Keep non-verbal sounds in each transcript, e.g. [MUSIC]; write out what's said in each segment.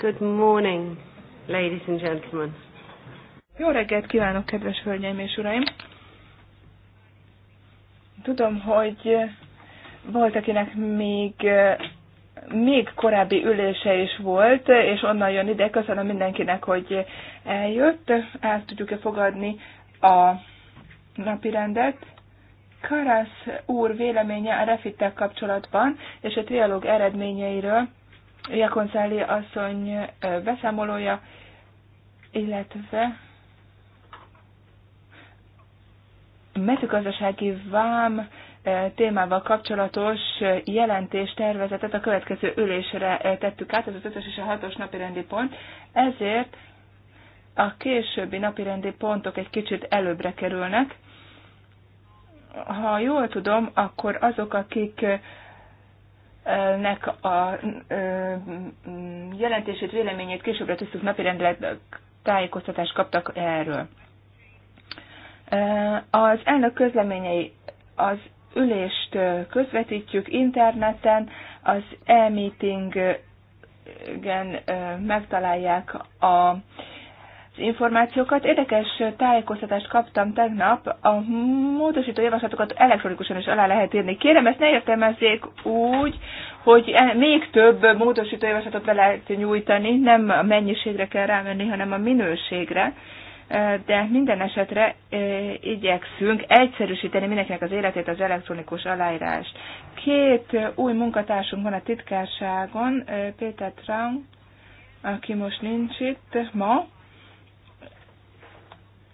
Good morning, ladies and gentlemen. Jó reggelt kívánok, kedves hölgyeim és uraim! Tudom, hogy volt, akinek még, még korábbi ülése is volt, és onnan jön ide. Köszönöm mindenkinek, hogy eljött. Át tudjuk-e fogadni a napirendet? Karasz úr véleménye a refittel kapcsolatban és a trialóg eredményeiről Jakonszáli asszony beszámolója, illetve mezőgazdasági vám témával kapcsolatos jelentés tervezetet a következő ülésre tettük át, ez az 5 és a 6-os napirendi pont, ezért a későbbi napirendi pontok egy kicsit előbbre kerülnek. Ha jól tudom, akkor azok, akik nek a jelentését, véleményét későbbre tesszük napirendre, tájékoztatást kaptak erről. Az elnök közleményei az ülést közvetítjük interneten, az e-meeting megtalálják a információkat. Érdekes tájékoztatást kaptam tegnap, a módosító javaslatokat elektronikusan is alá lehet írni. Kérem, ezt ne értelmezzék úgy, hogy e- még több módosító javaslatot be lehet nyújtani, nem a mennyiségre kell rámenni, hanem a minőségre e, de minden esetre e, igyekszünk egyszerűsíteni mindenkinek az életét az elektronikus aláírás. Két új munkatársunk van a titkárságon, Péter Trang, aki most nincs itt ma,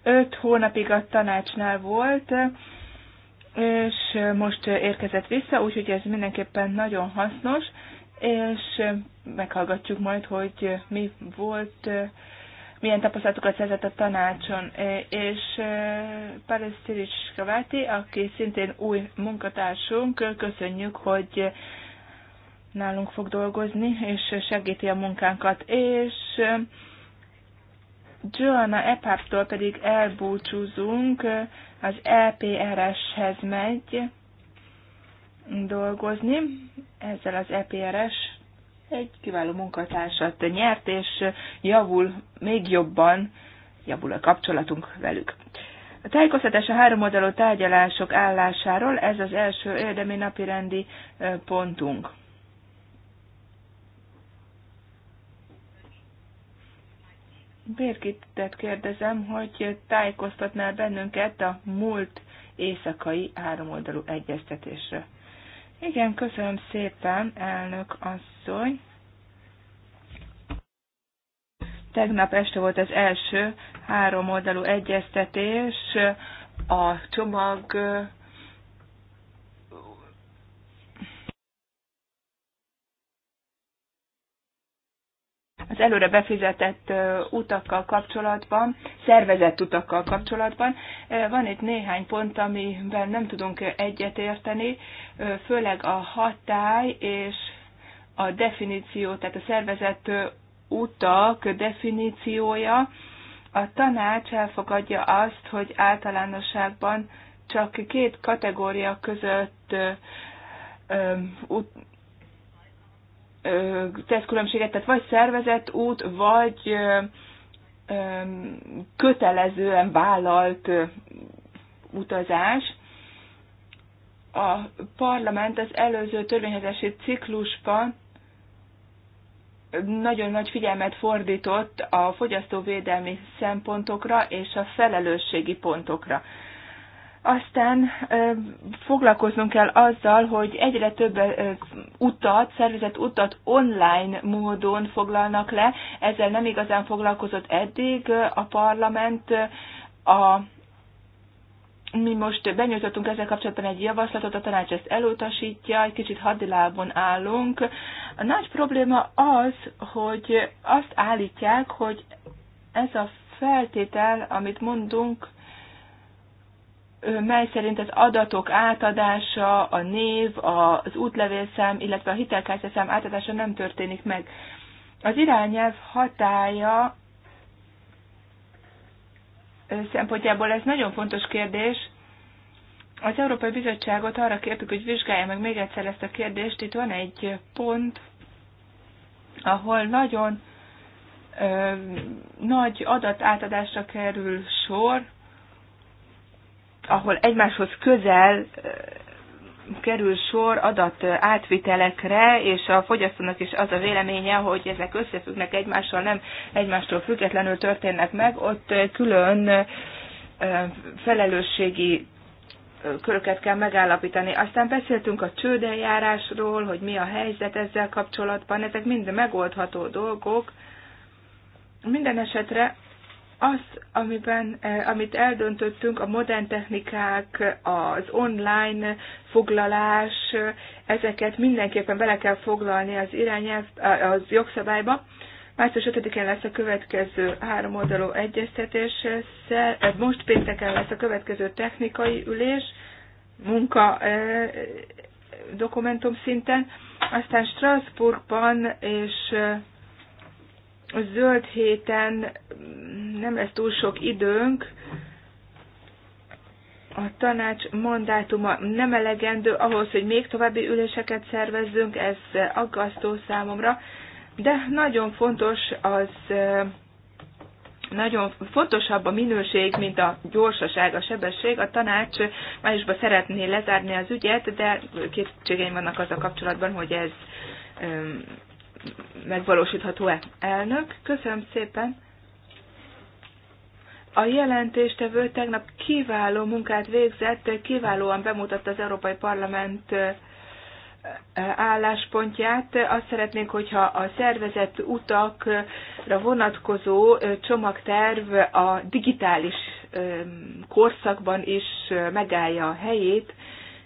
öt hónapig a tanácsnál volt, és most érkezett vissza, úgyhogy ez mindenképpen nagyon hasznos, és meghallgatjuk majd, hogy mi volt, milyen tapasztalatokat szerzett a tanácson. És Paris Tirics Kaváti, aki szintén új munkatársunk, köszönjük, hogy nálunk fog dolgozni, és segíti a munkánkat. És Joanna Epaptól pedig elbúcsúzunk, az EPRS-hez megy dolgozni, ezzel az EPRS egy kiváló munkatársat nyert, és javul még jobban, javul a kapcsolatunk velük. A tájékoztatás a három oldalú tárgyalások állásáról, ez az első érdemi rendi pontunk. Birgittet kérdezem, hogy tájékoztatnál bennünket a múlt éjszakai háromoldalú egyeztetésre. Igen, köszönöm szépen, elnök asszony. Tegnap este volt az első háromoldalú egyeztetés a csomag az előre befizetett utakkal kapcsolatban, szervezett utakkal kapcsolatban. Van itt néhány pont, amiben nem tudunk egyetérteni, főleg a hatály és a definíció, tehát a szervezett utak definíciója. A tanács elfogadja azt, hogy általánosságban csak két kategória között tesz különbséget, tehát vagy szervezett út, vagy kötelezően vállalt utazás. A parlament az előző törvényhezési ciklusban nagyon nagy figyelmet fordított a fogyasztóvédelmi szempontokra és a felelősségi pontokra. Aztán foglalkoznunk kell azzal, hogy egyre több utat, szervezett utat online módon foglalnak le. Ezzel nem igazán foglalkozott eddig a parlament. A, mi most benyújtottunk ezzel kapcsolatban egy javaslatot, a tanács ezt elutasítja, egy kicsit hadilábon állunk. A nagy probléma az, hogy azt állítják, hogy ez a feltétel, amit mondunk, mely szerint az adatok átadása, a név, az útlevélszám, illetve a hitelkártyaszám átadása nem történik meg. Az irányelv hatája szempontjából ez nagyon fontos kérdés. Az Európai Bizottságot arra kértük, hogy vizsgálja meg még egyszer ezt a kérdést. Itt van egy pont, ahol nagyon ö, nagy adatátadásra kerül sor, ahol egymáshoz közel kerül sor adat átvitelekre, és a fogyasztónak is az a véleménye, hogy ezek összefüggnek egymással, nem egymástól függetlenül történnek meg, ott külön felelősségi köröket kell megállapítani. Aztán beszéltünk a csődeljárásról, hogy mi a helyzet ezzel kapcsolatban, ezek mind megoldható dolgok. Minden esetre az, amiben, eh, amit eldöntöttünk, a modern technikák, az online foglalás, ezeket mindenképpen bele kell foglalni az irányelv, eh, az jogszabályba. Március 5-én lesz a következő három oldalú egyeztetés, eh, most pénteken lesz a következő technikai ülés, munka dokumentum szinten, aztán Strasbourgban és a zöld héten nem lesz túl sok időnk, a tanács mandátuma nem elegendő ahhoz, hogy még további üléseket szervezzünk, ez aggasztó számomra, de nagyon fontos az nagyon fontosabb a minőség, mint a gyorsaság, a sebesség. A tanács májusban szeretné lezárni az ügyet, de kétségeim vannak az a kapcsolatban, hogy ez megvalósítható-e. Elnök, köszönöm szépen. A jelentéstevő tegnap kiváló munkát végzett, kiválóan bemutatta az Európai Parlament álláspontját. Azt szeretnénk, hogyha a szervezett utakra vonatkozó csomagterv a digitális korszakban is megállja a helyét,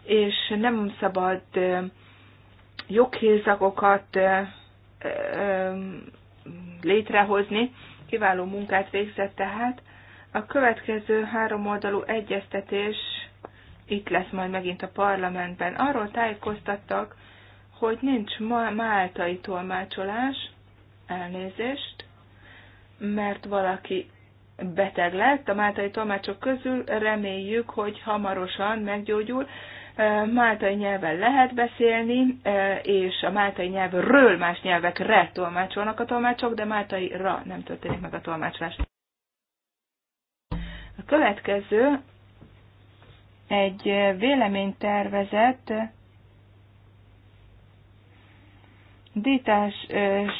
és nem szabad joghézagokat létrehozni. Kiváló munkát végzett tehát. A következő három oldalú egyeztetés itt lesz majd megint a parlamentben. Arról tájékoztattak, hogy nincs máltai tolmácsolás, elnézést, mert valaki beteg lett a máltai tolmácsok közül, reméljük, hogy hamarosan meggyógyul, máltai nyelven lehet beszélni, és a máltai nyelvről más nyelvekre tolmácsolnak a tolmácsok, de máltaira nem történik meg a tolmácsolás. A következő egy véleménytervezet Dítás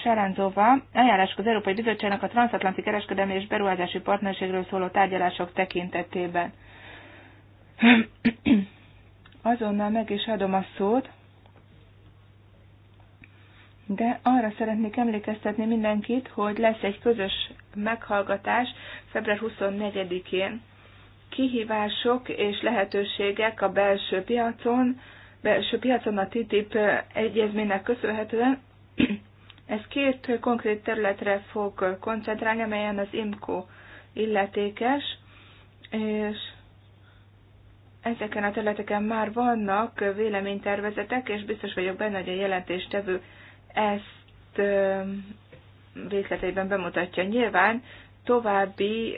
Saránzova ajánlások az Európai Bizottságnak a transatlanti kereskedelmi és beruházási partnerségről szóló tárgyalások tekintetében. [CLEARS THROAT] azonnal meg is adom a szót, de arra szeretnék emlékeztetni mindenkit, hogy lesz egy közös meghallgatás február 24-én. Kihívások és lehetőségek a belső piacon, belső piacon a TTIP egyezménynek köszönhetően. Ez két konkrét területre fog koncentrálni, amelyen az IMCO illetékes, és ezeken a területeken már vannak véleménytervezetek, és biztos vagyok benne, hogy a jelentéstevő ezt részleteiben bemutatja. Nyilván további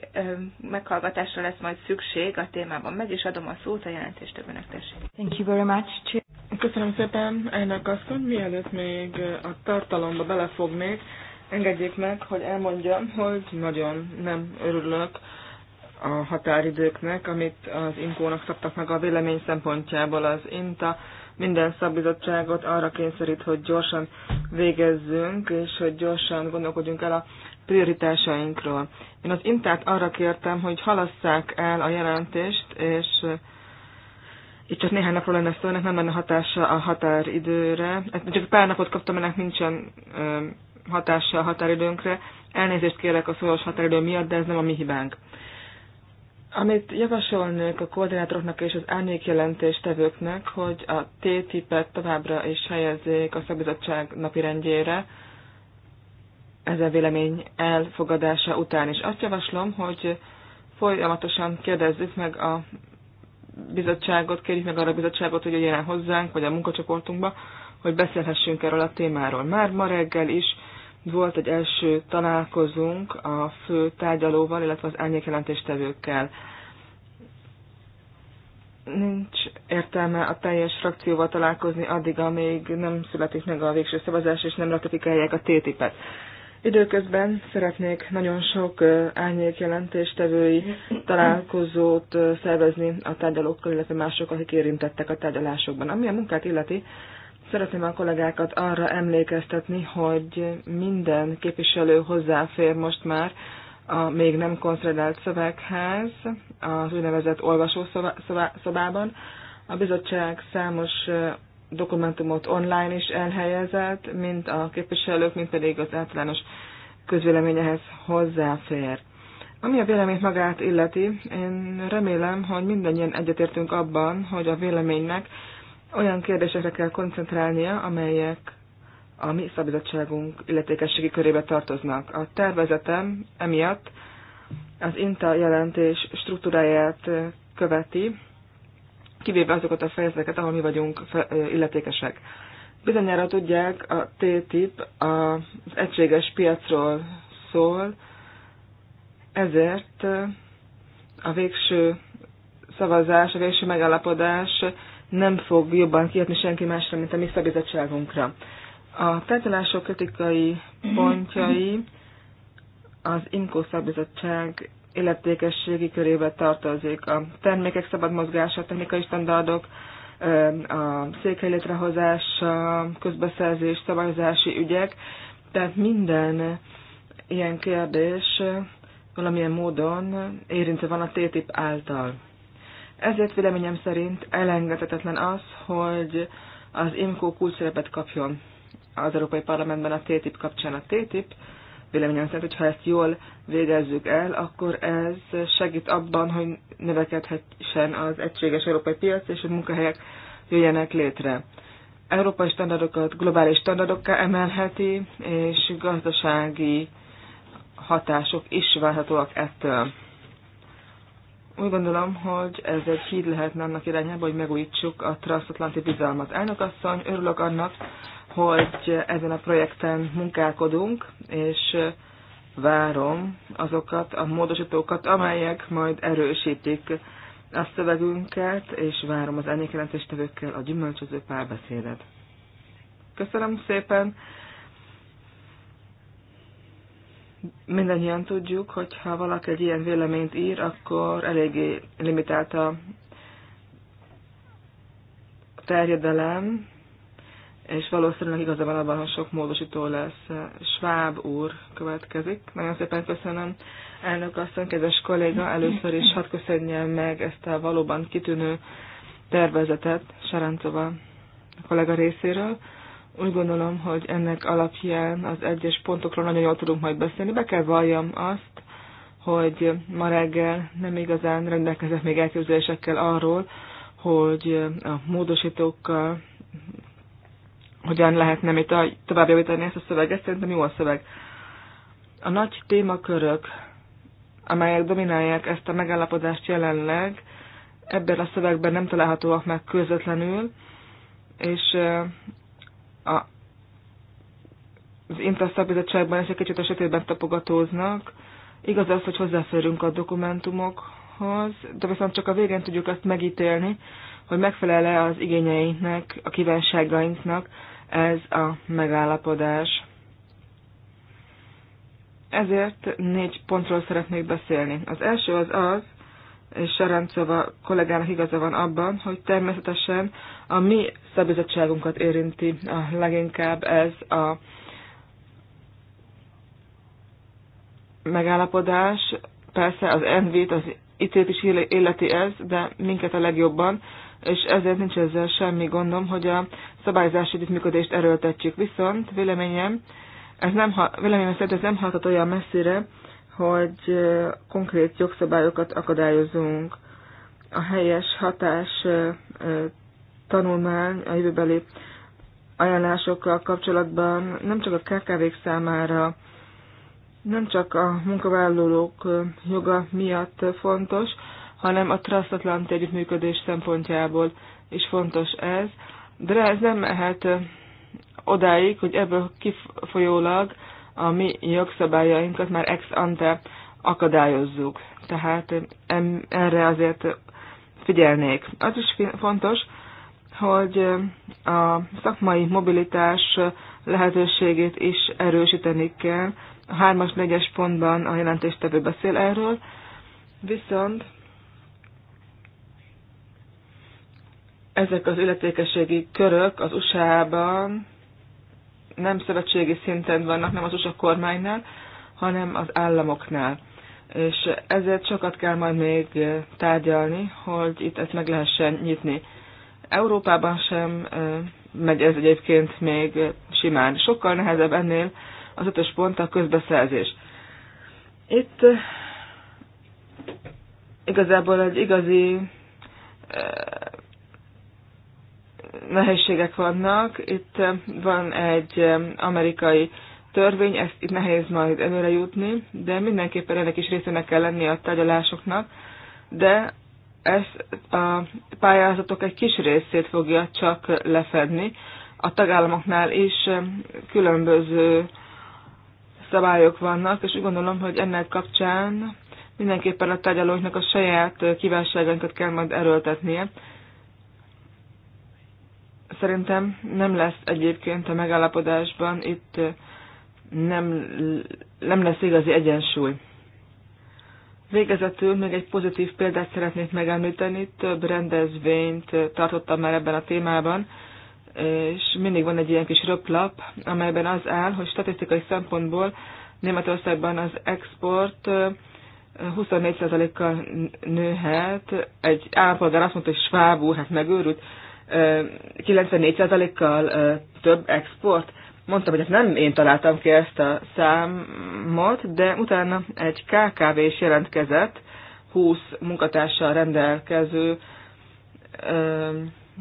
meghallgatásra lesz majd szükség a témában. Meg is adom a szót a jelentéstevőnek, tessék. Thank you very much. Köszönöm szépen, elnök asszony. Mielőtt még a tartalomba belefognék, engedjék meg, hogy elmondjam, hogy nagyon nem örülök a határidőknek, amit az Inkónak szabtak meg a vélemény szempontjából az INTA. Minden szabbizottságot arra kényszerít, hogy gyorsan végezzünk, és hogy gyorsan gondolkodjunk el a prioritásainkról. Én az Intát arra kértem, hogy halasszák el a jelentést, és itt csak néhány napról lenne szó, ennek nem lenne hatása a határidőre. Csak pár napot kaptam, ennek nincsen hatása a határidőnkre. Elnézést kérek a szoros határidő miatt, de ez nem a mi hibánk. Amit javasolnék a koordinátoroknak és az árnyék jelentéstevőknek, hogy a T-tipet továbbra is helyezzék a szakbizottság napirendjére, a vélemény elfogadása után is. Azt javaslom, hogy folyamatosan kérdezzük meg a bizottságot, kérjük meg arra a bizottságot, hogy jöjjön hozzánk, vagy a munkacsoportunkba, hogy beszélhessünk erről a témáról. Már ma reggel is volt egy első találkozunk a fő tárgyalóval, illetve az árnyékjelentéstevőkkel. Nincs értelme a teljes frakcióval találkozni addig, amíg nem születik meg a végső szavazás, és nem ratifikálják a TTIP-et. Időközben szeretnék nagyon sok árnyékjelentéstevői találkozót szervezni a tárgyalókkal, illetve mások, akik érintettek a tárgyalásokban. Ami a munkát illeti, Szeretném a kollégákat arra emlékeztetni, hogy minden képviselő hozzáfér most már a még nem konszolidált szöveghez, az úgynevezett olvasószobában. A bizottság számos dokumentumot online is elhelyezett, mint a képviselők, mint pedig az általános közvéleményehez hozzáfér. Ami a véleményt magát illeti, én remélem, hogy mindannyian egyetértünk abban, hogy a véleménynek olyan kérdésekre kell koncentrálnia, amelyek a mi szabadságunk illetékességi körébe tartoznak. A tervezetem emiatt az INTA jelentés struktúráját követi, kivéve azokat a fejezeteket, ahol mi vagyunk illetékesek. Bizonyára tudják, a T T-tip az egységes piacról szól, ezért a végső szavazás, a végső megállapodás nem fog jobban kiadni senki másra, mint a mi szabizottságunkra. A tárgyalások kritikai pontjai az IMCO szabizottság illetékességi körébe tartozik. A termékek szabad mozgása, a technikai standardok, a székhely a közbeszerzés, szabályozási ügyek, tehát minden ilyen kérdés valamilyen módon érintve van a TTIP által. Ezért véleményem szerint elengedhetetlen az, hogy az IMCO kulcsszerepet kapjon az Európai Parlamentben a TTIP kapcsán. A TTIP véleményem szerint, hogyha ezt jól végezzük el, akkor ez segít abban, hogy növekedhessen az egységes európai piac, és hogy munkahelyek jöjjenek létre. Európai standardokat globális standardokká emelheti, és gazdasági hatások is várhatóak ettől úgy gondolom, hogy ez egy híd lehetne annak irányába, hogy megújítsuk a transatlanti bizalmat. Elnökasszony, örülök annak, hogy ezen a projekten munkálkodunk, és várom azokat a módosítókat, amelyek majd erősítik a szövegünket, és várom az elnyékjelentéstevőkkel a gyümölcsöző párbeszédet. Köszönöm szépen! mindannyian tudjuk, hogy ha valaki egy ilyen véleményt ír, akkor eléggé limitált a terjedelem, és valószínűleg igaza van abban, hogy sok módosító lesz. Schwab úr következik. Nagyon szépen köszönöm, elnök asszony, kedves kolléga, először is hadd köszönjem meg ezt a valóban kitűnő tervezetet Sarancova kollega részéről. Úgy gondolom, hogy ennek alapján az egyes pontokról nagyon jól tudunk majd beszélni. Be kell valljam azt, hogy ma reggel nem igazán rendelkezett még elképzelésekkel arról, hogy a módosítókkal hogyan lehetne még tovább javítani ezt a szöveget. Szerintem jó a szöveg. A nagy témakörök, amelyek dominálják ezt a megállapodást jelenleg, ebben a szövegben nem találhatóak meg közvetlenül, és a, az Infraszakbizottságban és egy kicsit a sötétben tapogatóznak. Igaz az, hogy hozzáférünk a dokumentumokhoz, de viszont csak a végén tudjuk azt megítélni, hogy megfelel-e az igényeinknek, a kívánságainknak ez a megállapodás. Ezért négy pontról szeretnék beszélni. Az első az az, Sarancova kollégának igaza van abban, hogy természetesen a mi szabizottságunkat érinti a leginkább ez a megállapodás. Persze az envét, az ítét is illeti ez, de minket a legjobban, és ezért nincs ezzel semmi gondom, hogy a szabályzási együttműködést erőltetjük. Viszont véleményem, ez nem, véleményem szerint ez nem hatott olyan messzire, hogy konkrét jogszabályokat akadályozunk. A helyes hatás tanulmány a jövőbeli ajánlásokkal kapcsolatban nem csak a KKV-k számára, nem csak a munkavállalók joga miatt fontos, hanem a transatlanti együttműködés szempontjából is fontos ez, de ez nem mehet odáig, hogy ebből kifolyólag a mi jogszabályainkat már ex ante akadályozzuk. Tehát erre azért figyelnék. Az is fontos, hogy a szakmai mobilitás lehetőségét is erősíteni kell. A 3-as, 4-es pontban a jelentéstevő beszél erről, viszont ezek az illetékességi körök az USA-ban nem szövetségi szinten vannak, nem az USA kormánynál, hanem az államoknál. És ezért sokat kell majd még tárgyalni, hogy itt ezt meg lehessen nyitni. Európában sem megy ez egyébként még simán. Sokkal nehezebb ennél az ötös pont a közbeszerzés. Itt igazából egy igazi nehézségek vannak. Itt van egy eh, amerikai törvény, ezt itt nehéz majd előre jutni, de mindenképpen ennek is részének kell lenni a tárgyalásoknak, de ez a pályázatok egy kis részét fogja csak lefedni. A tagállamoknál is eh, különböző szabályok vannak, és úgy gondolom, hogy ennek kapcsán mindenképpen a tárgyalóknak a saját eh, kívánságainkat kell majd erőltetnie, szerintem nem lesz egyébként a megállapodásban, itt nem, nem lesz igazi egyensúly. Végezetül még egy pozitív példát szeretnék megemlíteni, több rendezvényt tartottam már ebben a témában, és mindig van egy ilyen kis röplap, amelyben az áll, hogy statisztikai szempontból Németországban az export 24%-kal nőhet. Egy állampolgár azt mondta, hogy svábú, hát megőrült, 94%-kal több export. Mondtam, hogy ez nem én találtam ki ezt a számot, de utána egy KKV is jelentkezett, 20 munkatársal rendelkező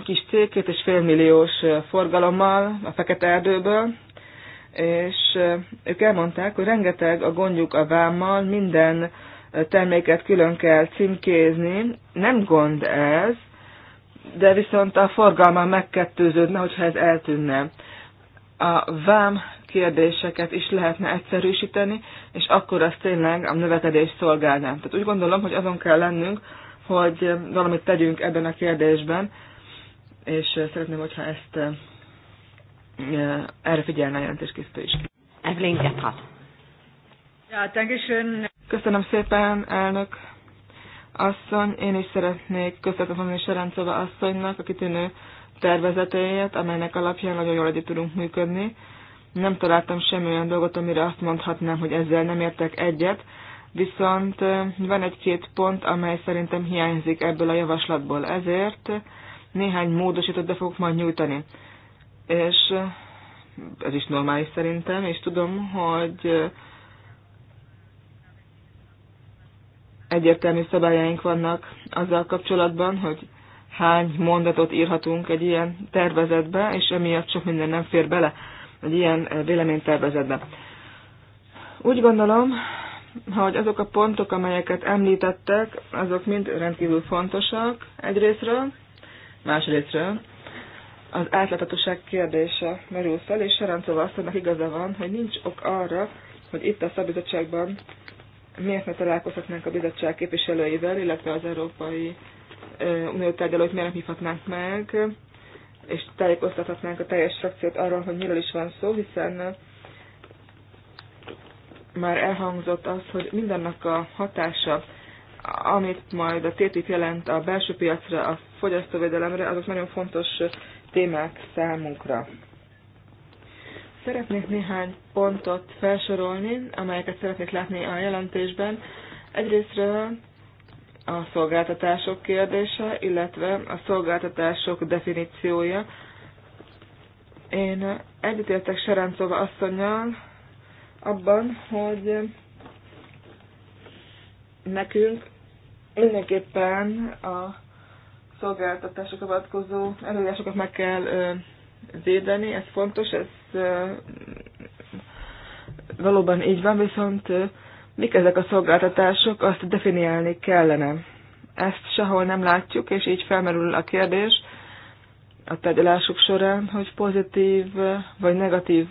kis cég, két és fél milliós forgalommal a Fekete Erdőből, és ők elmondták, hogy rengeteg a gondjuk a vámmal, minden terméket külön kell címkézni. Nem gond ez, de viszont a forgalma megkettőződne, hogyha ez eltűnne. A vám kérdéseket is lehetne egyszerűsíteni, és akkor az tényleg a növekedés szolgálná. Tehát úgy gondolom, hogy azon kell lennünk, hogy valamit tegyünk ebben a kérdésben, és szeretném, hogyha ezt eh, erre figyelne a jelentéskészítő is. Evelyn Gephardt. Ja, Köszönöm szépen, elnök asszony, én is szeretnék köszönetet mondani Serencova asszonynak a kitűnő tervezetéért, amelynek alapján nagyon jól együtt tudunk működni. Nem találtam semmi olyan dolgot, amire azt mondhatnám, hogy ezzel nem értek egyet, viszont van egy-két pont, amely szerintem hiányzik ebből a javaslatból. Ezért néhány módosítót be fogok majd nyújtani. És ez is normális szerintem, és tudom, hogy egyértelmű szabályaink vannak azzal kapcsolatban, hogy hány mondatot írhatunk egy ilyen tervezetbe, és emiatt sok minden nem fér bele egy ilyen véleménytervezetbe. Úgy gondolom, hogy azok a pontok, amelyeket említettek, azok mind rendkívül fontosak egyrésztről, másrésztről. Az átláthatóság kérdése merül fel, és Serencova azt, hogy igaza van, hogy nincs ok arra, hogy itt a szabizottságban miért ne találkozhatnánk a bizottság képviselőivel, illetve az Európai Unió hogy miért nem hívhatnánk meg, és tájékoztathatnánk a teljes frakciót arról, hogy miről is van szó, hiszen már elhangzott az, hogy mindennek a hatása, amit majd a TTIP jelent a belső piacra, a fogyasztóvédelemre, azok nagyon fontos témák számunkra. Szeretnék néhány pontot felsorolni, amelyeket szeretnék látni a jelentésben. Egyrésztről a szolgáltatások kérdése, illetve a szolgáltatások definíciója. Én egyetértek Serencova asszonyal, abban, hogy nekünk mindenképpen a szolgáltatásokra vonatkozó előírásokat meg kell védeni, ez fontos, ez valóban így van, viszont mik ezek a szolgáltatások, azt definiálni kellene. Ezt sehol nem látjuk, és így felmerül a kérdés a tárgyalások során, hogy pozitív vagy negatív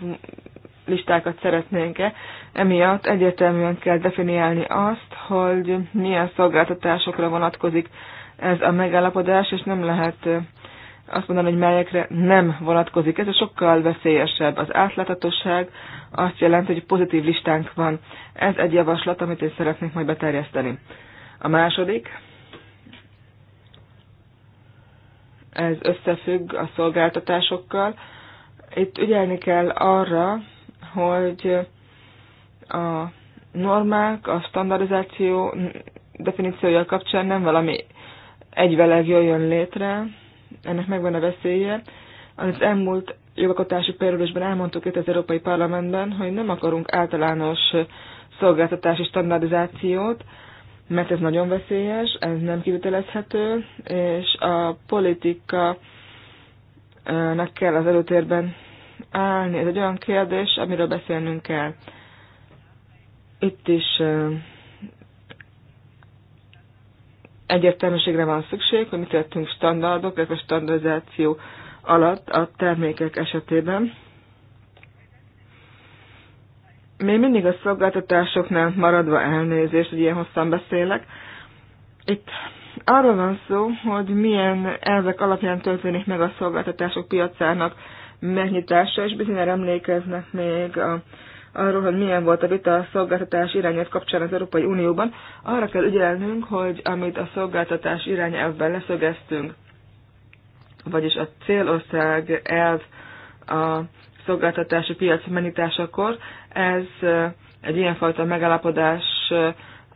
listákat szeretnénk-e. Emiatt egyértelműen kell definiálni azt, hogy milyen szolgáltatásokra vonatkozik ez a megállapodás, és nem lehet azt mondani, hogy melyekre nem vonatkozik. Ez a sokkal veszélyesebb. Az átláthatóság azt jelenti, hogy pozitív listánk van. Ez egy javaslat, amit én szeretnék majd beterjeszteni. A második, ez összefügg a szolgáltatásokkal. Itt ügyelni kell arra, hogy a normák, a standardizáció definíciója kapcsán nem valami egyveleg jöjjön létre, ennek megvan a veszélye. Az elmúlt jogalkotási periódusban elmondtuk itt az Európai Parlamentben, hogy nem akarunk általános szolgáltatási standardizációt, mert ez nagyon veszélyes, ez nem kivitelezhető, és a politika nak kell az előtérben állni. Ez egy olyan kérdés, amiről beszélnünk kell. Itt is egyértelműségre van szükség, hogy mit értünk standardok, illetve standardizáció alatt a termékek esetében. Még mindig a szolgáltatásoknál maradva elnézést, hogy ilyen hosszan beszélek. Itt arról van szó, hogy milyen elvek alapján történik meg a szolgáltatások piacának megnyitása, és bizonyára emlékeznek még a arról, hogy milyen volt a vita a szolgáltatás irányelv kapcsán az Európai Unióban, arra kell ügyelnünk, hogy amit a szolgáltatás irányelvben leszögeztünk, vagyis a célország elv a szolgáltatási piac menításakor, ez egy ilyenfajta megállapodás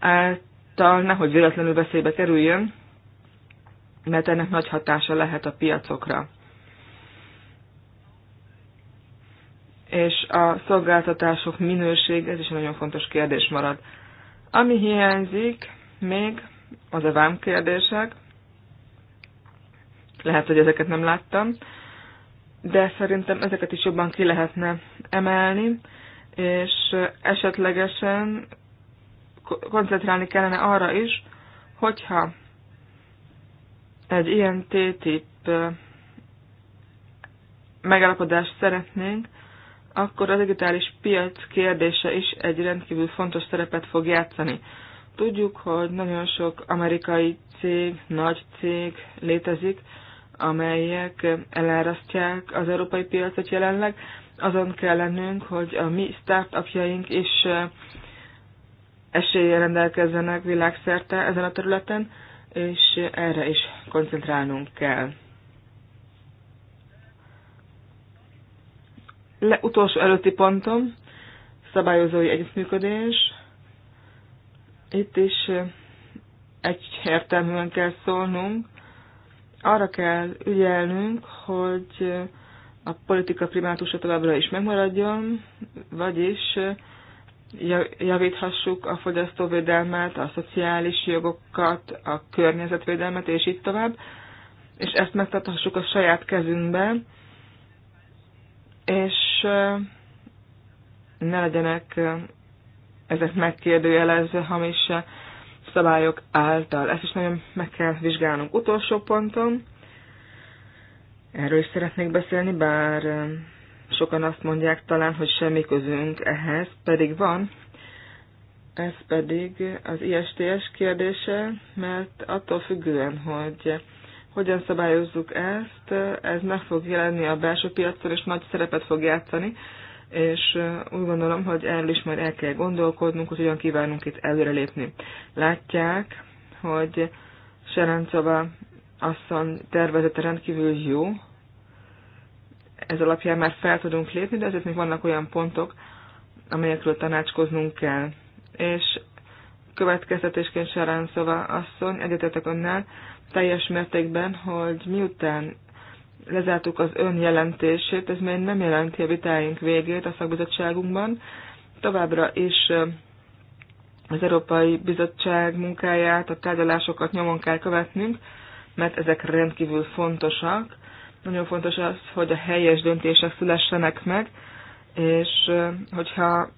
által nehogy véletlenül veszélybe kerüljön, mert ennek nagy hatása lehet a piacokra. és a szolgáltatások minősége, ez is nagyon fontos kérdés marad. Ami hiányzik még, az a vám kérdések. Lehet, hogy ezeket nem láttam, de szerintem ezeket is jobban ki lehetne emelni, és esetlegesen koncentrálni kellene arra is, hogyha egy ilyen T T-tip megállapodást szeretnénk, akkor a digitális piac kérdése is egy rendkívül fontos szerepet fog játszani. Tudjuk, hogy nagyon sok amerikai cég, nagy cég létezik, amelyek elárasztják az európai piacot jelenleg. Azon kell lennünk, hogy a mi startupjaink is eh, esélye rendelkezzenek világszerte ezen a területen, és erre is koncentrálnunk kell. le, utolsó előtti pontom, szabályozói együttműködés. Itt is egyértelműen kell szólnunk. Arra kell ügyelnünk, hogy a politika primátusa továbbra is megmaradjon, vagyis javíthassuk a fogyasztóvédelmet, a szociális jogokat, a környezetvédelmet, és így tovább, és ezt megtarthassuk a saját kezünkben, és ne legyenek ezek megkérdőjelezve hamis szabályok által. Ezt is nagyon meg kell vizsgálnunk. Utolsó ponton. erről is szeretnék beszélni, bár sokan azt mondják talán, hogy semmi közünk ehhez, pedig van, ez pedig az ISTS kérdése, mert attól függően, hogy hogyan szabályozzuk ezt, ez meg fog jelenni a belső piacon, és nagy szerepet fog játszani, és úgy gondolom, hogy erről is majd el kell gondolkodnunk, hogy hogyan kívánunk itt előrelépni. Látják, hogy Serencova asszony tervezete rendkívül jó, ez alapján már fel tudunk lépni, de azért még vannak olyan pontok, amelyekről tanácskoznunk kell. És következtetésként Serencova asszony, egyetetek önnel, teljes mértékben, hogy miután lezártuk az ön jelentését, ez még nem jelenti a vitáink végét a szakbizottságunkban. Továbbra is az Európai Bizottság munkáját, a tárgyalásokat nyomon kell követnünk, mert ezek rendkívül fontosak. Nagyon fontos az, hogy a helyes döntések szülessenek meg, és hogyha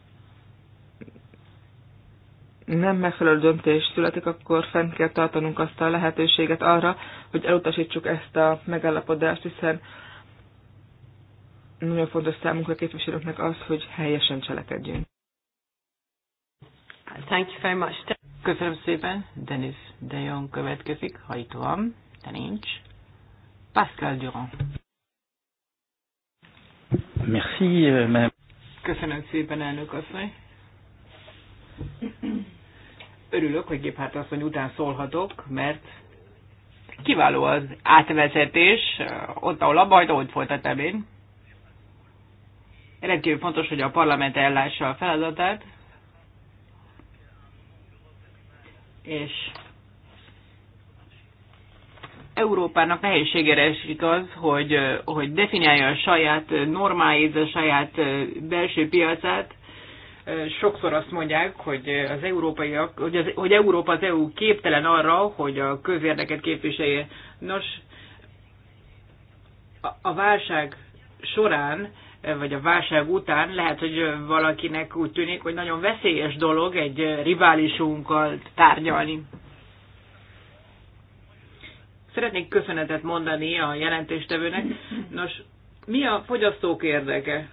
nem megfelelő döntés születik, akkor fent kell tartanunk azt a lehetőséget arra, hogy elutasítsuk ezt a megállapodást, hiszen nagyon fontos számunkra képviselőknek az, hogy helyesen cselekedjünk. Thank you very much. Köszönöm szépen. Denis De Jong következik, ha itt van, de nincs. Pascal Durand. Merci, euh, madame. Köszönöm szépen, elnök asszony örülök, hogy Géphárt asszony után szólhatok, mert kiváló az átvezetés, ott, ahol abba hagyta, ott folytatom én. Rendkívül fontos, hogy a parlament ellássa a feladatát, és Európának nehézségére esik az, hogy, hogy definiálja a saját normáit, a saját belső piacát, sokszor azt mondják, hogy az európaiak, hogy, az, hogy Európa az EU képtelen arra, hogy a közérdeket képviselje. Nos, a, a válság során, vagy a válság után lehet, hogy valakinek úgy tűnik, hogy nagyon veszélyes dolog egy riválisunkkal tárgyalni. Szeretnék köszönetet mondani a jelentéstevőnek. Nos, mi a fogyasztók érdeke?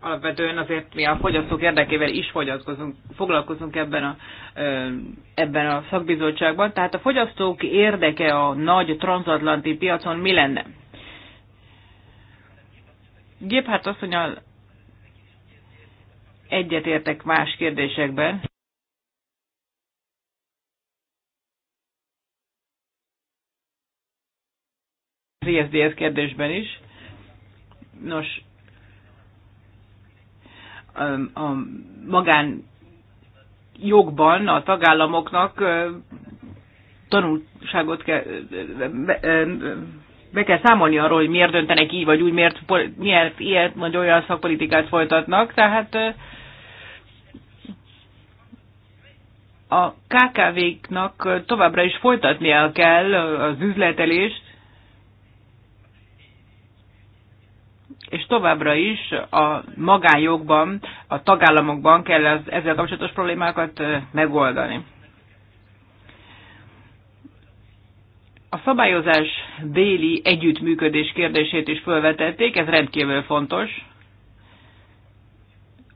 alapvetően azért mi a fogyasztók érdekével is fogyaszkozunk, foglalkozunk ebben a, ebben a szakbizottságban. Tehát a fogyasztók érdeke a nagy transatlanti piacon mi lenne? Géphárt asszonyal egyetértek más kérdésekben. Az ISDS kérdésben is. Nos, a magán jogban a tagállamoknak tanulságot kell, be kell számolni arról, hogy miért döntenek így vagy úgy, miért, miért ilyet vagy olyan szakpolitikát folytatnak. Tehát a KKV-knak továbbra is folytatnia kell az üzletelést, és továbbra is a magánjogban, a tagállamokban kell az ezzel kapcsolatos problémákat megoldani. A szabályozás déli együttműködés kérdését is felvetették, ez rendkívül fontos.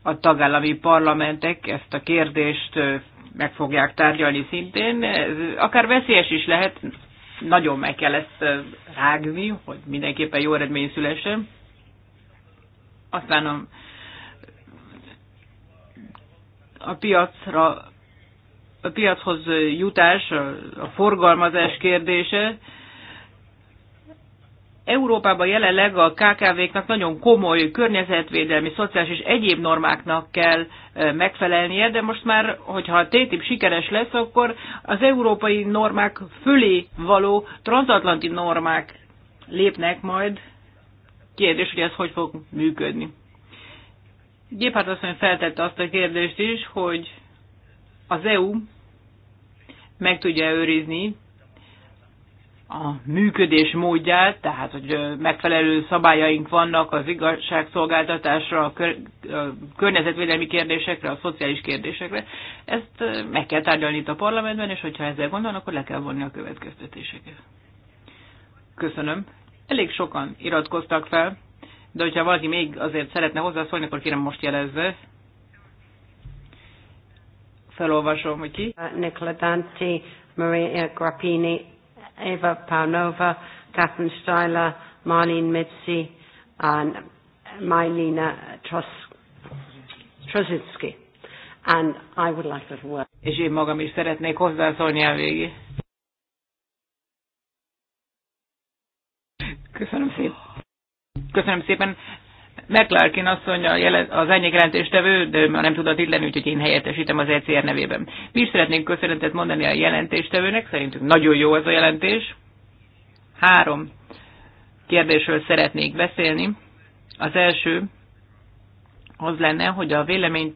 A tagállami parlamentek ezt a kérdést meg fogják tárgyalni szintén. Ez akár veszélyes is lehet, nagyon meg kell ezt rágni, hogy mindenképpen jó eredmény szülessen aztán a, a piacra a piachoz jutás, a forgalmazás kérdése. Európában jelenleg a KKV-knak nagyon komoly környezetvédelmi, szociális és egyéb normáknak kell e, megfelelnie, de most már, hogyha a TTIP sikeres lesz, akkor az európai normák fölé való transatlanti normák lépnek majd Kérdés, hogy ez hogy fog működni. Géphárt asszony feltette azt a kérdést is, hogy az EU meg tudja őrizni a működés módját, tehát hogy megfelelő szabályaink vannak az igazságszolgáltatásra, a, kör, a környezetvédelmi kérdésekre, a szociális kérdésekre. Ezt meg kell tárgyalni itt a parlamentben, és hogyha ezzel gondolnak, akkor le kell vonni a következtetéseket. Köszönöm. Elég sokan iratkoztak fel, de hogyha valaki még azért szeretne hozzászólni, akkor kérem most jelezze. Felolvasom, hogy ki. Uh, Nicola Danti, Maria Grappini, Eva Paunova, Catherine Steiler, Marlene Mitzi, and Mylina Trosinski. And I would like to work. És én magam is szeretnék hozzászólni a végé. Köszönöm szépen. Köszönöm szépen. McClarkin asszony az ennyi jelentéstevő, de már nem tudott itt lenni, úgyhogy én helyettesítem az ECR nevében. Mi is szeretnénk köszönetet mondani a jelentéstevőnek, szerintünk nagyon jó ez a jelentés. Három kérdésről szeretnék beszélni. Az első az lenne, hogy a vélemény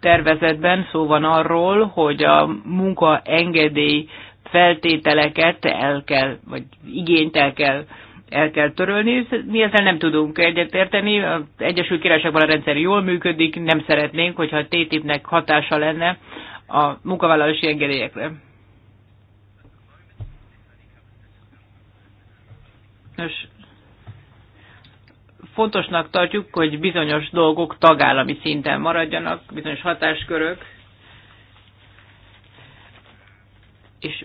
tervezetben szó van arról, hogy a munkaengedély feltételeket el kell, vagy igényt el kell el kell törölni. Mi ezzel nem tudunk egyetérteni. Az Egyesült Királyságban a rendszer jól működik, nem szeretnénk, hogyha a TTIP-nek hatása lenne a munkavállalási engedélyekre. Nos, fontosnak tartjuk, hogy bizonyos dolgok tagállami szinten maradjanak, bizonyos hatáskörök, és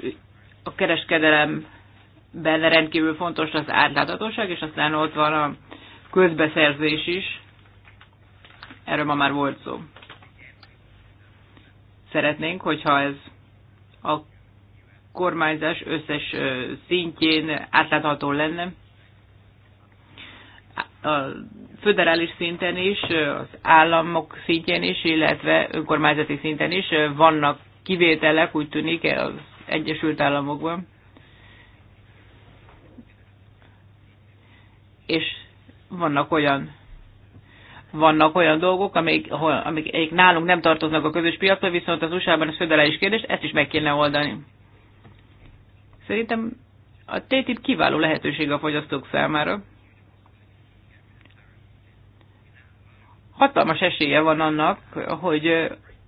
a kereskedelemben rendkívül fontos az átláthatóság, és aztán ott van a közbeszerzés is. Erről ma már volt szó. Szeretnénk, hogyha ez a kormányzás összes szintjén átlátható lenne. A föderális szinten is, az államok szintjén is, illetve önkormányzati szinten is vannak kivételek, úgy tűnik, az Egyesült Államokban. És vannak olyan vannak olyan dolgok, amik, amik, amik nálunk nem tartoznak a közös piacra, viszont az USA-ban a föderális kérdés, ezt is meg kéne oldani. Szerintem a TTIP kiváló lehetőség a fogyasztók számára. Hatalmas esélye van annak, hogy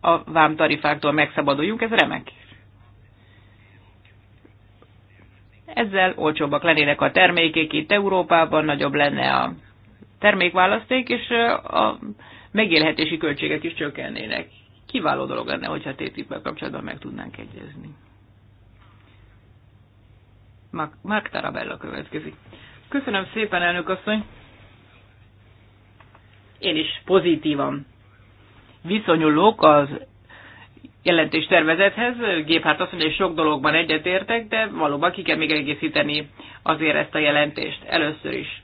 a vámtarifáktól megszabaduljunk, ez remek. Ezzel olcsóbbak lennének a termékek itt Európában, nagyobb lenne a termékválaszték, és a megélhetési költségek is csökkennének. Kiváló dolog lenne, hogyha TTIP-vel kapcsolatban meg tudnánk egyezni. Mark Tarabella következik. Köszönöm szépen, elnök asszony! Én is pozitívan viszonyulok az tervezethez. Géphárt azt mondja, hogy sok dologban egyetértek, de valóban ki kell még egészíteni azért ezt a jelentést először is.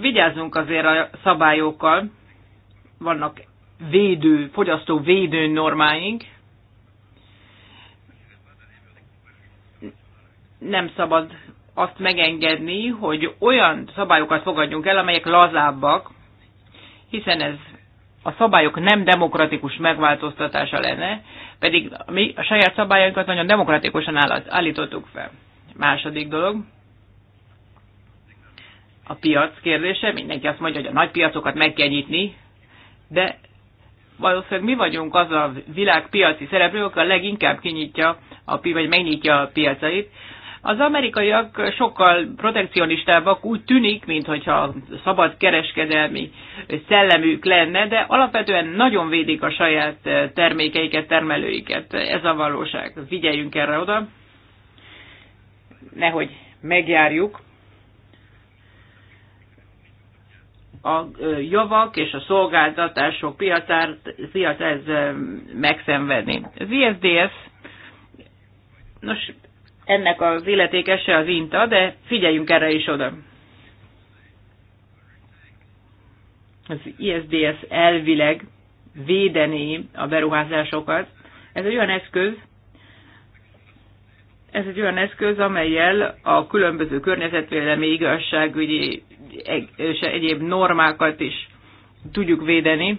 Vigyázzunk azért a szabályokkal, vannak védő, fogyasztó védő normáink, nem szabad azt megengedni, hogy olyan szabályokat fogadjunk el, amelyek lazábbak, hiszen ez a szabályok nem demokratikus megváltoztatása lenne, pedig mi a saját szabályainkat nagyon demokratikusan állítottuk fel. Második dolog, a piac kérdése. Mindenki azt mondja, hogy a nagy piacokat meg kell nyitni, de valószínűleg mi vagyunk az a világ piaci szereplők, a leginkább kinyitja, a, vagy megnyitja a piacait. Az amerikaiak sokkal protekcionistábbak, úgy tűnik, mintha szabad kereskedelmi szellemük lenne, de alapvetően nagyon védik a saját eh, termékeiket, termelőiket. Ez a valóság. Figyeljünk erre oda. Nehogy megjárjuk a eh, javak és a szolgáltatások piacát, piac ez eh, megszenvedni. Az ISDS, nos, ennek az illetékese az INTA, de figyeljünk erre is oda. Az ISDS elvileg védené a beruházásokat. Ez egy olyan eszköz, ez egy olyan eszköz, amelyel a különböző környezetvédelmi, igazságügyi és egyéb normákat is tudjuk védeni.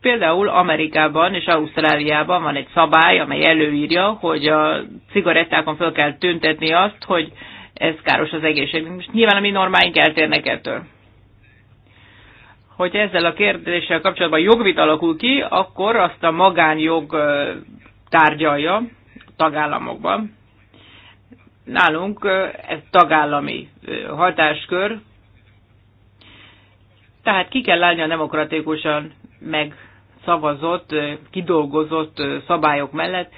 Például Amerikában és Ausztráliában van egy szabály, amely előírja, hogy a cigarettákon fel kell tüntetni azt, hogy ez káros az egészség. Most nyilván a mi normáink eltérnek ettől. Hogyha ezzel a kérdéssel kapcsolatban jogvit alakul ki, akkor azt a magánjog tárgyalja a tagállamokban. Nálunk ez tagállami hatáskör, tehát ki kell állni a demokratikusan meg szavazott, kidolgozott szabályok mellett.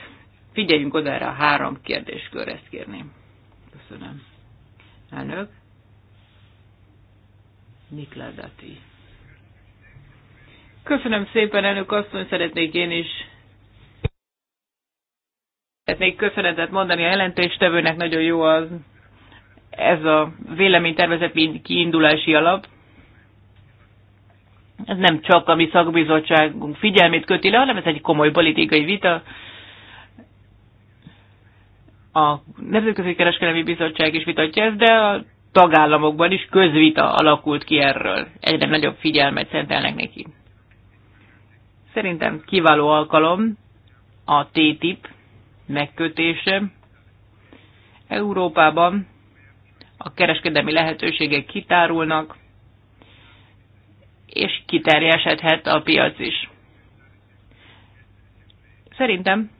Figyeljünk oda erre a három kérdéskörre, ezt kérném. Köszönöm. Elnök. Nikladati. Köszönöm szépen, elnök asszony, szeretnék én is Szeretnék köszönetet mondani a jelentéstevőnek, nagyon jó az ez a véleménytervezet kiindulási alap. Ez nem csak a mi szakbizottságunk figyelmét köti le, hanem ez egy komoly politikai vita. A Nemzetközi Kereskedelmi Bizottság is vitatja ezt, de a tagállamokban is közvita alakult ki erről. Egyre nagyobb figyelmet szentelnek neki. Szerintem kiváló alkalom a TTIP megkötése. Európában a kereskedelmi lehetőségek kitárulnak, és kiterjesedhet a piac is. Szerintem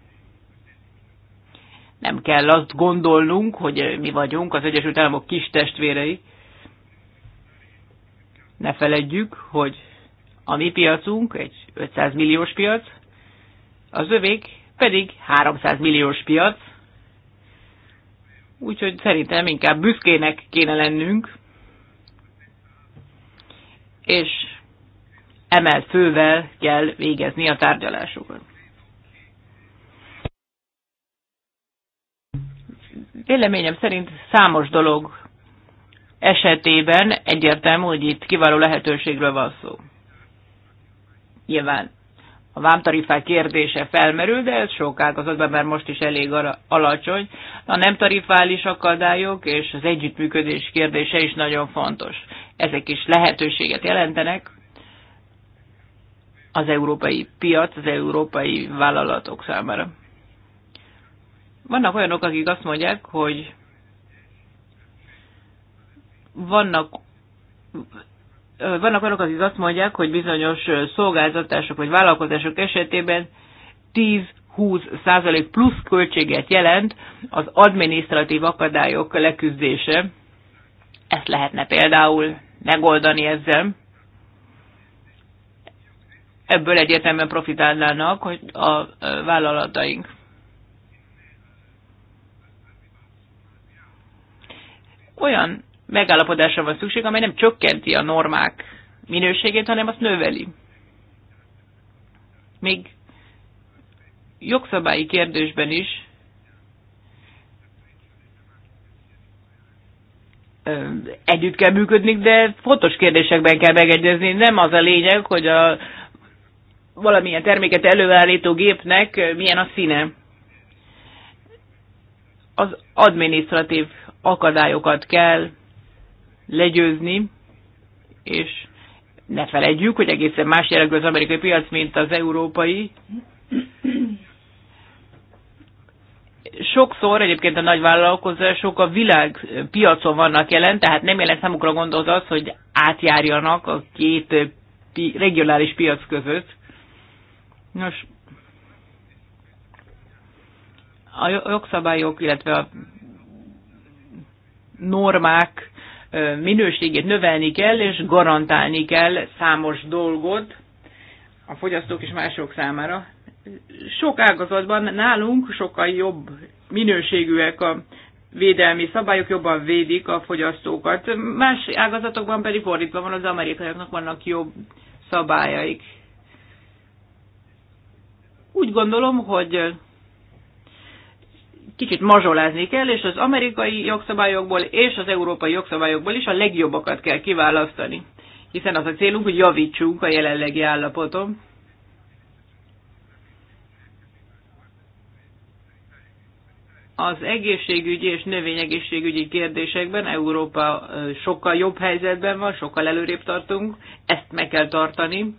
nem kell azt gondolnunk, hogy mi vagyunk az Egyesült Államok kis testvérei. Ne feledjük, hogy a mi piacunk egy 500 milliós piac, az övék pedig 300 milliós piac, úgyhogy szerintem inkább büszkének kéne lennünk, és emelt fővel kell végezni a tárgyalásokat. Véleményem szerint számos dolog esetében egyértelmű, hogy itt kiváló lehetőségről van szó. Nyilván a vámtarifák kérdése felmerül, de ez sok ágazatban, mert most is elég alacsony. A nem tarifális akadályok és az együttműködés kérdése is nagyon fontos. Ezek is lehetőséget jelentenek az európai piac, az európai vállalatok számára. Vannak olyanok, akik azt mondják, hogy vannak vannak olyanok, akik azt mondják, hogy bizonyos szolgáltatások vagy vállalkozások esetében 10-20 százalék plusz költséget jelent az adminisztratív akadályok leküzdése. Ezt lehetne például megoldani ezzel ebből egyértelműen profitálnának hogy a vállalataink. Olyan megállapodásra van szükség, amely nem csökkenti a normák minőségét, hanem azt növeli. Még jogszabályi kérdésben is együtt kell működni, de fontos kérdésekben kell megegyezni. Nem az a lényeg, hogy a valamilyen terméket előállító gépnek milyen a színe. Az administratív akadályokat kell legyőzni, és ne felejtjük, hogy egészen más jellegű az amerikai piac, mint az európai. Sokszor egyébként a nagy vállalkozások a világ piacon vannak jelen, tehát nem jelent számukra gondolod az, hogy átjárjanak a két regionális piac között. Nos, a jogszabályok, illetve a normák minőségét növelni kell, és garantálni kell számos dolgot a fogyasztók és mások számára. Sok ágazatban nálunk sokkal jobb minőségűek a védelmi szabályok, jobban védik a fogyasztókat. Más ágazatokban pedig fordítva van, az amerikaiaknak vannak jobb szabályaik. Úgy gondolom, hogy kicsit mazsolázni kell, és az amerikai jogszabályokból és az európai jogszabályokból is a legjobbakat kell kiválasztani. Hiszen az a célunk, hogy javítsunk a jelenlegi állapotom. Az egészségügyi és növényegészségügyi kérdésekben Európa sokkal jobb helyzetben van, sokkal előrébb tartunk, ezt meg kell tartani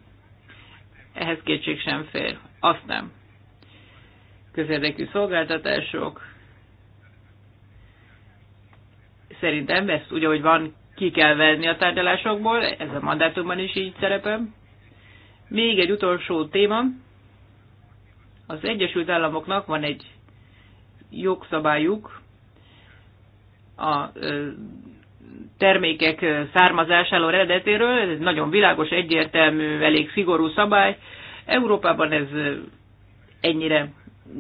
ehhez kétség sem fér. Azt nem. Közérdekű szolgáltatások. Szerintem ezt úgy, ahogy van, ki kell venni a tárgyalásokból, ez a mandátumban is így szerepem. Még egy utolsó téma. Az Egyesült Államoknak van egy jogszabályuk a termékek származásáról, eredetéről, ez egy nagyon világos, egyértelmű, elég szigorú szabály. Európában ez ennyire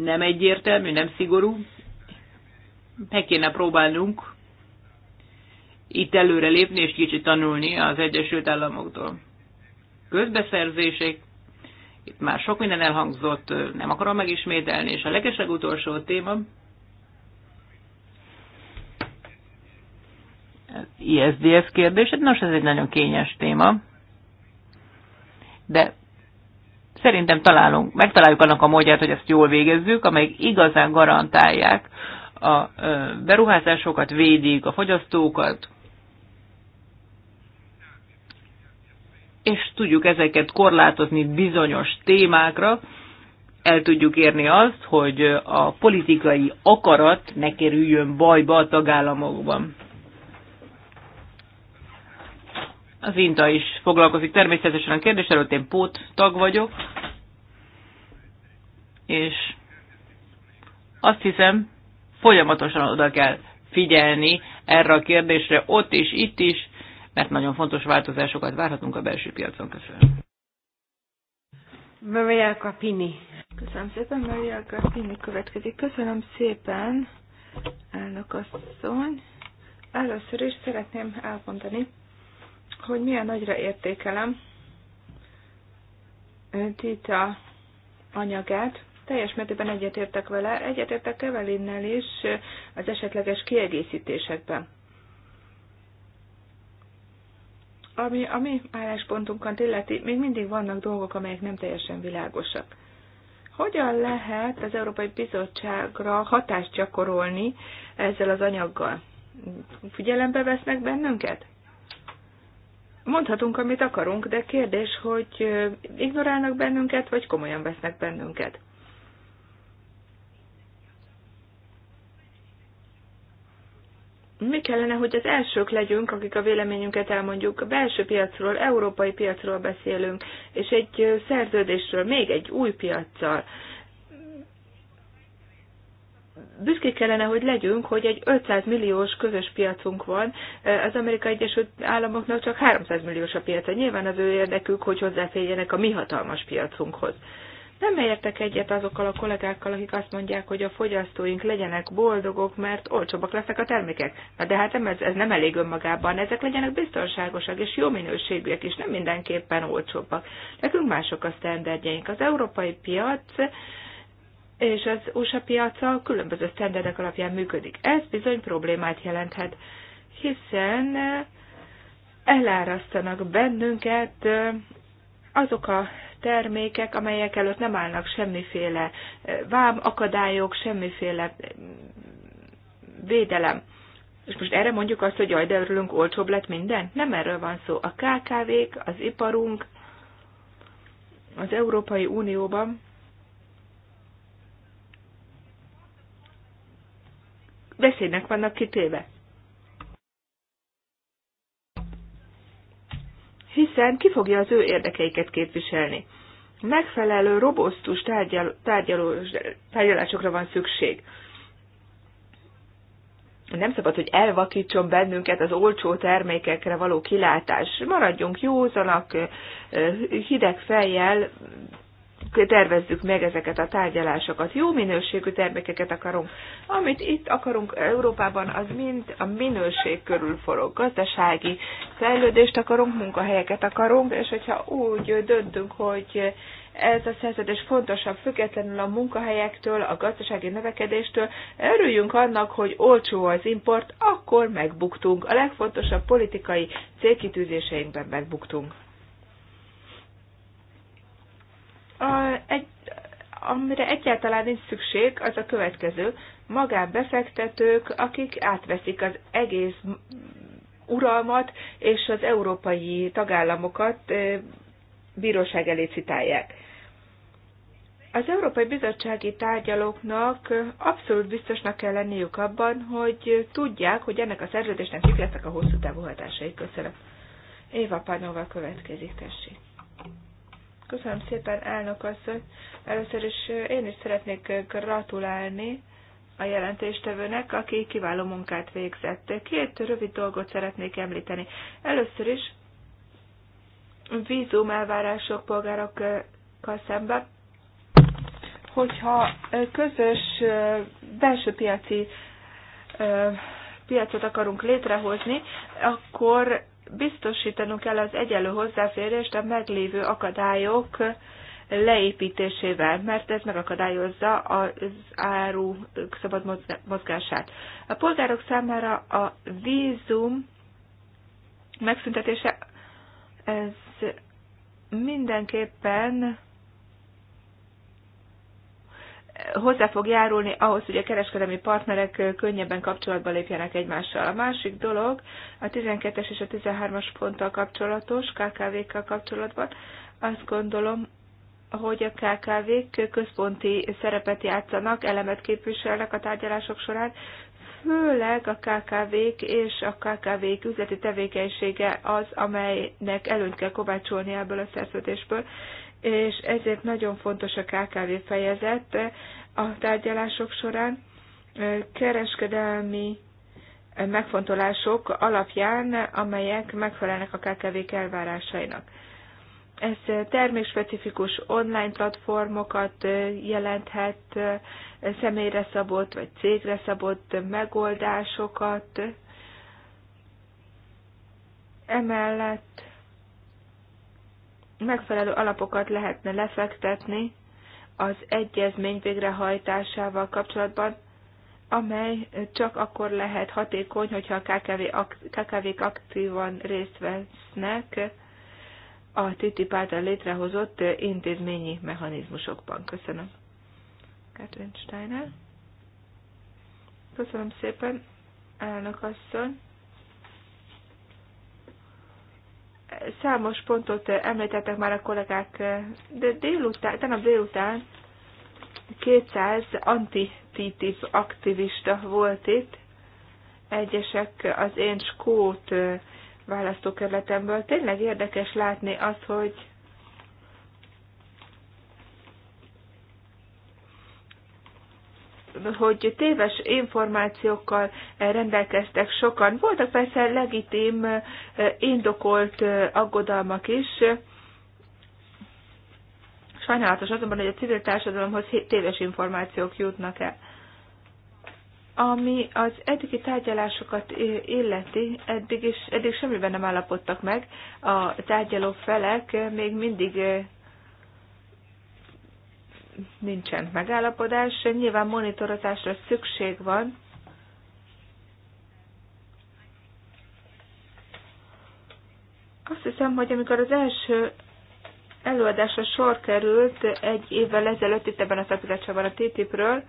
nem egyértelmű, nem szigorú. Meg kéne próbálnunk itt előre lépni és kicsit tanulni az Egyesült Államoktól. Közbeszerzések, itt már sok minden elhangzott, nem akarom megismételni, és a utolsó téma, ISDS kérdését. Nos, ez egy nagyon kényes téma, de szerintem találunk, megtaláljuk annak a módját, hogy ezt jól végezzük, amelyik igazán garantálják a beruházásokat, védik a fogyasztókat, és tudjuk ezeket korlátozni bizonyos témákra, el tudjuk érni azt, hogy a politikai akarat ne kerüljön bajba a tagállamokban. Az INTA is foglalkozik természetesen a kérdés előtt, én pót tag vagyok, és azt hiszem, folyamatosan oda kell figyelni erre a kérdésre, ott is, itt is, mert nagyon fontos változásokat várhatunk a belső piacon. Köszönöm. Maria Kapini. Köszönöm szépen, Maria Kapini következik. Köszönöm szépen, elnök asszony. Először is szeretném elmondani, hogy milyen nagyra értékelem Tita anyagát. Teljes mértékben egyetértek vele, egyetértek Evelinnel is az esetleges kiegészítésekben. Ami a mi álláspontunkat illeti, még mindig vannak dolgok, amelyek nem teljesen világosak. Hogyan lehet az Európai Bizottságra hatást gyakorolni ezzel az anyaggal? Figyelembe vesznek bennünket? Mondhatunk, amit akarunk, de kérdés, hogy ignorálnak bennünket, vagy komolyan vesznek bennünket. mi kellene, hogy az elsők legyünk, akik a véleményünket elmondjuk. A belső piacról, európai piacról beszélünk, és egy szerződésről, még egy új piaccal büszkék kellene, hogy legyünk, hogy egy 500 milliós közös piacunk van, az Amerikai Egyesült Államoknak csak 300 milliós a piaca. Nyilván az ő érdekük, hogy hozzáférjenek a mi hatalmas piacunkhoz. Nem értek egyet azokkal a kollégákkal, akik azt mondják, hogy a fogyasztóink legyenek boldogok, mert olcsóbbak lesznek a termékek. Na de hát ez, ez nem elég önmagában, ezek legyenek biztonságosak és jó minőségűek, és nem mindenképpen olcsóbbak. Nekünk mások a sztenderdjeink. Az európai piac és az USA piaca különböző sztenderdek alapján működik. Ez bizony problémát jelenthet, hiszen eh, elárasztanak bennünket eh, azok a termékek, amelyek előtt nem állnak semmiféle eh, vám akadályok, semmiféle mm, védelem. És most erre mondjuk azt, hogy jaj, de örülünk, olcsóbb lett minden? Nem erről van szó. A KKV-k, az iparunk, az Európai Unióban veszélynek vannak kitéve. Hiszen ki fogja az ő érdekeiket képviselni? Megfelelő, robosztus tárgyal, tárgyaló, tárgyalásokra van szükség. Nem szabad, hogy elvakítson bennünket az olcsó termékekre való kilátás. Maradjunk józanak, hideg fejjel, tervezzük meg ezeket a tárgyalásokat. Jó minőségű termékeket akarunk. Amit itt akarunk Európában, az mind a minőség körül forog. Gazdasági fejlődést akarunk, munkahelyeket akarunk, és hogyha úgy döntünk, hogy ez a szerződés fontosabb függetlenül a munkahelyektől, a gazdasági növekedéstől. Örüljünk annak, hogy olcsó az import, akkor megbuktunk. A legfontosabb politikai célkitűzéseinkben megbuktunk. A, egy, amire egyáltalán nincs szükség, az a következő. Magánbefektetők, akik átveszik az egész uralmat, és az európai tagállamokat bíróság elé citálják. Az Európai Bizottsági tárgyalóknak abszolút biztosnak kell lenniük abban, hogy tudják, hogy ennek a szerződésnek mik lesznek a hosszú távú hatásai. Köszönöm. Éva Panova következik, tessék. Köszönöm szépen, elnök asszony. Először is én is szeretnék gratulálni a jelentéstevőnek, aki kiváló munkát végzett. Két rövid dolgot szeretnék említeni. Először is vízum elvárások polgárokkal szemben, hogyha közös belső piaci piacot akarunk létrehozni, akkor biztosítanunk kell az egyenlő hozzáférést a meglévő akadályok leépítésével, mert ez megakadályozza az áru szabad mozgását. A polgárok számára a vízum megszüntetése ez mindenképpen hozzá fog járulni ahhoz, hogy a kereskedelmi partnerek könnyebben kapcsolatba lépjenek egymással. A másik dolog a 12-es és a 13-as ponttal kapcsolatos, KKV-kkal kapcsolatban. Azt gondolom, hogy a KKV-k központi szerepet játszanak, elemet képviselnek a tárgyalások során, főleg a KKV-k és a KKV-k üzleti tevékenysége az, amelynek előnyt kell kovácsolni ebből a szerződésből, és ezért nagyon fontos a KKV fejezet a tárgyalások során. Kereskedelmi megfontolások alapján, amelyek megfelelnek a kkv elvárásainak. Ez termékspecifikus online platformokat jelenthet, személyre szabott vagy cégre szabott megoldásokat. Emellett megfelelő alapokat lehetne lefektetni az egyezmény végrehajtásával kapcsolatban, amely csak akkor lehet hatékony, hogyha a KKV, kkv aktívan részt vesznek a TTIP által létrehozott intézményi mechanizmusokban. Köszönöm. Katrin Steiner. Köszönöm szépen, elnök asszony. Számos pontot említettek már a kollégák, de délután, tegnap délután 200 anti-TTIP aktivista volt itt, egyesek az én skót választókerületemből. Tényleg érdekes látni azt, hogy hogy téves információkkal eh, rendelkeztek sokan. Voltak persze legitim, eh, indokolt eh, aggodalmak is. Sajnálatos azonban, hogy a civil társadalomhoz téves információk jutnak el. Ami az eddigi tárgyalásokat illeti, eddig, is, eddig semmiben nem állapodtak meg. A tárgyaló felek még mindig nincsen megállapodás. Nyilván monitorozásra szükség van, Azt hiszem, hogy amikor az első előadásra sor került egy évvel ezelőtt itt ebben a szakbizottságban a TTIP-ről,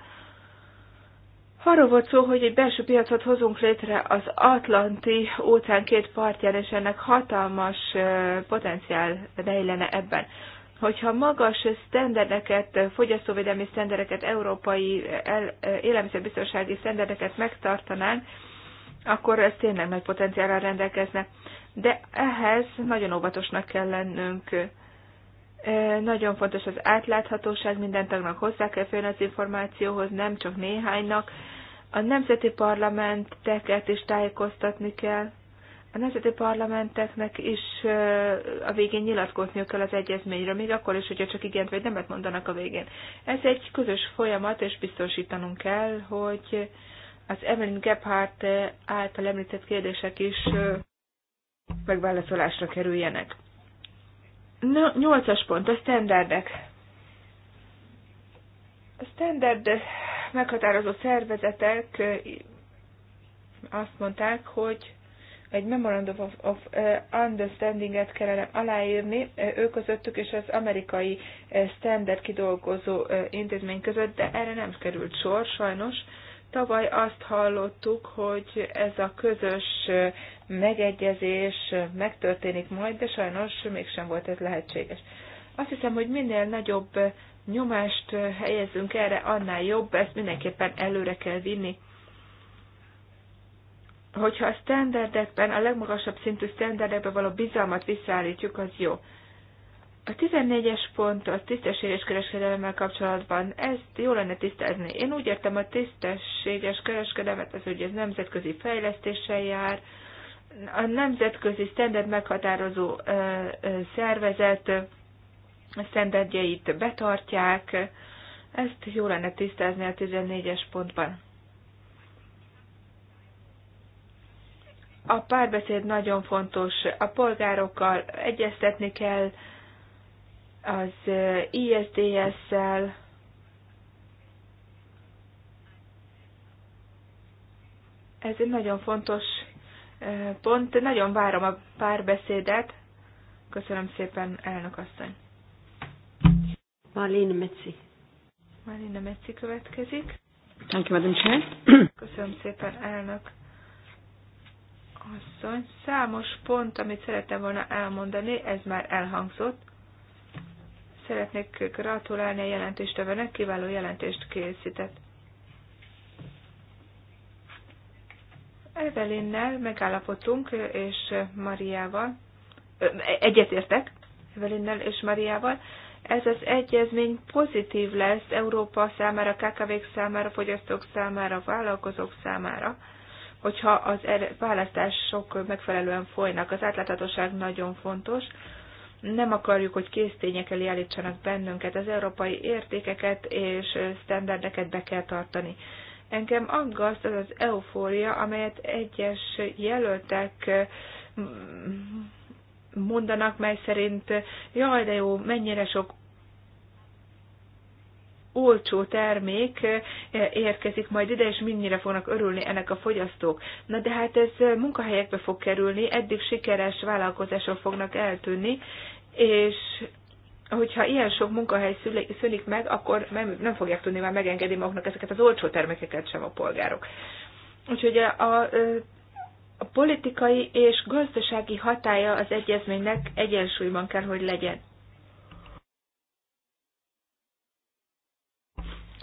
arról volt szó, hogy egy belső piacot hozunk létre az Atlanti óceán két partján, és ennek hatalmas eh, potenciál rejlene ebben hogyha magas sztendereket, fogyasztóvédelmi sztendereket, európai élelmiszerbiztonsági sztendereket megtartanánk, akkor ez tényleg nagy potenciállal rendelkezne. De ehhez nagyon óvatosnak kell lennünk. E, nagyon fontos az átláthatóság, minden tagnak hozzá kell férni az információhoz, nem csak néhánynak. A nemzeti parlamenteket is tájékoztatni kell a nemzeti parlamenteknek is a végén nyilatkozniuk kell az egyezményről, még akkor is, hogyha csak igent vagy nemet mondanak a végén. Ez egy közös folyamat, és biztosítanunk kell, hogy az Evelyn Gebhardt által említett kérdések is megválaszolásra kerüljenek. Nyolcas pont, a standardek. A standard meghatározó szervezetek azt mondták, hogy egy Memorandum of, of eh, Understanding-et kellene aláírni eh, ő közöttük és az amerikai eh, standard kidolgozó intézmény között, de erre nem került sor sajnos. Tavaly azt hallottuk, hogy ez a közös megegyezés megtörténik majd, de sajnos mégsem volt ez lehetséges. Azt hiszem, hogy minél nagyobb nyomást helyezünk erre, annál jobb, ezt mindenképpen előre kell vinni hogyha a standardekben, a legmagasabb szintű standardekben való bizalmat visszaállítjuk, az jó. A 14-es pont a tisztességes kereskedelemmel kapcsolatban, ezt jó lenne tisztázni. Én úgy értem a tisztességes kereskedelmet, az ugye ez nemzetközi fejlesztéssel jár, a nemzetközi standard meghatározó szervezet standardjait betartják, ezt jó lenne tisztázni a 14-es pontban. A párbeszéd nagyon fontos, a polgárokkal egyeztetni kell, az ISDS-szel, ez egy nagyon fontos eh, pont. Nagyon várom a párbeszédet. Köszönöm szépen, elnök asszony. Marlene Metzi. Marlene Metzi következik. Thank you, Madam Chair. Köszönöm szépen, elnök asszony. Számos pont, amit szerettem volna elmondani, ez már elhangzott. Szeretnék gratulálni a jelentéstevőnek, kiváló jelentést készített. Evelinnel megállapodtunk, és Mariával, egyetértek Evelinnel és Mariával, ez az egyezmény pozitív lesz Európa számára, kkv számára, fogyasztók számára, vállalkozók számára hogyha az választások megfelelően folynak. Az átláthatóság nagyon fontos. Nem akarjuk, hogy késztények elé állítsanak bennünket. Az európai értékeket és sztenderdeket be kell tartani. Engem aggaszt az az eufória, amelyet egyes jelöltek mm, mondanak, mely szerint jaj, de jó, mennyire sok olcsó termék eh, érkezik majd ide, és mennyire fognak örülni ennek a fogyasztók. Na de hát ez eh, munkahelyekbe fog kerülni, eddig sikeres vállalkozások fognak eltűnni, és hogyha ilyen sok munkahely szűnik meg, akkor nem, nem fogják tudni már megengedni maguknak ezeket az olcsó termékeket sem a polgárok. Úgyhogy a, a, a politikai és gazdasági hatája az egyezménynek egyensúlyban kell, hogy legyen.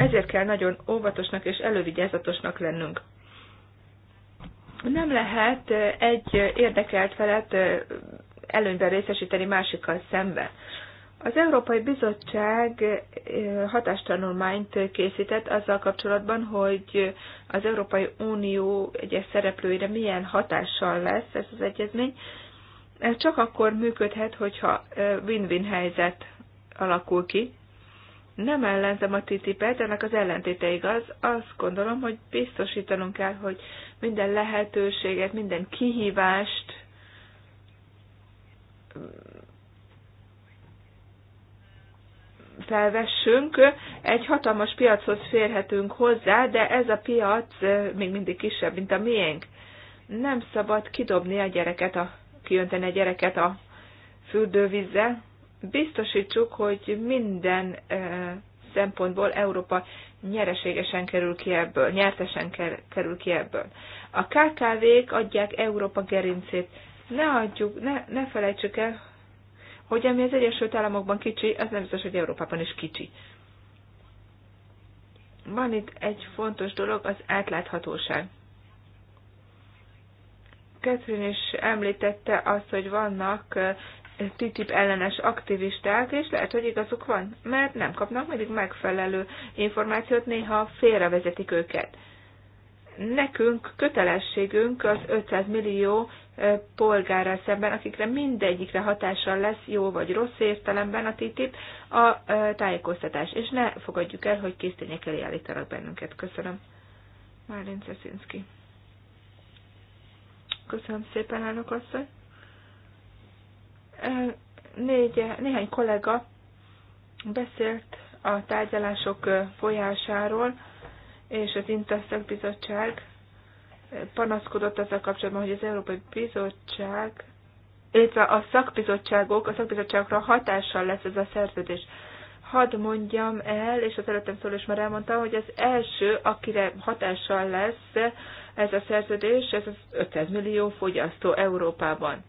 Ezért kell nagyon óvatosnak és elővigyázatosnak lennünk. Nem lehet egy érdekelt felet előnyben részesíteni másikkal szembe. Az Európai Bizottság hatástanulmányt készített azzal kapcsolatban, hogy az Európai Unió egyes szereplőire milyen hatással lesz ez az egyezmény. Ez csak akkor működhet, hogyha win-win helyzet alakul ki nem ellenzem a TTIP-et, ennek az ellentéte igaz. Azt gondolom, hogy biztosítanunk kell, hogy minden lehetőséget, minden kihívást felvessünk. Egy hatalmas piachoz férhetünk hozzá, de ez a piac eh, még mindig kisebb, mint a miénk. Nem szabad kidobni a gyereket, a, kiönteni a gyereket a fürdővízzel, biztosítsuk, hogy minden szempontból Európa nyereségesen kerül ki ebből, nyertesen kerül ki ebből. A KKV-k adják Európa gerincét. Ne, adjuk, ne, ne felejtsük el, hogy ami az Egyesült Államokban kicsi, az nem biztos, hogy Európában is kicsi. Van itt egy fontos dolog, az átláthatóság. Catherine is említette azt, hogy vannak TTIP ellenes aktivisták, és lehet, hogy igazuk van, mert nem kapnak mindig megfelelő információt, néha félrevezetik őket. Nekünk kötelességünk az 500 millió polgárral szemben, akikre mindegyikre hatással lesz jó vagy rossz értelemben a TTIP, a tájékoztatás. És ne fogadjuk el, hogy késztények elé állítanak bennünket. Köszönöm. Márin Szesinszki. Köszönöm szépen, elnök asszony. Négy, néhány kollega beszélt a tárgyalások folyásáról, és az Interszak Bizottság panaszkodott ezzel kapcsolatban, hogy az Európai Bizottság, illetve a szakbizottságok, a szakbizottságokra hatással lesz ez a szerződés. Hadd mondjam el, és az előttem szól is már elmondta, hogy az első, akire hatással lesz ez a szerződés, ez az 500 millió fogyasztó Európában.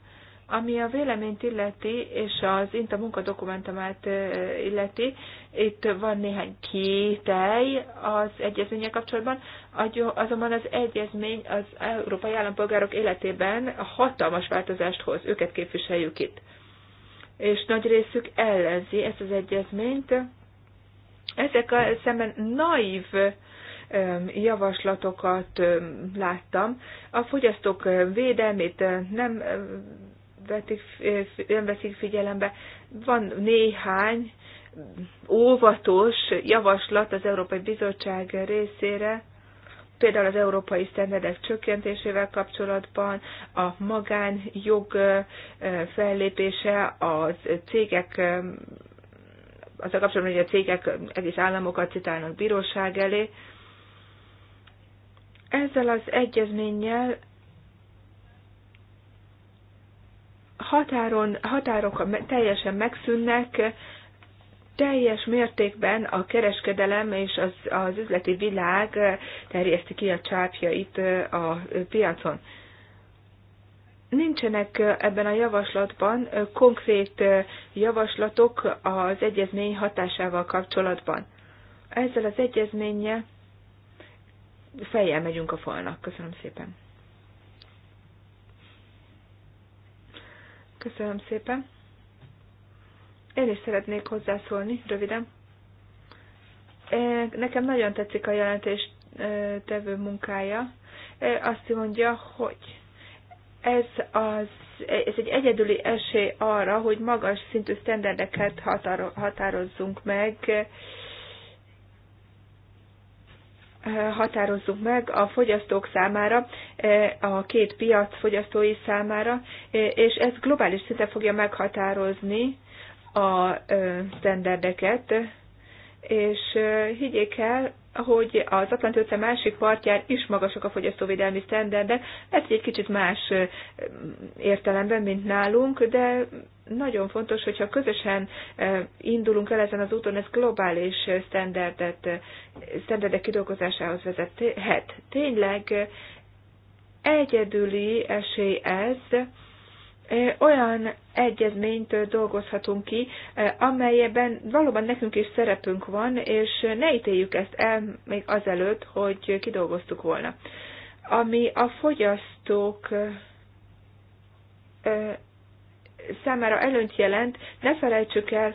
Ami a véleményt illeti, és az INTA munkadokumentumát illeti, itt van néhány kételj az egyezmények kapcsolatban, azonban az egyezmény az európai állampolgárok életében hatalmas változást hoz, őket képviseljük itt. És nagy részük ellenzi ezt az egyezményt. Ezek a szemben naív javaslatokat láttam. A fogyasztók védelmét nem vetik, nem veszik figyelembe. Van néhány óvatos javaslat az Európai Bizottság részére, például az európai szenvedek csökkentésével kapcsolatban, a magánjog fellépése, az cégek az a kapcsolatban, hogy a cégek egész államokat citálnak bíróság elé. Ezzel az egyezménnyel határon, határok teljesen megszűnnek, teljes mértékben a kereskedelem és az, az üzleti világ eh, terjeszti ki a csápjait eh, a eh, piacon. Nincsenek ebben a javaslatban konkrét javaslatok az egyezmény hatásával kapcsolatban. Ezzel az egyezménnyel fejjel megyünk a falnak. Köszönöm szépen. Köszönöm szépen. Én is szeretnék hozzászólni, röviden. E, nekem nagyon tetszik a jelentés e, tevő munkája. E, azt mondja, hogy ez, az, ez egy egyedüli esély arra, hogy magas szintű sztenderdeket határozzunk meg, határozzuk meg a fogyasztók számára, e, a két piac fogyasztói számára, e, és ez globális szinten fogja meghatározni a e, standardeket, és higgyék el, hogy az Atlanti óceán másik partján is magasak a fogyasztóvédelmi sztenderdek, lehet, hogy egy kicsit más értelemben, mint nálunk, de nagyon fontos, hogyha közösen indulunk el ezen az úton, ez globális sztenderdet, sztenderdek kidolgozásához vezethet. Tényleg egyedüli esély ez, olyan egyezményt dolgozhatunk ki, amelyben valóban nekünk is szerepünk van, és ne ítéljük ezt el még azelőtt, hogy kidolgoztuk volna. Ami a fogyasztók számára előnyt jelent, ne felejtsük el,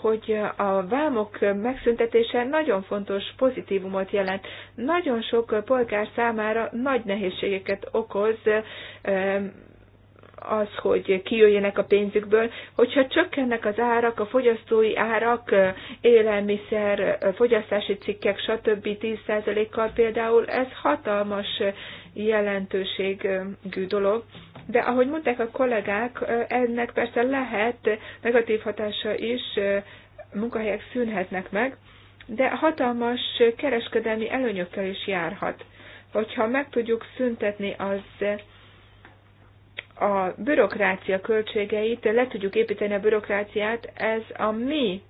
hogy a vámok megszüntetése nagyon fontos pozitívumot jelent. Nagyon sok polgár számára nagy nehézségeket okoz, az, hogy kijöjjenek a pénzükből, hogyha csökkennek az árak, a fogyasztói árak, élelmiszer, fogyasztási cikkek, stb. 10%-kal például, ez hatalmas jelentőségű dolog. De ahogy mondták a kollégák, ennek persze lehet negatív hatása is, munkahelyek szűnhetnek meg, de hatalmas kereskedelmi előnyökkel is járhat. Hogyha meg tudjuk szüntetni az a bürokrácia költségeit, le tudjuk építeni a bürokráciát, ez a mi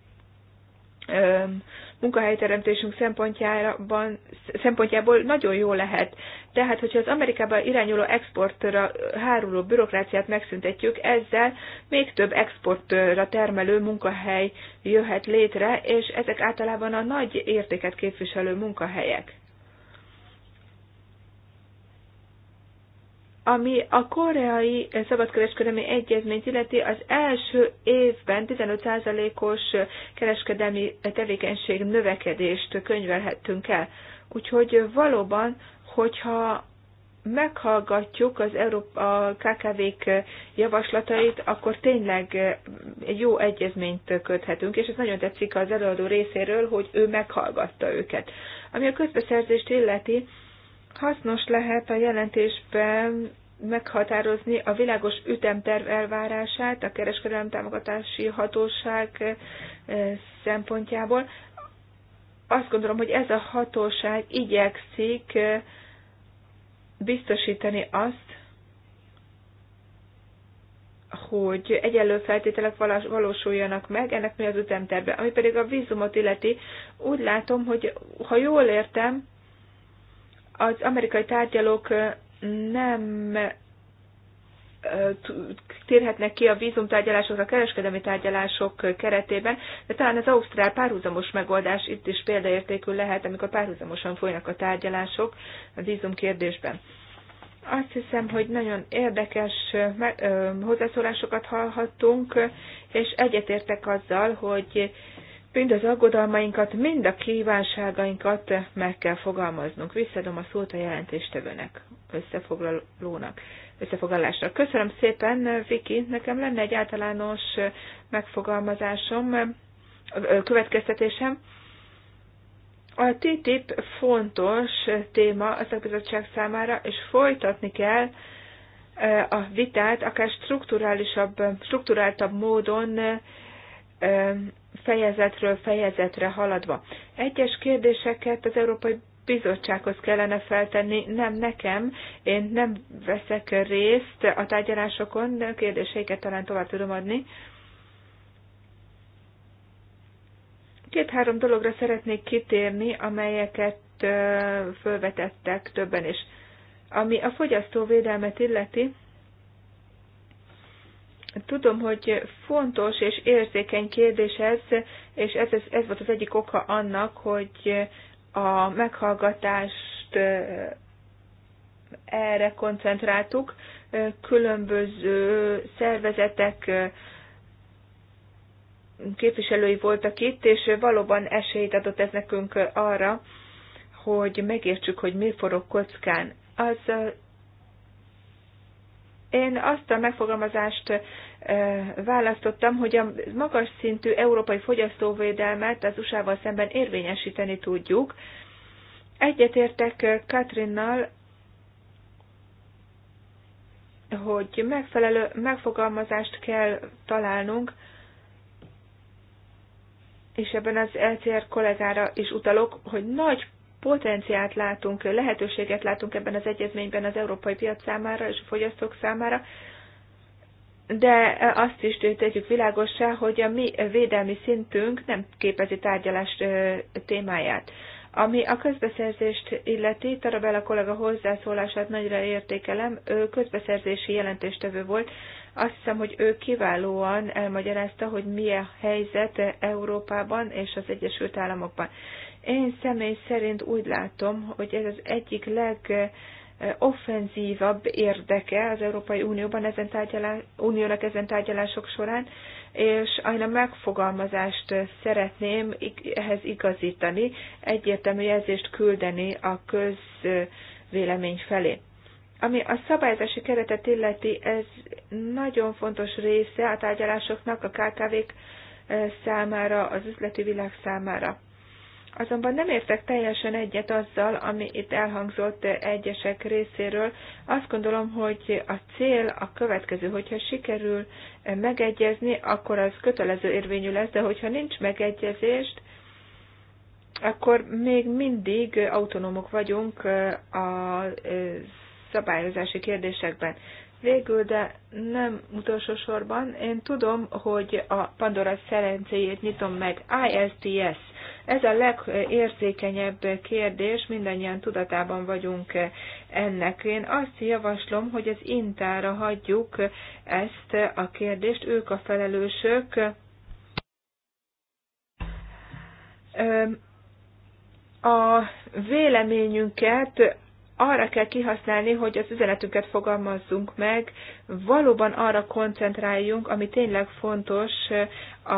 munkahelyteremtésünk szempontjában, szempontjából nagyon jó lehet. Tehát, hogyha az Amerikába irányuló exportra háruló bürokráciát megszüntetjük, ezzel még több exportra termelő munkahely jöhet létre, és ezek általában a nagy értéket képviselő munkahelyek. Ami a koreai szabadkereskedelmi egyezményt illeti, az első évben 15%-os kereskedelmi tevékenység növekedést könyvelhettünk el. Úgyhogy valóban, hogyha meghallgatjuk az Európa KKV-k javaslatait, akkor tényleg egy jó egyezményt köthetünk, és ez nagyon tetszik az előadó részéről, hogy ő meghallgatta őket. Ami a közbeszerzést illeti, Hasznos lehet a jelentésben meghatározni a világos ütemterv elvárását a kereskedelem támogatási hatóság eh, szempontjából. Azt gondolom, hogy ez a hatóság igyekszik eh, biztosítani azt, hogy egyenlő feltételek valósuljanak meg, ennek mi az ütemterve. Ami pedig a vízumot illeti, úgy látom, hogy ha jól értem, az amerikai tárgyalók nem térhetnek ki a vízumtárgyalásokra, a kereskedelmi tárgyalások keretében, de talán az Ausztrál párhuzamos megoldás itt is példaértékű lehet, amikor párhuzamosan folynak a tárgyalások a vízum kérdésben. Azt hiszem, hogy nagyon érdekes hozzászólásokat hallhattunk, és egyetértek azzal, hogy mind az aggodalmainkat, mind a kívánságainkat meg kell fogalmaznunk. Visszadom a szót a jelentéstevőnek, összefoglalónak, összefoglalásra. Köszönöm szépen, Viki, nekem lenne egy általános megfogalmazásom, következtetésem. A TTIP fontos téma a szakbizottság számára, és folytatni kell a vitát, akár strukturálisabb, strukturáltabb módon, fejezetről fejezetre haladva. Egyes kérdéseket az Európai bizottsághoz kellene feltenni, nem nekem, én nem veszek részt a tárgyalásokon, de a kérdéseiket talán tovább tudom adni. Két-három dologra szeretnék kitérni, amelyeket fölvetettek többen is. Ami a fogyasztóvédelmet illeti, Tudom, hogy fontos és érzékeny kérdés ez, és ez, ez, ez volt az egyik oka annak, hogy a meghallgatást erre koncentráltuk. Különböző szervezetek képviselői voltak itt, és valóban esélyt adott ez nekünk arra, hogy megértsük, hogy mi forog kockán. Az én azt a megfogalmazást választottam, hogy a magas szintű európai fogyasztóvédelmet az USA-val szemben érvényesíteni tudjuk. Egyetértek Katrinnal, hogy megfelelő megfogalmazást kell találnunk, és ebben az LCR kollégára is utalok, hogy nagy potenciált látunk, lehetőséget látunk ebben az egyezményben az európai piac számára és a fogyasztók számára, de azt is tegyük világossá, hogy a mi védelmi szintünk nem képezi tárgyalás témáját. Ami a közbeszerzést illeti, Tarabella kollega hozzászólását nagyra értékelem, ő közbeszerzési jelentéstevő volt. Azt hiszem, hogy ő kiválóan elmagyarázta, hogy mi a helyzet Európában és az Egyesült Államokban. Én személy szerint úgy látom, hogy ez az egyik leg offenzívabb érdeke az Európai Unióban ezen Uniónak ezen tárgyalások során, és én a megfogalmazást szeretném ehhez igazítani, egyértelmű jelzést küldeni a közvélemény felé. Ami a szabályozási keretet illeti, ez nagyon fontos része a tárgyalásoknak a KKV-k eh, számára, az üzleti világ számára. Azonban nem értek teljesen egyet azzal, ami itt elhangzott egyesek részéről. Azt gondolom, hogy a cél a következő, hogyha sikerül megegyezni, akkor az kötelező érvényű lesz, de hogyha nincs megegyezést, akkor még mindig autonómok vagyunk a szabályozási kérdésekben. Végül, de nem utolsó sorban, én tudom, hogy a Pandora szerencéjét nyitom meg. ISTS. Ez a legérzékenyebb kérdés, mindannyian tudatában vagyunk ennek. Én azt javaslom, hogy az Intára hagyjuk ezt a kérdést, ők a felelősök. A véleményünket arra kell kihasználni, hogy az üzenetünket fogalmazzunk meg, valóban arra koncentráljunk, ami tényleg fontos a,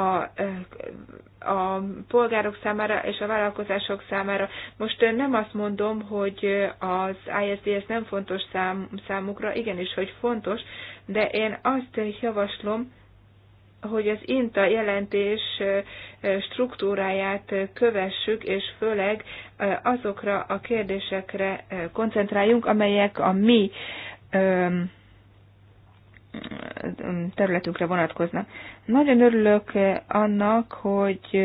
a polgárok számára és a vállalkozások számára. Most nem azt mondom, hogy az ISDS nem fontos szám, számukra, igenis, hogy fontos, de én azt javaslom, hogy az INTA jelentés struktúráját kövessük, és főleg azokra a kérdésekre koncentráljunk, amelyek a mi területünkre vonatkoznak. Nagyon örülök annak, hogy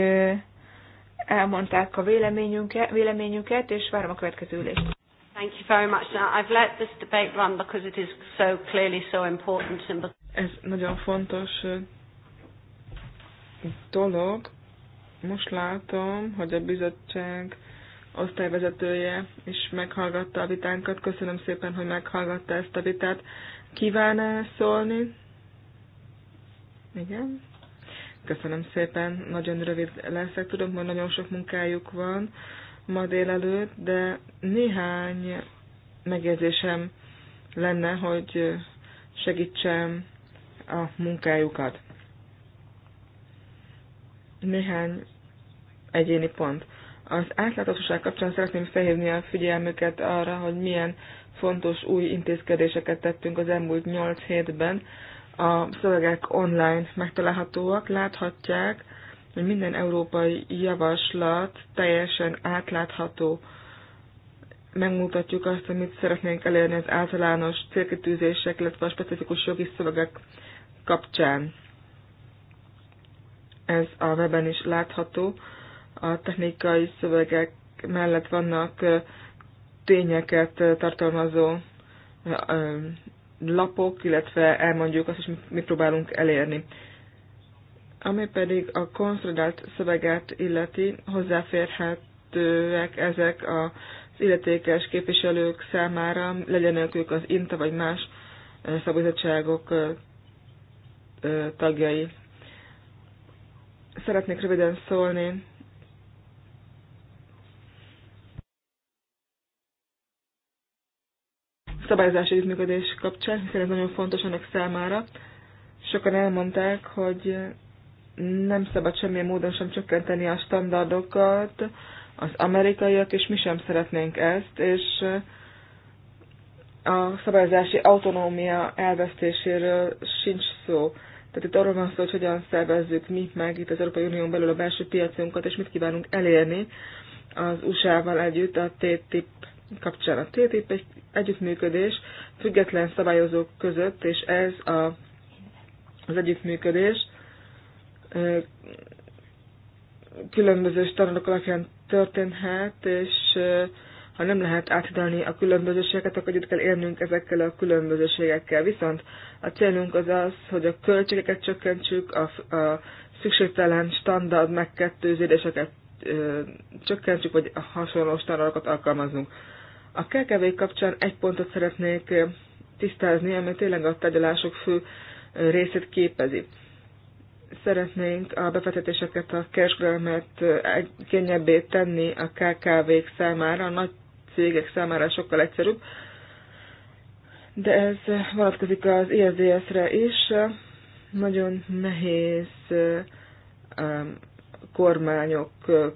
elmondták a véleményünket, és várom a következő ülést. Thank you very much. Now, I've let this debate run because it is so clearly so important. Ez nagyon fontos dolog. Most látom, hogy a bizottság osztályvezetője is meghallgatta a vitánkat. Köszönöm szépen, hogy meghallgatta ezt a vitát. kíván -e szólni? Igen. Köszönöm szépen, nagyon rövid leszek. Tudom, hogy nagyon sok munkájuk van ma délelőtt, de néhány megérzésem lenne, hogy segítsem a munkájukat néhány egyéni pont. Az átláthatóság kapcsán szeretném felhívni a figyelmüket arra, hogy milyen fontos új intézkedéseket tettünk az elmúlt 8 hétben. A szövegek online megtalálhatóak, láthatják, hogy minden európai javaslat teljesen átlátható. Megmutatjuk azt, amit szeretnénk elérni az általános célkitűzések, illetve a specifikus jogi szövegek kapcsán ez a weben is látható. A technikai szövegek mellett vannak tényeket tartalmazó lapok, illetve elmondjuk azt is, mit próbálunk elérni. Ami pedig a konszolidált szöveget illeti, hozzáférhetőek ezek az illetékes képviselők számára, legyenek ők az INTA vagy más szabályzatságok tagjai Szeretnék röviden szólni szabályozási együttműködés kapcsán, hiszen ez nagyon fontos annak számára. Sokan elmondták, hogy nem szabad semmilyen módon sem csökkenteni a standardokat, az amerikaiak, és mi sem szeretnénk ezt, és a szabályozási autonómia elvesztéséről sincs szó. Tehát itt arról van szó, hogy hogyan szervezzük mi meg itt az Európai Unión belül a belső piacunkat, és mit kívánunk elérni az USA-val együtt a TTIP kapcsán. A TTIP egy együttműködés független szabályozók között, és ez a, az együttműködés különböző standardok alapján történhet, és ha nem lehet áthidalni a különbözőségeket, akkor együtt kell élnünk ezekkel a különbözőségekkel. Viszont a célunk az az, hogy a költségeket csökkentsük, a, a szükségtelen standard megkettőződéseket ö, csökkentsük, vagy hasonló standardokat alkalmazunk. A KKV kapcsán egy pontot szeretnék tisztázni, ami tényleg a tárgyalások fő részét képezi. Szeretnénk a befektetéseket, a kereskedelmet kényebbé tenni a KKV-k számára. A nagy cégek számára sokkal egyszerűbb, de ez vonatkozik az ISDS-re is. Nagyon nehéz um, kormányok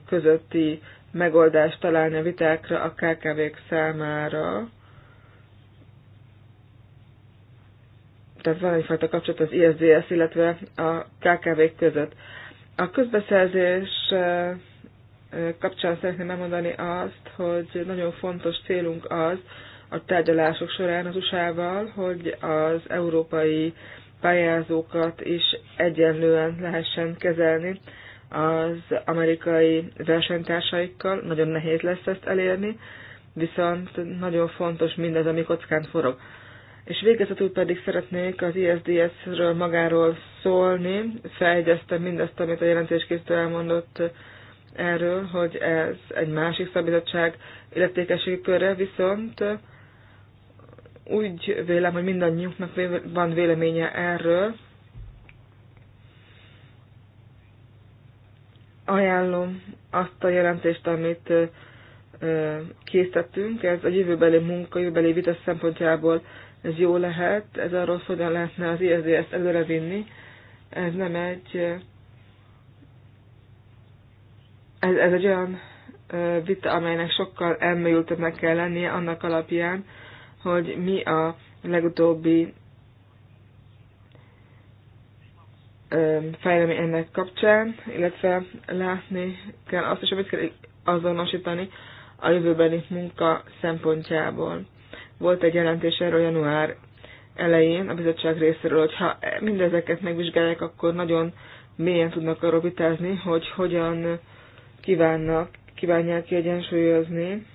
közötti megoldást találni a vitákra a KKV-k számára. Tehát van egyfajta kapcsolat az ISDS, illetve a KKV-k között. A közbeszerzés kapcsán szeretném elmondani azt, hogy nagyon fontos célunk az a tárgyalások során az USA-val, hogy az európai pályázókat is egyenlően lehessen kezelni az amerikai versenytársaikkal. Nagyon nehéz lesz ezt elérni, viszont nagyon fontos mindez, ami kockán forog. És végezetül pedig szeretnék az ISDS-ről magáról szólni. Feljegyeztem mindazt, amit a jelentéskészítő elmondott erről, hogy ez egy másik szabizottság illetékeségi körre, viszont úgy vélem, hogy mindannyiunknak van véleménye erről. Ajánlom azt a jelentést, amit készítettünk, ez a jövőbeli munka, jövőbeli vita szempontjából ez jó lehet, ez arról, hogyan lehetne az ISDS-t előrevinni. Ez nem egy ez, ez egy olyan vita, amelynek sokkal elmélyültebbnek kell lennie annak alapján, hogy mi a legutóbbi fejlemény ennek kapcsán, illetve látni kell azt is, amit kell azonosítani a jövőbeni munka szempontjából. Volt egy jelentés erről január elején a bizottság részéről, ha mindezeket megvizsgálják, akkor nagyon mélyen tudnak arról vitázni, hogy hogyan kívánnak, kívánják kiegyensúlyozni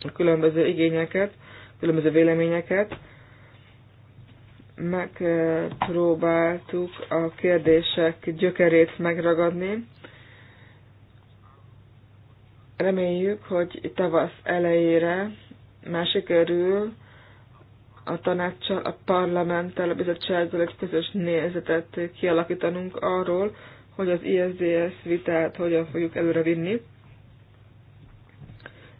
a különböző igényeket, különböző véleményeket. Megpróbáltuk a kérdések gyökerét megragadni. Reméljük, hogy tavasz elejére már sikerül a tanácssal, a parlamenttel, a bizottsággal egy közös nézetet kialakítanunk arról, hogy az ISDS vitát hogyan fogjuk előre vinni.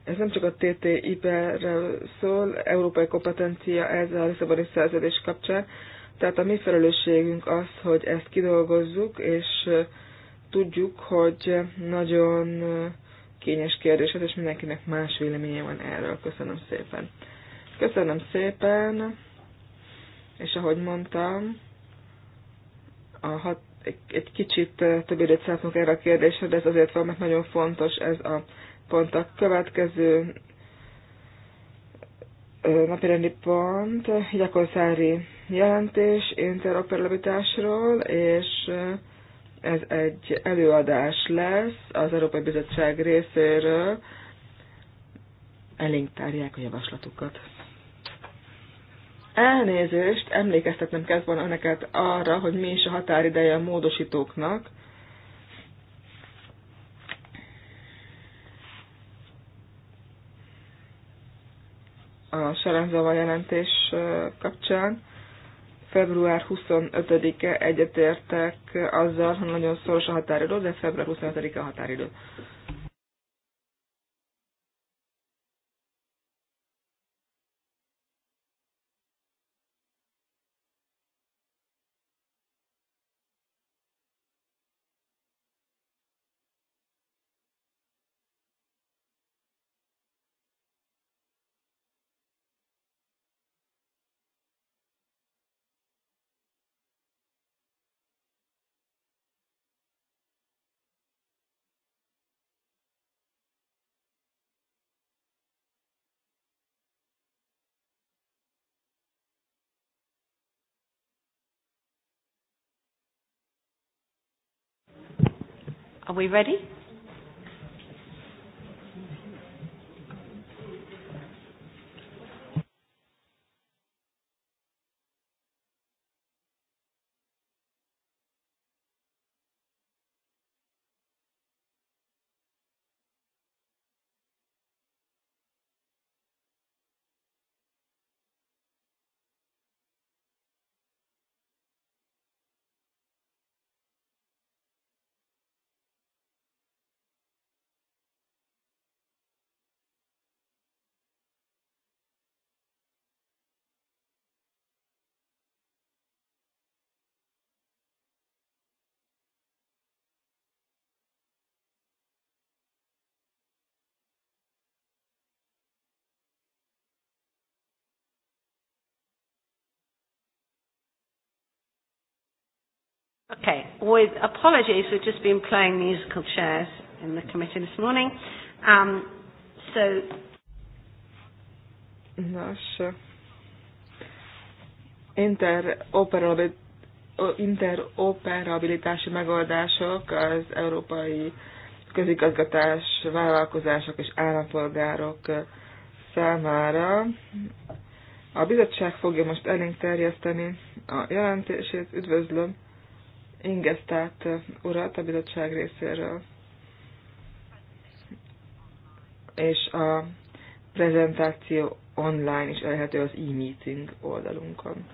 Ez nem csak a TTIP-ről szól, európai kompetencia ez a Lisszaboni szerződés kapcsán, tehát a mi felelősségünk az, hogy ezt kidolgozzuk, és tudjuk, hogy nagyon kényes kérdés ez, és mindenkinek más véleménye van erről. Köszönöm szépen. Köszönöm szépen, és ahogy mondtam, a hat egy kicsit több időt szálltunk erre a kérdésre, de ez azért van, mert nagyon fontos ez a pont. A következő napirendi pont, Gyakorszári jelentés interoperabilitásról, és ez egy előadás lesz az Európai Bizottság részéről. Elénk tárják a javaslatukat. Elnézést, emlékeztetnem kell volna neked arra, hogy mi is a határideje a módosítóknak. A Sarenzava jelentés kapcsán február 25-e egyetértek azzal, hogy nagyon szoros a határidő, de február 25-e a határidő. Are we ready? Okay, with apologies, we've just been playing musical chairs in the committee this morning. Um, so... Nos, interoperabilitási megoldások az európai közigazgatás, vállalkozások és állampolgárok számára. A bizottság fogja most elénk terjeszteni a jelentését, üdvözlöm Ingesztát urat a bizottság részéről. És a prezentáció online is elérhető az e-meeting oldalunkon.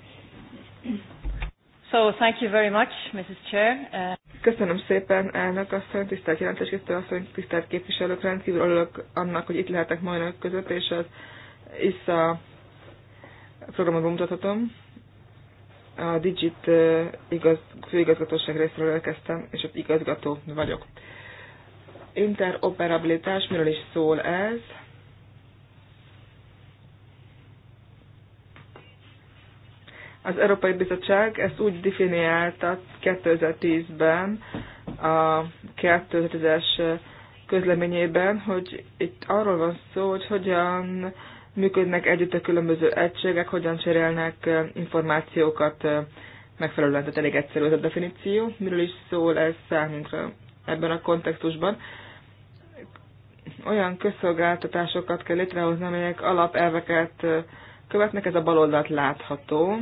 So, thank you very much, Mrs. Chair. Uh... Köszönöm szépen, elnök asszony, tisztelt jelentéskészítő asszony, tisztelt képviselők, rendkívül örülök annak, hogy itt lehetek majd között, és az ISZA programot bemutathatom a Digit igaz, főigazgatóság részéről elkezdtem, és ott igazgató vagyok. Interoperabilitás, miről is szól ez? Az Európai Bizottság ezt úgy definiálta 2010-ben, a 2010-es közleményében, hogy itt arról van szó, hogy hogyan működnek együtt a különböző egységek, hogyan cserélnek információkat megfelelően, tehát elég egyszerű ez a definíció. Miről is szól ez számunkra ebben a kontextusban? Olyan közszolgáltatásokat kell létrehozni, amelyek alapelveket követnek, ez a baloldalt látható.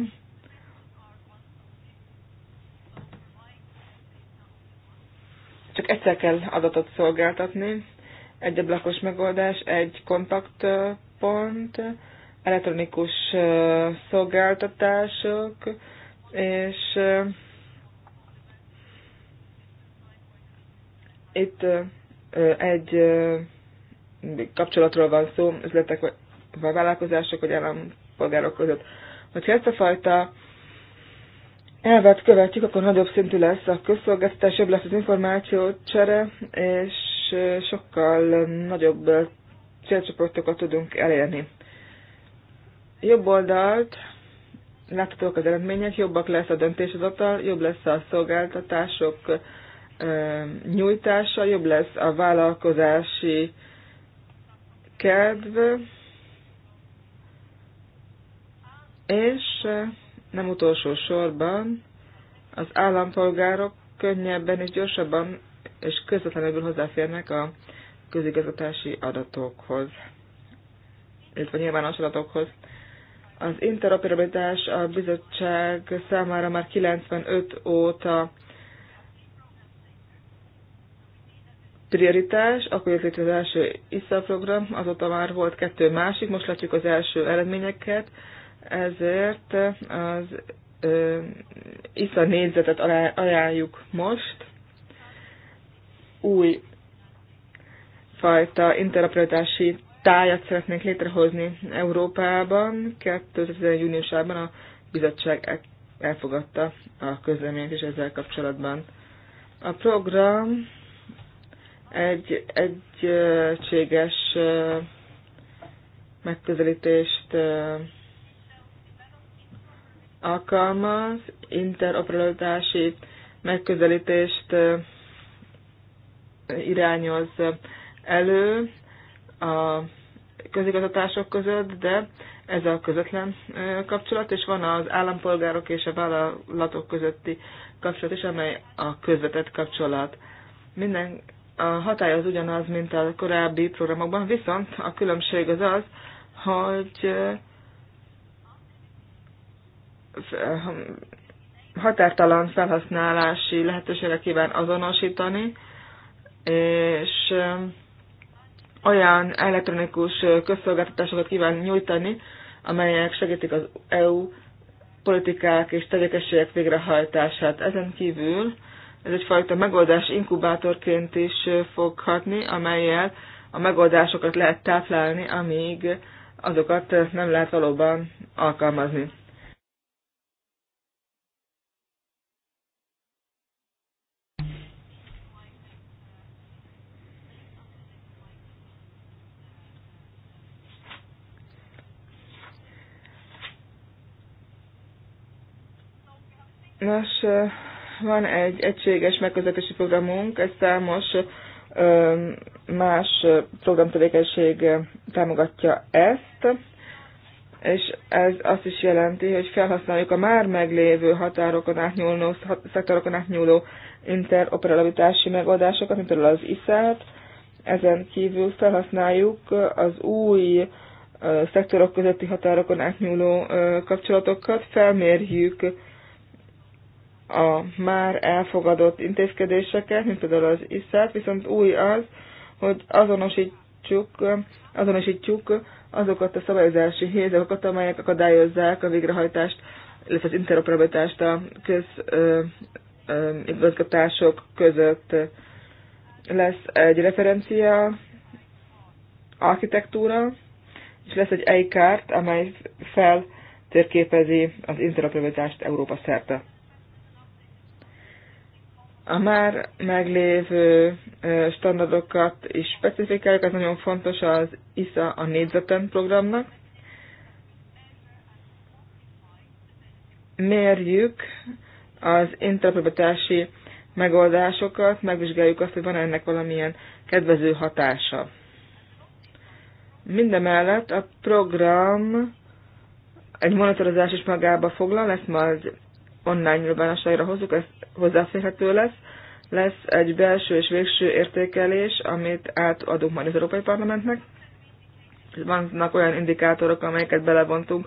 Csak egyszer kell adatot szolgáltatni, egy ablakos megoldás, egy kontakt pont, elektronikus szolgáltatások, és itt egy kapcsolatról van szó, üzletek vagy vállalkozások vagy állampolgárok között. Hogyha ezt a fajta elvet követjük, akkor nagyobb szintű lesz a közszolgáltatás, jobb lesz az információ csere, és sokkal nagyobb célcsoportokat tudunk elérni. Jobb oldalt láthatók az eredmények, jobbak lesz a döntéshozatal, jobb lesz a szolgáltatások nyújtása, jobb lesz a vállalkozási kedv, és nem utolsó sorban az állampolgárok könnyebben és gyorsabban és közvetlenül hozzáférnek a közigazgatási adatokhoz, illetve nyilvános adatokhoz. Az interoperabilitás a bizottság számára már 95 óta prioritás, akkor jött az első ISSA program, azóta már volt kettő másik, most látjuk az első eredményeket, ezért az ISSA négyzetet ajánljuk most. Új fajta interpretási tájat szeretnénk létrehozni Európában. 2011. júniusában a bizottság e- elfogadta a közleményt is ezzel kapcsolatban. A program egy egységes megközelítést alkalmaz, interoperatási megközelítést irányoz elő a közigazgatások között, de ez a közvetlen kapcsolat, és van az állampolgárok és a vállalatok közötti kapcsolat is, amely a közvetett kapcsolat. Minden a hatály az ugyanaz, mint a korábbi programokban, viszont a különbség az az, hogy határtalan felhasználási lehetőségre kíván azonosítani, és olyan elektronikus közszolgáltatásokat kíván nyújtani, amelyek segítik az EU politikák és tevékenységek végrehajtását. Ezen kívül ez egyfajta megoldás inkubátorként is foghatni, amelyel a megoldásokat lehet táplálni, amíg azokat nem lehet valóban alkalmazni. Nos, van egy egységes megközelítési programunk, ez számos más programtevékenység támogatja ezt, és ez azt is jelenti, hogy felhasználjuk a már meglévő határokon átnyúló, szektorokon átnyúló interoperabilitási megoldásokat, mint például az isz ezen kívül felhasználjuk az új szektorok közötti határokon átnyúló kapcsolatokat, felmérjük a már elfogadott intézkedéseket, mint például az ISZÁT, viszont új az, hogy azonosítsuk, azonosítjuk azokat a szabályozási helyzeteket, amelyek akadályozzák a végrehajtást, illetve az interoperabilitást a közigazgatások között. Lesz egy referencia architektúra, és lesz egy EIKÁRT, amely fel térképezi az interoperabilitást Európa szerte a már meglévő standardokat is specifikáljuk, ez nagyon fontos az ISA a négyzeten programnak. Mérjük az interpretási megoldásokat, megvizsgáljuk azt, hogy van -e ennek valamilyen kedvező hatása. Mindemellett a program egy monitorozás is magába foglal, ezt majd online nyilvánosságra hozzuk, ez hozzáférhető lesz. Lesz egy belső és végső értékelés, amit átadunk majd az Európai Parlamentnek. Vannak olyan indikátorok, amelyeket belevontunk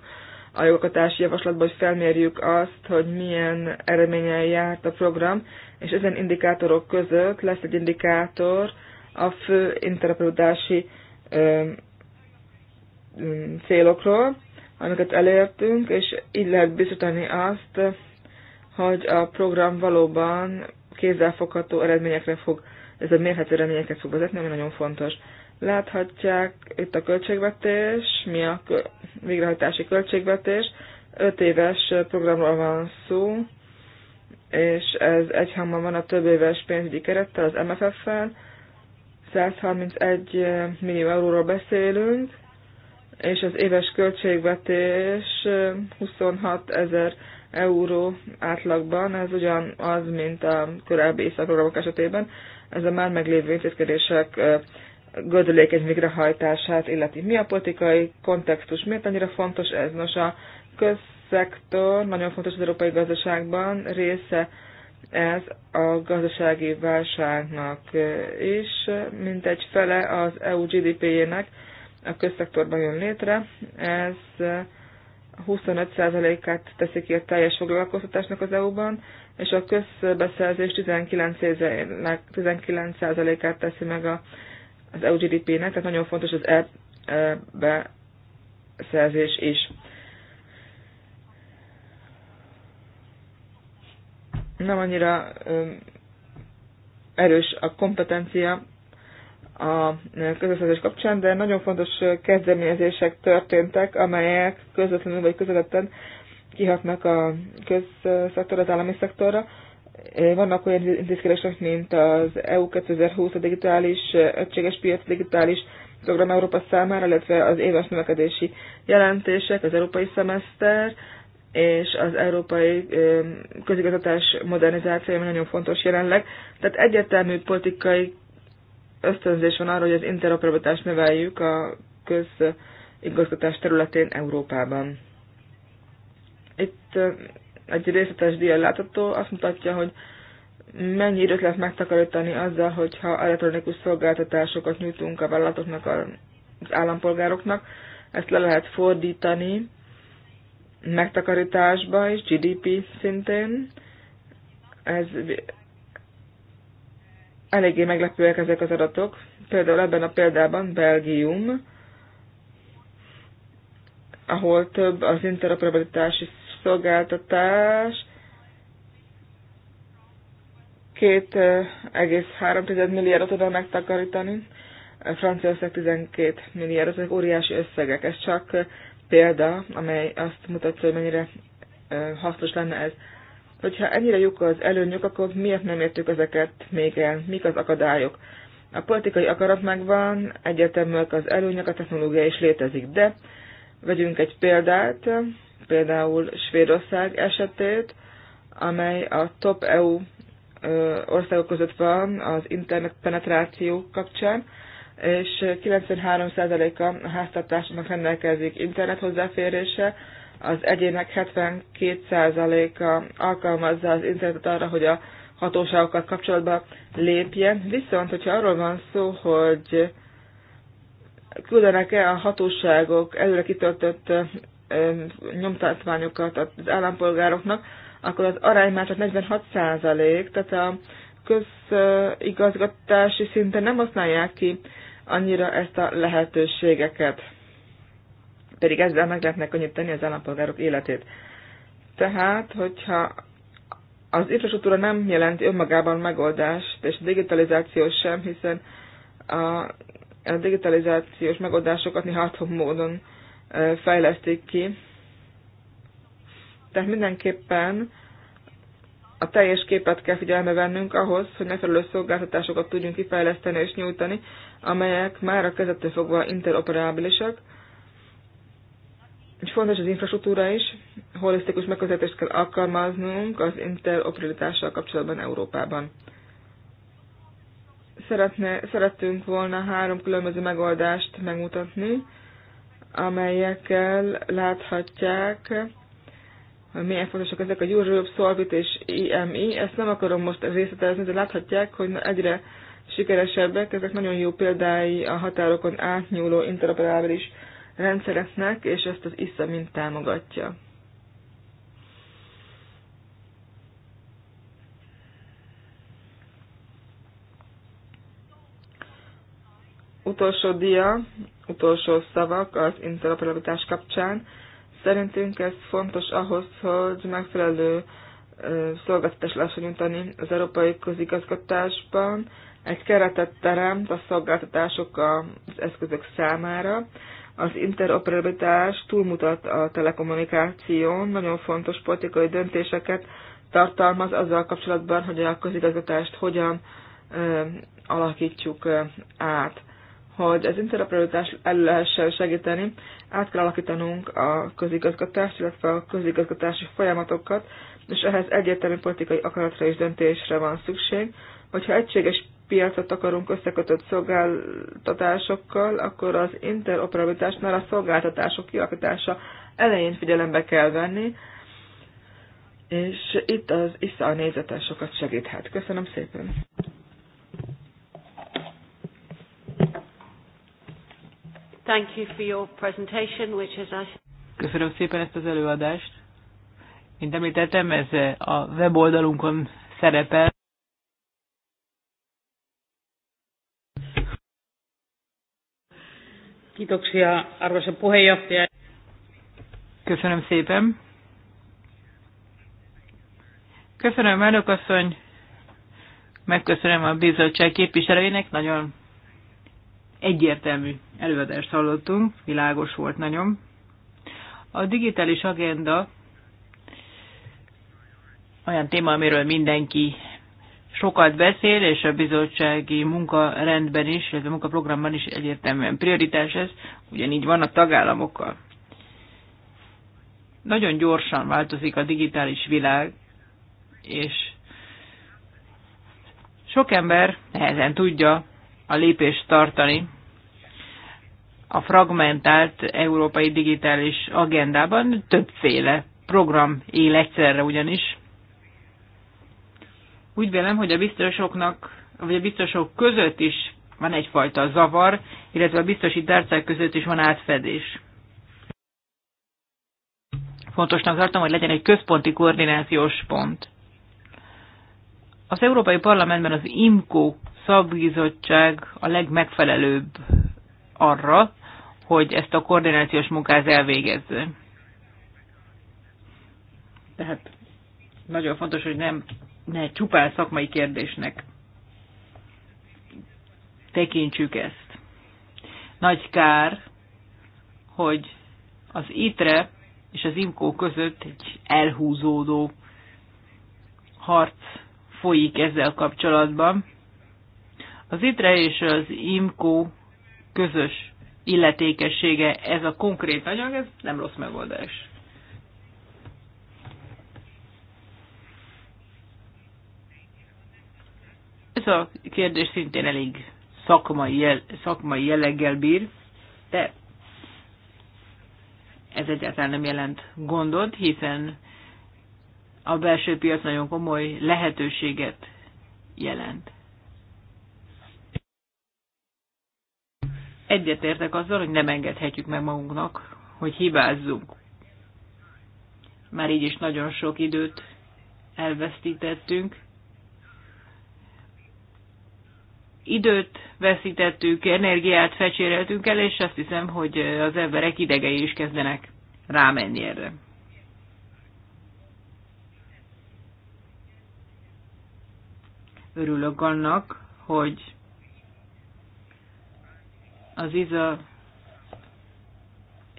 a jogokatási javaslatba, hogy felmérjük azt, hogy milyen eredménnyel járt a program, és ezen indikátorok között lesz egy indikátor a fő interpretási célokról, amiket elértünk, és így lehet biztosítani azt, hogy a program valóban kézzelfogható eredményekre fog, ez a mérhető eredményeket fog vezetni, ami nagyon fontos. Láthatják itt a költségvetés, mi a végrehajtási költségvetés. 5 éves programról van szó, és ez egyhangban van a több éves pénzügyi kerettel, az MFF-fel. 131 millió euróról beszélünk, és az éves költségvetés 26 ezer euró átlagban, ez ugyan az, mint a korábbi északprogramok esetében, ez a már meglévő intézkedések gördülékeny végrehajtását illeti. Mi a politikai kontextus? Miért annyira fontos ez? Nos, a közszektor nagyon fontos az európai gazdaságban, része ez a gazdasági válságnak is, mint egy fele az EU GDP-jének a közszektorban jön létre. Ez 25%-át teszi ki a teljes foglalkoztatásnak az EU-ban, és a közbeszerzés 19%-át 19 teszi meg a, az EU GDP-nek, tehát nagyon fontos az e- e-beszerzés is. Nem annyira erős a kompetencia a közösszezés kapcsán, de nagyon fontos kezdeményezések történtek, amelyek közvetlenül vagy közvetetten kihatnak a közszektor, az állami szektorra. Vannak olyan intézkedések, mint az EU 2020 a digitális, egységes piac digitális program Európa számára, illetve az éves növekedési jelentések, az európai szemeszter, és az európai közigazgatás modernizációja nagyon fontos jelenleg. Tehát egyértelmű politikai ösztönzés van arra, hogy az interoperabilitást növeljük a közigazgatás területén Európában. Itt egy részletes díjjal látható, azt mutatja, hogy mennyi időt lehet megtakarítani azzal, hogyha elektronikus szolgáltatásokat nyújtunk a vállalatoknak, az állampolgároknak. Ezt le lehet fordítani megtakarításba és GDP szintén. Ez eléggé meglepőek ezek az adatok. Például ebben a példában Belgium, ahol több az interoperabilitási szolgáltatás, 2,3 milliárdot tudnak megtakarítani, Franciaország 12 milliárd, ezek óriási összegek. Ez csak példa, amely azt mutatja, hogy mennyire hasznos lenne ez. Hogyha ennyire lyuk az előnyök, akkor miért nem értük ezeket még el? Mik az akadályok? A politikai akarat megvan, egyértelműek az előnyök, a technológia is létezik, de vegyünk egy példát, például Svédország esetét, amely a top EU országok között van az internet penetráció kapcsán, és 93%-a a háztartásnak rendelkezik internet hozzáférése, az egyének 72%-a alkalmazza az internetet arra, hogy a hatóságokat kapcsolatba lépjen. Viszont, hogyha arról van szó, hogy küldenek-e a hatóságok előre kitöltött nyomtatványokat az állampolgároknak, akkor az arány már csak 46%, tehát a közigazgatási szinten nem használják ki annyira ezt a lehetőségeket pedig ezzel meg lehetne könnyíteni az állampolgárok életét. Tehát, hogyha az infrastruktúra nem jelenti önmagában megoldást, és a digitalizáció sem, hiszen a, a digitalizációs megoldásokat néha adhok módon fejlesztik ki. Tehát mindenképpen a teljes képet kell figyelme vennünk ahhoz, hogy megfelelő szolgáltatásokat tudjunk kifejleszteni és nyújtani, amelyek már a kezdettől fogva interoperábilisak, és fontos az infrastruktúra is, holisztikus megközelítést kell alkalmaznunk az interoperabilitással kapcsolatban Európában. Szeretne, szerettünk volna három különböző megoldást megmutatni, amelyekkel láthatják, hogy milyen fontosak ezek a Europe, Solvit és IMI. Ezt nem akarom most részletezni, de láthatják, hogy egyre sikeresebbek, ezek nagyon jó példái a határokon átnyúló interoperabilis rendszereknek, és ezt az ISZA mint támogatja. Utolsó dia, utolsó szavak az interoperabilitás kapcsán. Szerintünk ez fontos ahhoz, hogy megfelelő szolgáltatást lehessen nyújtani az európai közigazgatásban, egy keretet teremt a szolgáltatások az eszközök számára, az interoperabilitás túlmutat a telekommunikáción, nagyon fontos politikai döntéseket tartalmaz azzal kapcsolatban, hogy a közigazgatást hogyan ö, alakítsuk ö, át. Hogy az interoperabilitás elő lehessen segíteni, át kell alakítanunk a közigazgatást, illetve a közigazgatási folyamatokat, és ehhez egyértelmű politikai akaratra és döntésre van szükség. Hogyha egységes piacot akarunk összekötött szolgáltatásokkal, akkor az interoperabilitásnál a szolgáltatások kialakítása elején figyelembe kell venni, és itt az ISZA a nézetel sokat segíthet. Köszönöm szépen! Thank you for your presentation, which is I... Köszönöm szépen ezt az előadást. Mint említettem, ez a weboldalunkon szerepel. Kiitoksia, arvoisa puheenjohtaja. Köszönöm szépen. Köszönöm, elnök asszony. Megköszönöm a bizottság képviselőinek. Nagyon egyértelmű előadást hallottunk, világos volt nagyon. A digitális agenda olyan téma, amiről mindenki sokat beszél, és a bizottsági munkarendben is, illetve a munkaprogramban is egyértelműen prioritás ez, ugyanígy van a tagállamokkal. Nagyon gyorsan változik a digitális világ, és sok ember nehezen tudja a lépést tartani a fragmentált európai digitális agendában többféle program él egyszerre ugyanis, úgy vélem, hogy a biztosoknak, vagy a biztosok között is van egyfajta zavar, illetve a biztosi tárcák között is van átfedés. Fontosnak tartom, hogy legyen egy központi koordinációs pont. Az Európai Parlamentben az IMCO szabbizottság a legmegfelelőbb arra, hogy ezt a koordinációs munkát elvégezze. Tehát nagyon fontos, hogy nem ne csupán szakmai kérdésnek tekintsük ezt. Nagy kár, hogy az ITRE és az IMKO között egy elhúzódó harc folyik ezzel kapcsolatban. Az ITRE és az IMKO közös illetékessége ez a konkrét anyag, ez nem rossz megoldás. Ez a kérdés szintén elég szakmai, jel, szakmai jelleggel bír, de ez egyáltalán nem jelent gondot, hiszen a belső piac nagyon komoly lehetőséget jelent. Egyetértek azzal, hogy nem engedhetjük meg magunknak, hogy hibázzunk. Már így is nagyon sok időt elvesztítettünk, időt veszítettük, energiát fecséreltünk el, és azt hiszem, hogy az emberek idegei is kezdenek rámenni erre. Örülök annak, hogy az IZA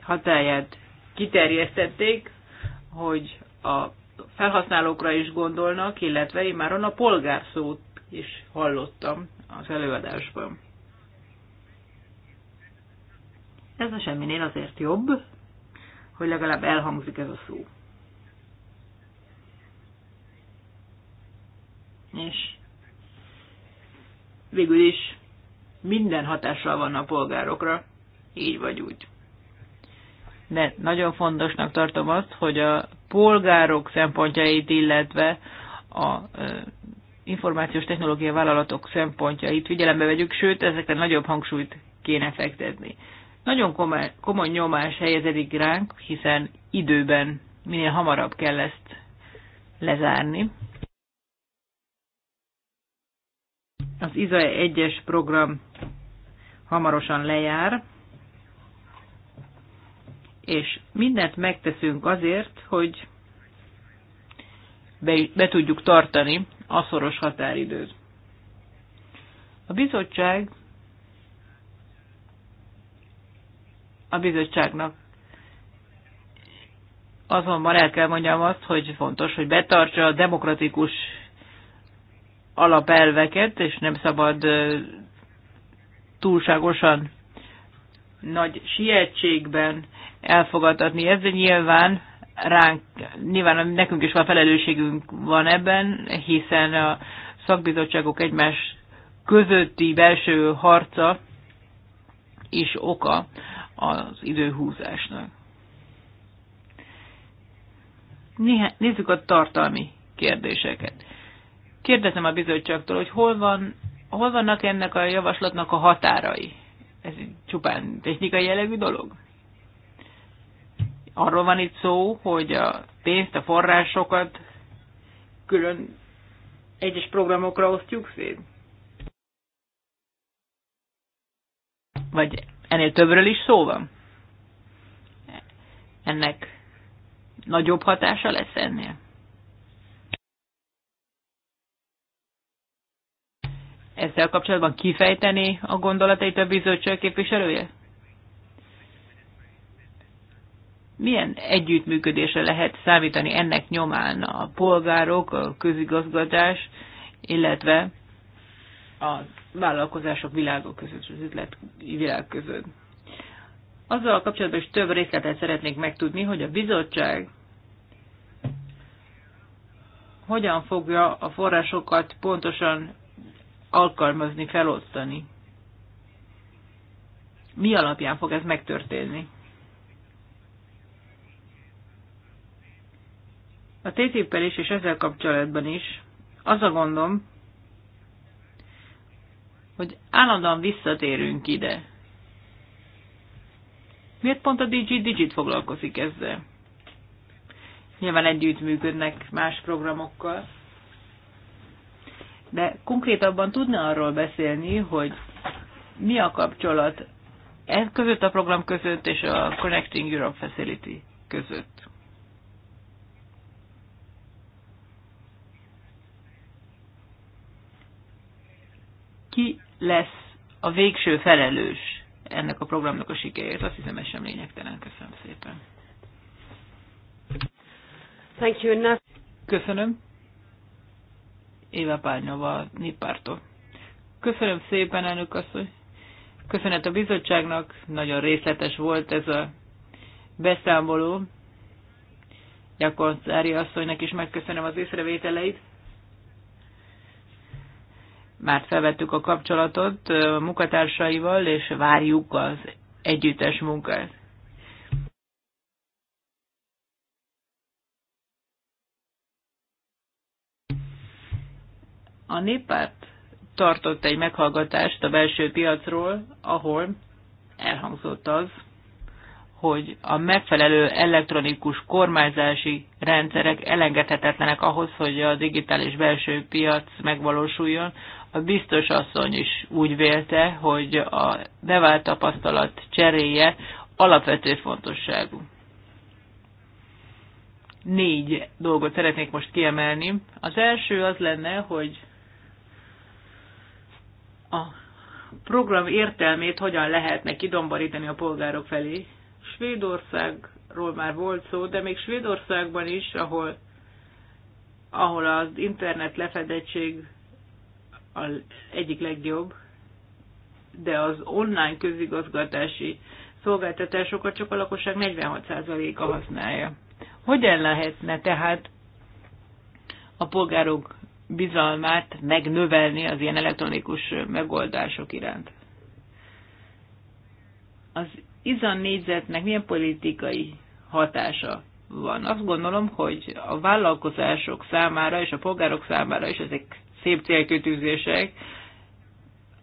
hatáját kiterjesztették, hogy a felhasználókra is gondolnak, illetve már a polgárszót is hallottam az előadásban. Ez a semminél azért jobb, hogy legalább elhangzik ez a szó. És végül is minden hatással van a polgárokra, így vagy úgy. De nagyon fontosnak tartom azt, hogy a polgárok szempontjait, illetve a információs technológia vállalatok szempontjait figyelembe vegyük, sőt, ezekre nagyobb hangsúlyt kéne fektetni. Nagyon komoly, komoly nyomás helyezedik ránk, hiszen időben minél hamarabb kell ezt lezárni. Az IZA 1-es program hamarosan lejár, és mindent megteszünk azért, hogy be, be tudjuk tartani a szoros határidőt. A bizottság a bizottságnak azonban el kell mondjam azt, hogy fontos, hogy betartsa a demokratikus alapelveket, és nem szabad túlságosan nagy sietségben elfogadatni. Ez nyilván ránk, nyilván nekünk is van felelősségünk van ebben, hiszen a szakbizottságok egymás közötti belső harca is oka az időhúzásnak. Nézzük a tartalmi kérdéseket. Kérdezem a bizottságtól, hogy hol, van, hol vannak ennek a javaslatnak a határai? Ez csupán technikai jellegű dolog? Arról van itt szó, hogy a pénzt, a forrásokat külön egyes programokra osztjuk szét? Vagy ennél többről is szó van? Ennek nagyobb hatása lesz ennél? Ezzel kapcsolatban kifejteni a gondolatait a bizottság képviselője? Milyen együttműködésre lehet számítani ennek nyomán a polgárok, a közigazgatás, illetve a vállalkozások világok között, az üzleti világ között? Azzal kapcsolatban is több részletet szeretnék megtudni, hogy a bizottság hogyan fogja a forrásokat pontosan alkalmazni, felosztani. Mi alapján fog ez megtörténni? A ttip is, és ezzel kapcsolatban is az a gondom, hogy állandóan visszatérünk ide. Miért pont a DG Digit foglalkozik ezzel? Nyilván együttműködnek más programokkal. De konkrétabban tudna arról beszélni, hogy mi a kapcsolat ez között a program között és a Connecting Europe Facility között. ki lesz a végső felelős ennek a programnak a sikerért. Azt hiszem, ez sem lényegtelen. Köszönöm szépen. Thank you enough. Köszönöm. Éva Párnyova, Nipártó. Köszönöm szépen, elnök asszony. Köszönet a bizottságnak, nagyon részletes volt ez a beszámoló. Gyakorlári asszonynak is megköszönöm az észrevételeit. Már felvettük a kapcsolatot a munkatársaival, és várjuk az együttes munkát. A néppárt tartott egy meghallgatást a belső piacról, ahol elhangzott az, hogy a megfelelő elektronikus kormányzási rendszerek elengedhetetlenek ahhoz, hogy a digitális belső piac megvalósuljon. A biztos asszony is úgy vélte, hogy a bevált tapasztalat cseréje alapvető fontosságú. Négy dolgot szeretnék most kiemelni. Az első az lenne, hogy a program értelmét hogyan lehetne kidomborítani a polgárok felé. Svédországról már volt szó, de még Svédországban is, ahol, ahol az internet lefedettség a egyik legjobb, de az online közigazgatási szolgáltatásokat csak a lakosság 46%-a használja. Hogyan lehetne tehát a polgárok bizalmát megnövelni az ilyen elektronikus megoldások iránt? Az izan négyzetnek milyen politikai hatása van? Azt gondolom, hogy a vállalkozások számára és a polgárok számára is ezek szép célkütőzések,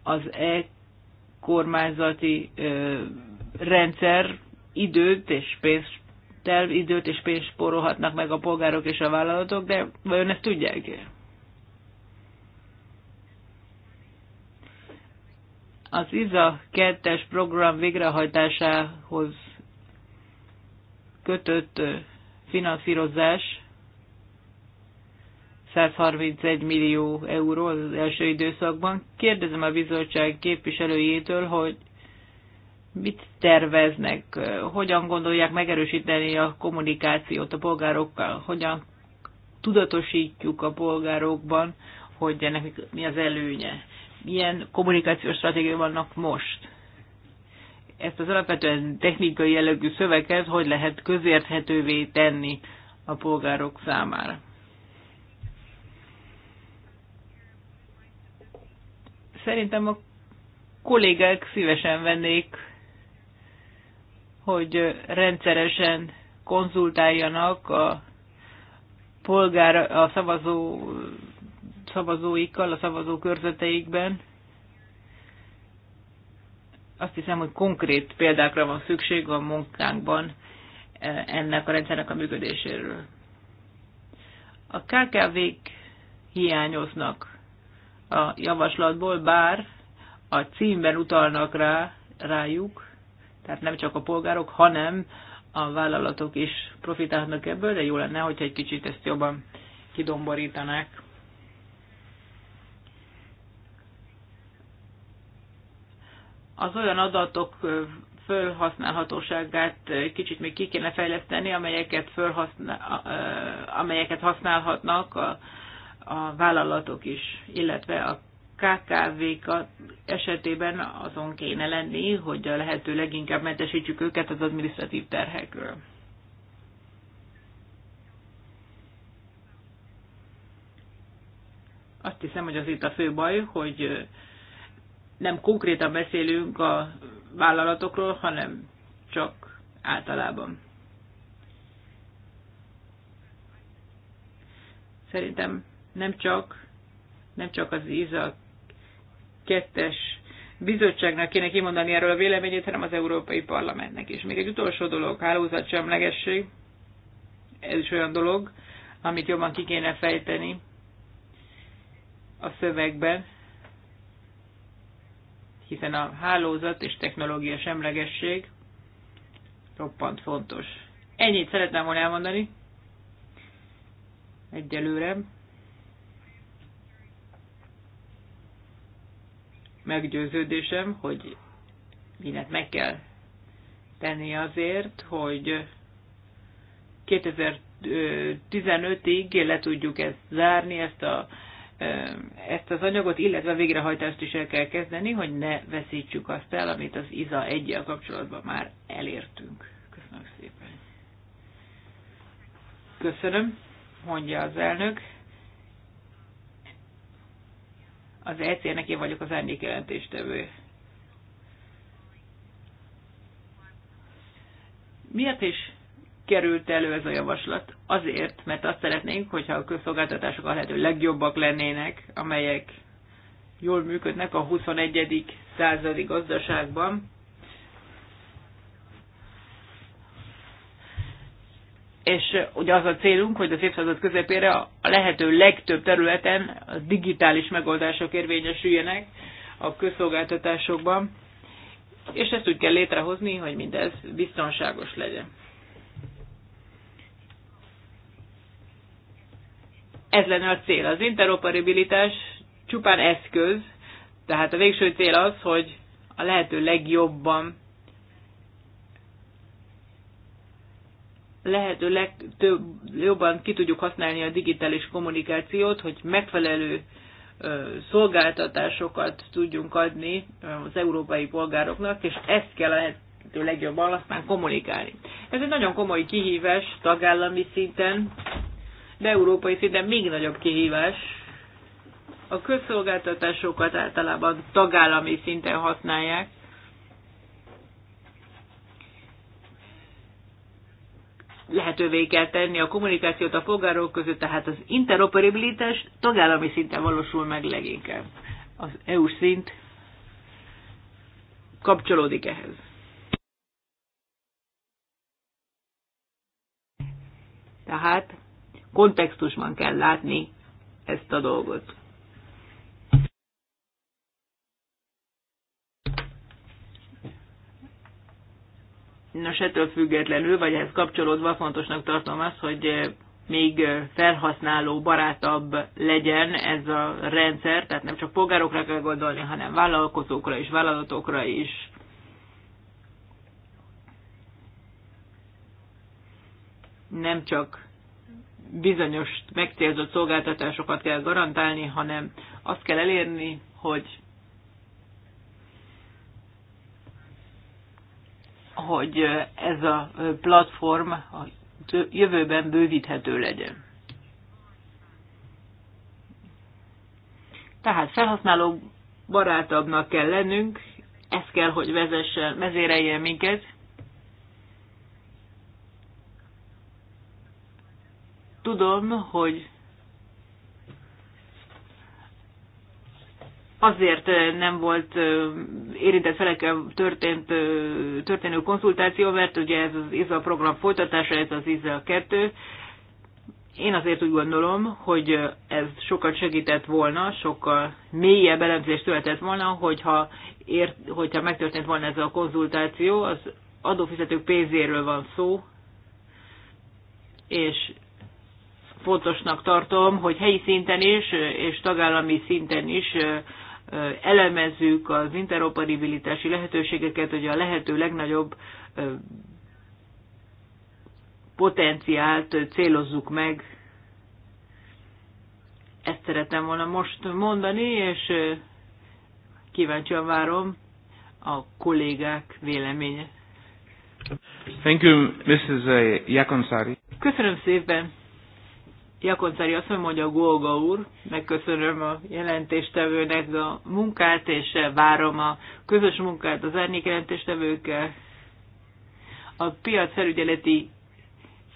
az e-kormányzati rendszer időt és pénzt terv, időt és pénzt spórolhatnak meg a polgárok és a vállalatok, de vajon ezt tudják -e? Az IZA 2-es program végrehajtásához kötött finanszírozás 131 millió euró az első időszakban. Kérdezem a bizottság képviselőjétől, hogy mit terveznek, hogyan gondolják megerősíteni a kommunikációt a polgárokkal, hogyan tudatosítjuk a polgárokban, hogy ennek mi az előnye. Milyen kommunikációs stratégiai vannak most? Ezt az alapvetően technikai jellegű szöveget hogy lehet közérthetővé tenni a polgárok számára? Szerintem a kollégák szívesen vennék, hogy rendszeresen konzultáljanak a polgár, a szavazó, szavazóikkal, a szavazó körzeteikben. Azt hiszem, hogy konkrét példákra van szükség a munkánkban e, ennek a rendszernek a működéséről. A KKV-k hiányoznak a javaslatból, bár a címben utalnak rá, rájuk, tehát nem csak a polgárok, hanem a vállalatok is profitálnak ebből, de jó lenne, hogyha egy kicsit ezt jobban kidomborítanák. Az olyan adatok fölhasználhatóságát kicsit még ki kéne fejleszteni, amelyeket, amelyeket használhatnak a a vállalatok is, illetve a kkv esetében azon kéne lenni, hogy a lehető leginkább mentesítsük őket az administratív terhekről. Azt hiszem, hogy az itt a fő baj, hogy nem konkrétan beszélünk a vállalatokról, hanem csak általában. Szerintem nem csak, nem csak az IZA kettes bizottságnak kéne kimondani erről a véleményét, hanem az Európai Parlamentnek is. Még egy utolsó dolog, hálózatsemlegesség. Ez is olyan dolog, amit jobban ki kéne fejteni a szövegben, hiszen a hálózat és technológia semlegesség roppant fontos. Ennyit szeretném volna elmondani. Egyelőre. meggyőződésem, hogy mindent meg kell tenni azért, hogy 2015-ig le tudjuk ezt zárni, ezt, a, eh, ezt az anyagot, illetve a végrehajtást is el kell kezdeni, hogy ne veszítsük azt el, amit az IZA 1 kapcsolatban már elértünk. Köszönöm szépen. Köszönöm, mondja az elnök. Az ECR-nek én vagyok az árnyék jelentéstevő. Miért is került elő ez a javaslat? Azért, mert azt szeretnénk, hogyha a közszolgáltatások a lehető legjobbak lennének, amelyek jól működnek a 21. századi gazdaságban, és ugye az a célunk, hogy az évszázad közepére a lehető legtöbb területen a digitális megoldások érvényesüljenek a közszolgáltatásokban, és ezt úgy kell létrehozni, hogy mindez biztonságos legyen. Ez lenne a cél. Az interoperabilitás csupán eszköz, tehát a végső cél az, hogy a lehető legjobban lehető legtöbb, jobban ki tudjuk használni a digitális kommunikációt, hogy megfelelő szolgáltatásokat tudjunk adni az európai polgároknak, és ezt kell a lehető legjobban aztán kommunikálni. Ez egy nagyon komoly kihívás tagállami szinten, de európai szinten még nagyobb kihívás. A közszolgáltatásokat általában tagállami szinten használják, lehetővé kell tenni a kommunikációt a polgárok között, tehát az interoperabilitás tagállami szinten valósul meg leginkább. Az EU szint kapcsolódik ehhez. Tehát kontextusban kell látni ezt a dolgot. Nos, ettől függetlenül, vagy ehhez kapcsolódva fontosnak tartom azt, hogy eh, még eh, felhasználó barátabb legyen ez a rendszer, tehát nem csak polgárokra kell gondolni, hanem vállalkozókra és vállalatokra is. Nem csak bizonyos megcélzott szolgáltatásokat kell garantálni, hanem azt kell elérni, hogy hogy ez a platform a jövőben bővíthető legyen. Tehát felhasználó barátabbnak kell lennünk, ez kell, hogy vezessen, vezéreljen minket. Tudom, hogy azért nem volt érintett felekkel történt, történő konzultáció, mert ugye ez az ISA program folytatása, ez az ISA 2. Én azért úgy gondolom, hogy ez sokat segített volna, sokkal mélyebb elemzés született volna, hogyha, ért, hogyha megtörtént volna ez a konzultáció, az adófizetők pénzéről van szó, és fontosnak tartom, hogy helyi szinten is, és tagállami szinten is elemezzük az interoperabilitási lehetőségeket, hogy a lehető legnagyobb potenciált célozzuk meg. Ezt szeretem volna most mondani, és kíváncsian várom a kollégák véleménye. Thank you, Mrs. Jakonsari. Köszönöm szépen. Jakonszári azt mondja, a Golga úr, megköszönöm a jelentéstevőnek a munkát, és várom a közös munkát az árnyék jelentéstevőkkel. A piac felügyeleti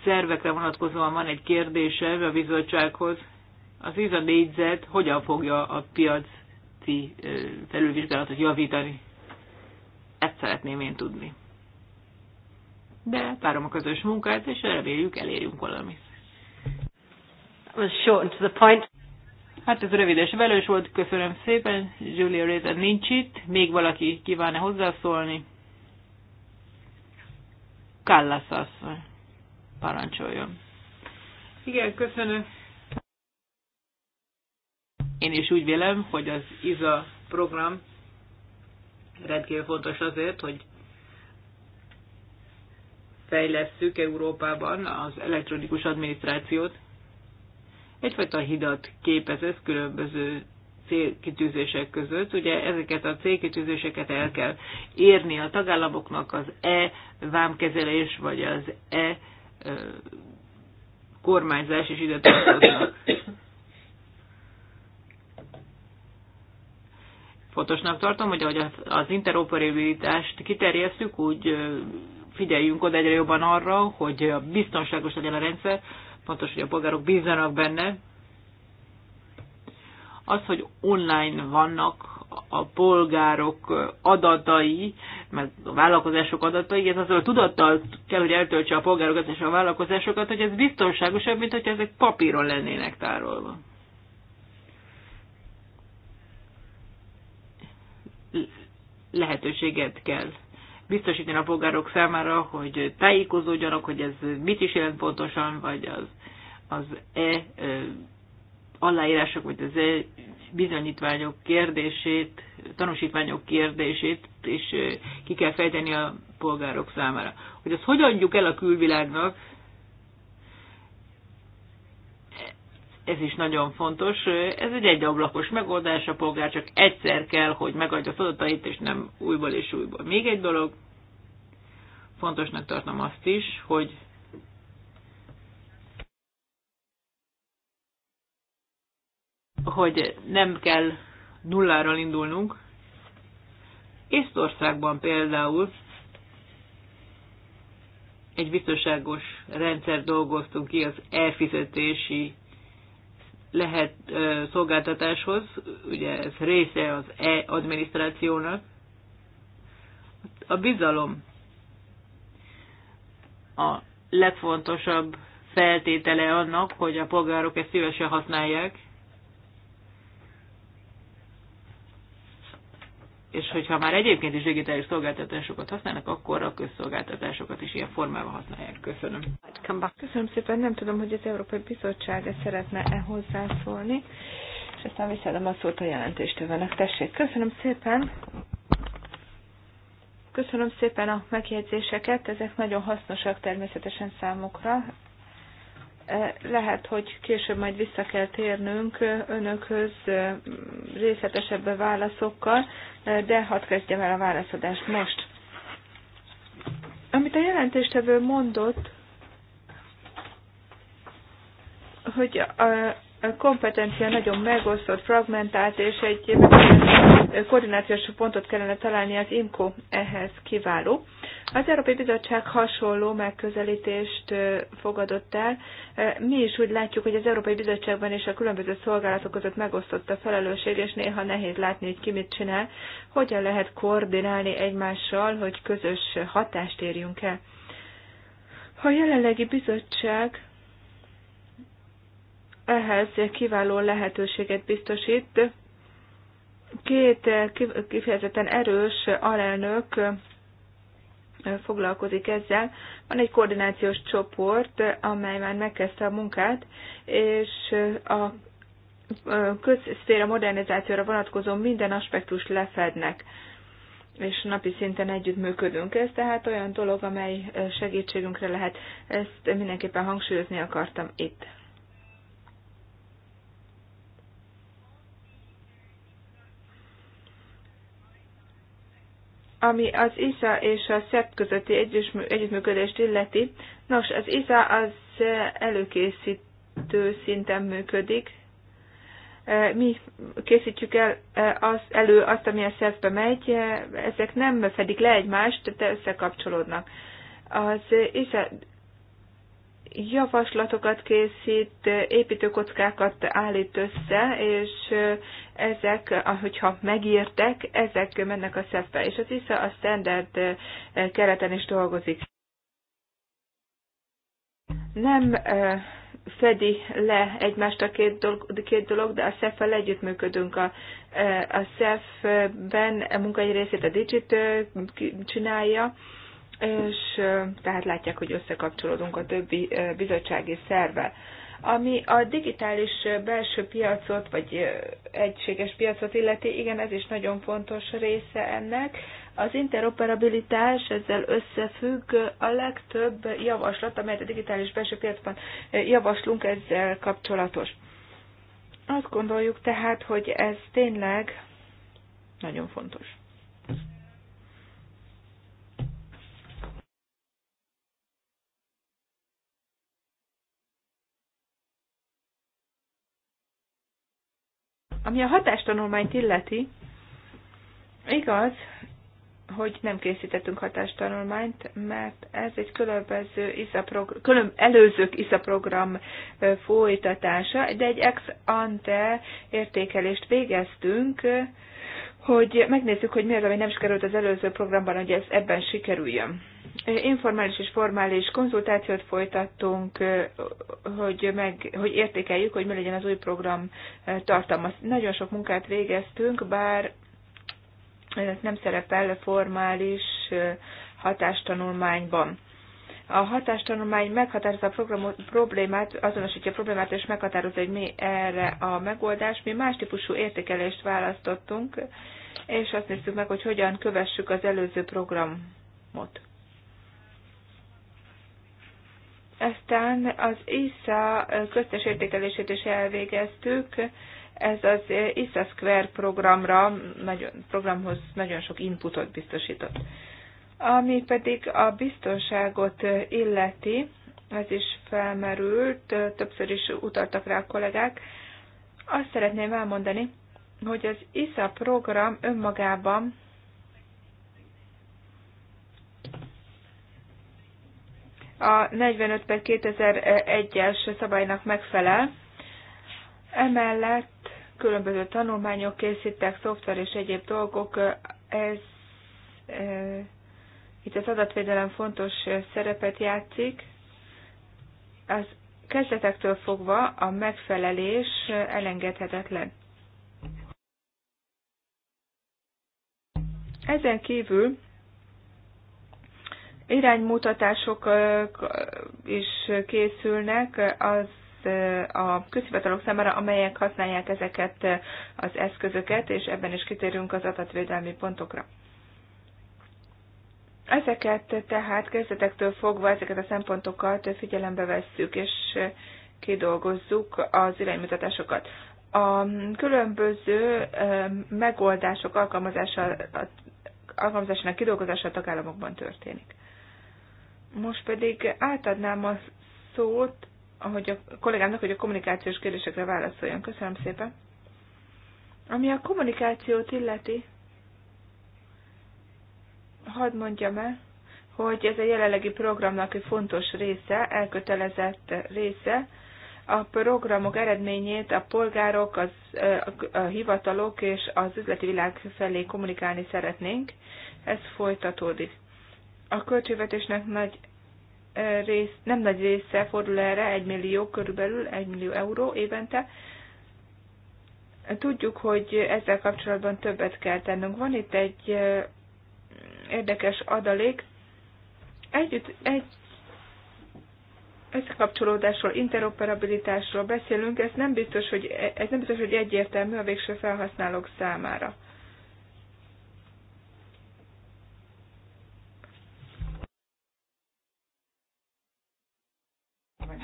szervekre vonatkozóan van egy kérdése a bizottsághoz. Az ISA négyzet hogyan fogja a piaci felülvizsgálatot javítani? Ezt szeretném én tudni. De várom a közös munkát, és reméljük elérjünk valamit was short and to the point. Hát ez rövid és velős volt, köszönöm szépen. Julia Reza nincs itt. Még valaki kívánna hozzászólni? Kallas asszony. Parancsoljon. Igen, köszönöm. Én is úgy vélem, hogy az IZA program rendkívül fontos azért, hogy fejlesszük Európában az elektronikus adminisztrációt egyfajta hidat képez ez különböző célkitűzések között. Ugye ezeket a célkitűzéseket el kell érni a tagállamoknak az e vámkezelés, vagy az e kormányzás is ide tartoznak. Fontosnak tartom, hogy ahogy az interoperabilitást kiterjesztjük, úgy figyeljünk oda egyre jobban arra, hogy biztonságos legyen a rendszer, Fontos, hogy a polgárok bízzanak benne. Az, hogy online vannak a polgárok adatai, meg a vállalkozások adatai, ez azzal tudattal kell, hogy eltöltse a polgárokat és a vállalkozásokat, hogy ez biztonságosabb, mint hogy ezek papíron lennének tárolva. lehetőséget kell biztosítani a polgárok számára, hogy tájékozódjanak, hogy ez mit is jelent pontosan, vagy az, az e aláírások, vagy az e bizonyítványok kérdését, tanúsítványok kérdését és ki kell fejteni a polgárok számára. Hogy azt hogy adjuk el a külvilágnak, ez is nagyon fontos. Ez egy egyablakos megoldás, a polgár csak egyszer kell, hogy megadja az adatait, és nem újból és újból. Még egy dolog, fontosnak tartom azt is, hogy hogy nem kell nulláról indulnunk. Észtországban például egy biztonságos rendszer dolgoztunk ki az elfizetési lehet szolgáltatáshoz, ugye ez része az e-adminisztrációnak. A bizalom a legfontosabb feltétele annak, hogy a polgárok ezt szívesen használják. és hogyha már egyébként is digitális szolgáltatásokat használnak, akkor a közszolgáltatásokat is ilyen formában használják. Köszönöm. Köszönöm szépen, nem tudom, hogy az Európai Bizottság -e szeretne-e hozzászólni, és aztán visszaadom a szót a jelentéstevőnek. Tessék, köszönöm szépen. Köszönöm szépen a megjegyzéseket, ezek nagyon hasznosak természetesen számukra, lehet, hogy később majd vissza kell térnünk önökhöz részletesebb válaszokkal, de hadd kezdjem el a válaszadást most. Amit a jelentéstevő mondott, hogy a kompetencia nagyon megosztott, fragmentált, és egy koordinációs pontot kellene találni az IMCO ehhez kiváló. Az Európai Bizottság hasonló megközelítést fogadott el. Mi is úgy látjuk, hogy az Európai Bizottságban és a különböző szolgálatok között megosztott a felelősség, és néha nehéz látni, hogy ki mit csinál, hogyan lehet koordinálni egymással, hogy közös hatást érjünk el. A jelenlegi bizottság ehhez kiváló lehetőséget biztosít. Két kifejezetten erős alelnök foglalkozik ezzel. Van egy koordinációs csoport, amely már megkezdte a munkát, és a közszféra modernizációra vonatkozó minden aspektus lefednek és napi szinten együttműködünk. Ez tehát olyan dolog, amely segítségünkre lehet. Ezt mindenképpen hangsúlyozni akartam itt. Ami az ISA és a SZEP közötti együttműködést illeti, nos, az ISA az előkészítő szinten működik. E, mi készítjük el e, az, elő azt, ami a SZEP-be megy, e, ezek nem fedik le egymást, de összekapcsolódnak. Az ISA javaslatokat készít, építőkockákat állít össze, és ezek, ahogyha megírtek, ezek mennek a szefbe, és az ISA a standard kereten is dolgozik. Nem fedi le egymást a két dolog, két dolog de a SZEF-fel együttműködünk. A, a SZEF-ben a munkai részét a Digit csinálja, és tehát látják, hogy összekapcsolódunk a többi bizottsági szerve, Ami a digitális belső piacot, vagy egységes piacot illeti, igen, ez is nagyon fontos része ennek. Az interoperabilitás ezzel összefügg a legtöbb javaslat, amelyet a digitális belső piacban javaslunk ezzel kapcsolatos. Azt gondoljuk tehát, hogy ez tényleg nagyon fontos. Ami a hatástanulmányt illeti, igaz, hogy nem készítettünk hatástanulmányt, mert ez egy különböző külön előző iszaprogram folytatása, de egy ex ante értékelést végeztünk, hogy megnézzük, hogy mi az, ami nem sikerült az előző programban, hogy ez ebben sikerüljön informális és formális konzultációt folytattunk, hogy, meg, hogy értékeljük, hogy mi legyen az új program tartalma. Nagyon sok munkát végeztünk, bár nem szerepel formális hatástanulmányban. A hatástanulmány meghatározza a programot, problémát, azonosítja a problémát, és meghatározza, hogy mi erre a megoldás. Mi más típusú értékelést választottunk, és azt néztük meg, hogy hogyan kövessük az előző programot. Aztán az ISA köztes értékelését is elvégeztük. Ez az ISA Square programra, nagyon, programhoz nagyon sok inputot biztosított. Ami pedig a biztonságot illeti, ez is felmerült, többször is utaltak rá a kollégák. Azt szeretném elmondani, hogy az ISA program önmagában a 45 per 2001-es szabálynak megfelel. Emellett különböző tanulmányok készítek, szoftver és egyéb dolgok. Ez e, itt az adatvédelem fontos szerepet játszik. Az kezdetektől fogva a megfelelés elengedhetetlen. Ezen kívül iránymutatások is készülnek az a közhivatalok számára, amelyek használják ezeket az eszközöket, és ebben is kitérünk az adatvédelmi pontokra. Ezeket tehát kezdetektől fogva, ezeket a szempontokat figyelembe vesszük, és kidolgozzuk az iránymutatásokat. A különböző megoldások alkalmazása, alkalmazásának kidolgozása a tagállamokban történik. Most pedig átadnám a szót ahogy a kollégámnak, hogy a kommunikációs kérdésekre válaszoljon. Köszönöm szépen. Ami a kommunikációt illeti, hadd mondjam el, hogy ez a jelenlegi programnak egy fontos része, elkötelezett része. A programok eredményét a polgárok, az, a, a hivatalok és az üzleti világ felé kommunikálni szeretnénk. Ez folytatódik. A költségvetésnek nagy rész, nem nagy része fordul erre, 1 millió körülbelül, 1 millió euró évente. Tudjuk, hogy ezzel kapcsolatban többet kell tennünk. Van itt egy érdekes adalék. Együtt, egy összekapcsolódásról, interoperabilitásról beszélünk, ez nem biztos, hogy, ez nem biztos, hogy egyértelmű a végső felhasználók számára.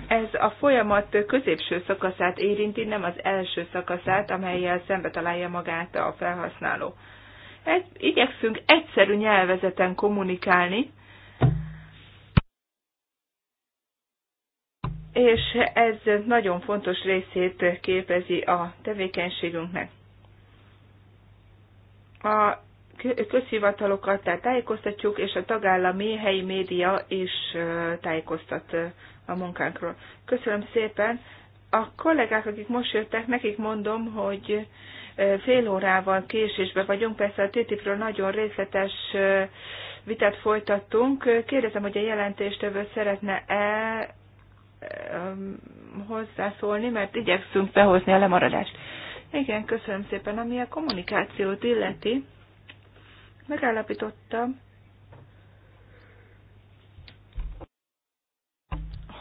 Ez a folyamat középső szakaszát érinti, nem az első szakaszát, amelyel szembe találja magát a felhasználó. Egy, igyekszünk egyszerű nyelvezeten kommunikálni, és ez nagyon fontos részét képezi a tevékenységünknek. A közhivatalokat tehát tájékoztatjuk, és a tagállami helyi média is tájékoztat a munkánkról. Köszönöm szépen. A kollégák, akik most jöttek, nekik mondom, hogy fél órával késésbe vagyunk, persze a TTIP-ről nagyon részletes vitát folytattunk. Kérdezem, hogy a jelentéstövő szeretne-e hozzászólni, mert igyekszünk behozni a lemaradást. Igen, köszönöm szépen. Ami a kommunikációt illeti, megállapítottam,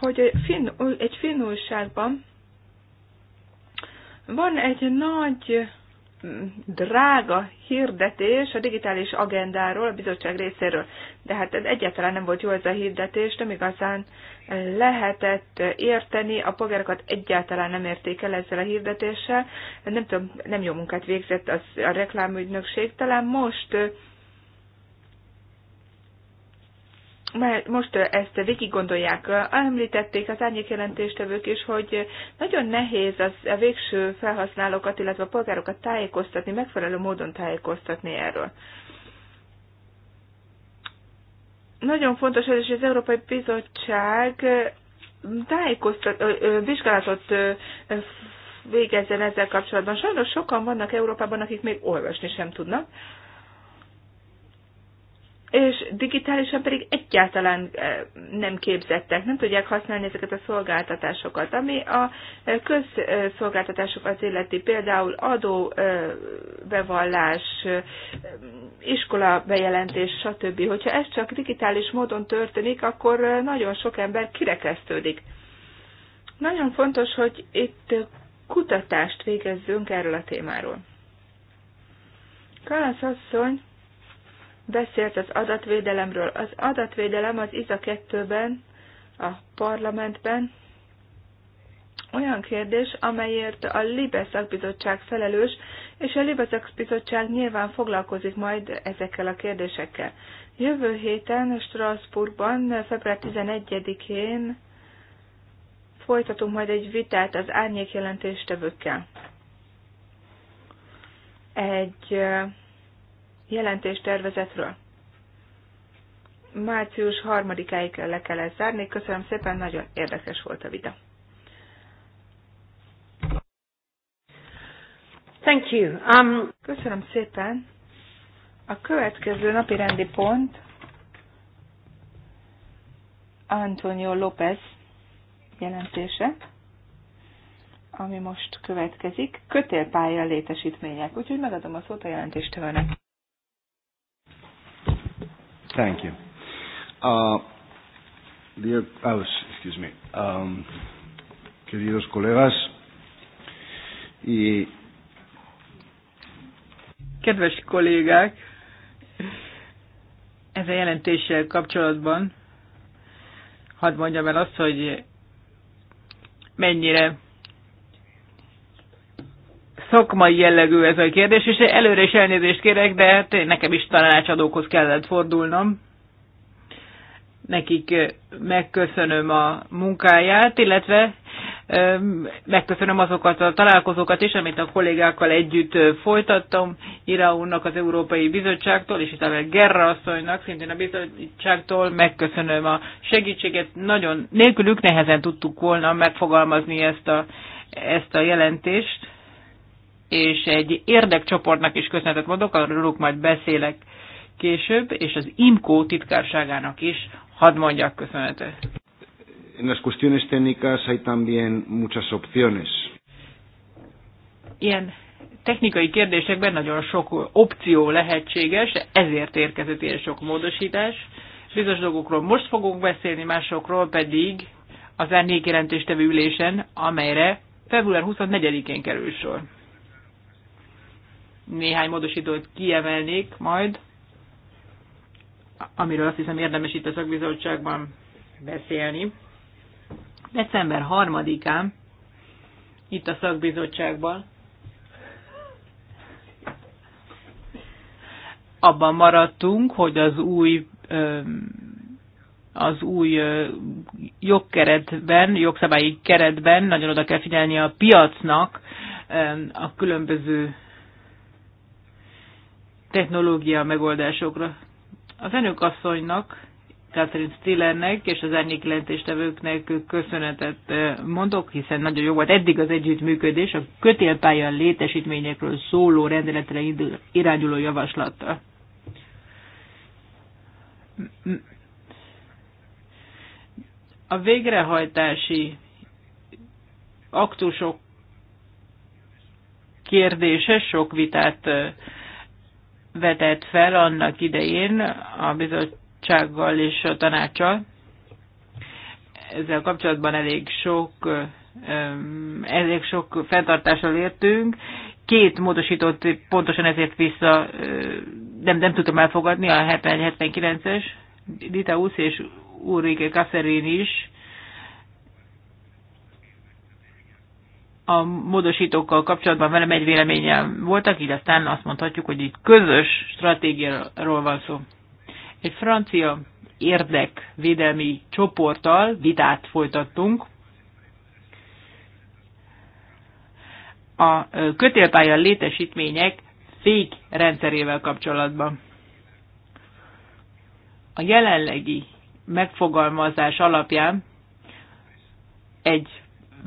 hogy finn, egy finn újságban van egy nagy mm, drága hirdetés a digitális agendáról, a bizottság részéről. De hát ez egyáltalán nem volt jó ez a hirdetés, nem igazán lehetett érteni, a polgárokat egyáltalán nem érték el ezzel a hirdetéssel. Nem tudom, nem jó munkát végzett az, a reklámügynökség. Talán most mert most ezt végig gondolják. Említették az árnyékjelentéstevők is, hogy nagyon nehéz az a végső felhasználókat, illetve a polgárokat tájékoztatni, megfelelő módon tájékoztatni erről. Nagyon fontos az, hogy az Európai Bizottság tájékoztat, vizsgálatot végezzen ezzel kapcsolatban. Sajnos sokan vannak Európában, akik még olvasni sem tudnak és digitálisan pedig egyáltalán eh, nem képzettek, nem tudják használni ezeket a szolgáltatásokat, ami a eh, közszolgáltatásokat illeti, például adóbevallás, eh, iskola bejelentés, stb. Hogyha ez csak digitális módon történik, akkor nagyon sok ember kirekesztődik. Nagyon fontos, hogy itt kutatást végezzünk erről a témáról. Kalasz asszony, beszélt az adatvédelemről. Az adatvédelem az ISA 2-ben, a parlamentben olyan kérdés, amelyért a Libe szakbizottság felelős, és a Libe szakbizottság nyilván foglalkozik majd ezekkel a kérdésekkel. Jövő héten Strasbourgban, február 11-én folytatunk majd egy vitát az árnyék jelentéstevőkkel. Egy jelentéstervezetről. Március 3-áig le kell ezt zárni. Köszönöm szépen, nagyon érdekes volt a vita. Thank you. Um, Köszönöm szépen. A következő napi rendi pont Antonio López jelentése, ami most következik, kötélpálya létesítmények. Úgyhogy megadom a szót a jelentéstőnek. Thank you. Uh, dear, oh, excuse me. Um, queridos colegas, y... Kedves kollégák, ez a jelentéssel kapcsolatban hadd mondjam el azt, hogy mennyire szakmai jellegű ez a kérdés, és előre is elnézést kérek, de hát nekem is tanácsadókhoz kellett fordulnom. Nekik megköszönöm a munkáját, illetve megköszönöm azokat a találkozókat is, amit a kollégákkal együtt folytattam, Iraúnak az Európai Bizottságtól, és itt Gerra asszonynak, szintén a bizottságtól megköszönöm a segítséget. Nagyon nélkülük nehezen tudtuk volna megfogalmazni ezt a, ezt a jelentést és egy érdekcsoportnak is köszönetet mondok, arról majd beszélek később, és az IMCO titkárságának is hadd mondjak köszönetet. En las cuestiones técnicas hay también muchas opciones. Ilyen technikai kérdésekben nagyon sok opció lehetséges, ezért érkezett ilyen sok módosítás. Bizonyos dolgokról most fogunk beszélni, másokról pedig az R4 jelentéstevő ülésen, amelyre február 24-én kerül sor néhány módosítót kiemelnék majd, amiről azt hiszem érdemes itt a szakbizottságban beszélni. December 3-án itt a szakbizottságban abban maradtunk, hogy az új az új jogkeretben, jogszabályi keretben nagyon oda kell figyelni a piacnak a különböző technológia megoldásokra. Az asszonynak, Catherine Stillernek és az árnyéklentéstevőknek köszönetet eh, mondok, hiszen nagyon jó volt eddig az együttműködés a kötélpálya létesítményekről szóló rendeletre irányuló javaslata. A végrehajtási aktusok kérdése sok vitát eh, vetett fel annak idején a bizottsággal és a tanácssal. Ezzel kapcsolatban elég sok, elég sok fenntartással értünk. Két módosított pontosan ezért vissza nem, nem tudtam elfogadni, a 79 es Dita Usz és Ulrike Kasserin is a módosítókkal kapcsolatban velem egy véleményem voltak, így aztán azt mondhatjuk, hogy itt közös stratégiáról van szó. Egy francia érdekvédelmi csoporttal vitát folytattunk. A kötélpálya létesítmények fék rendszerével kapcsolatban. A jelenlegi megfogalmazás alapján egy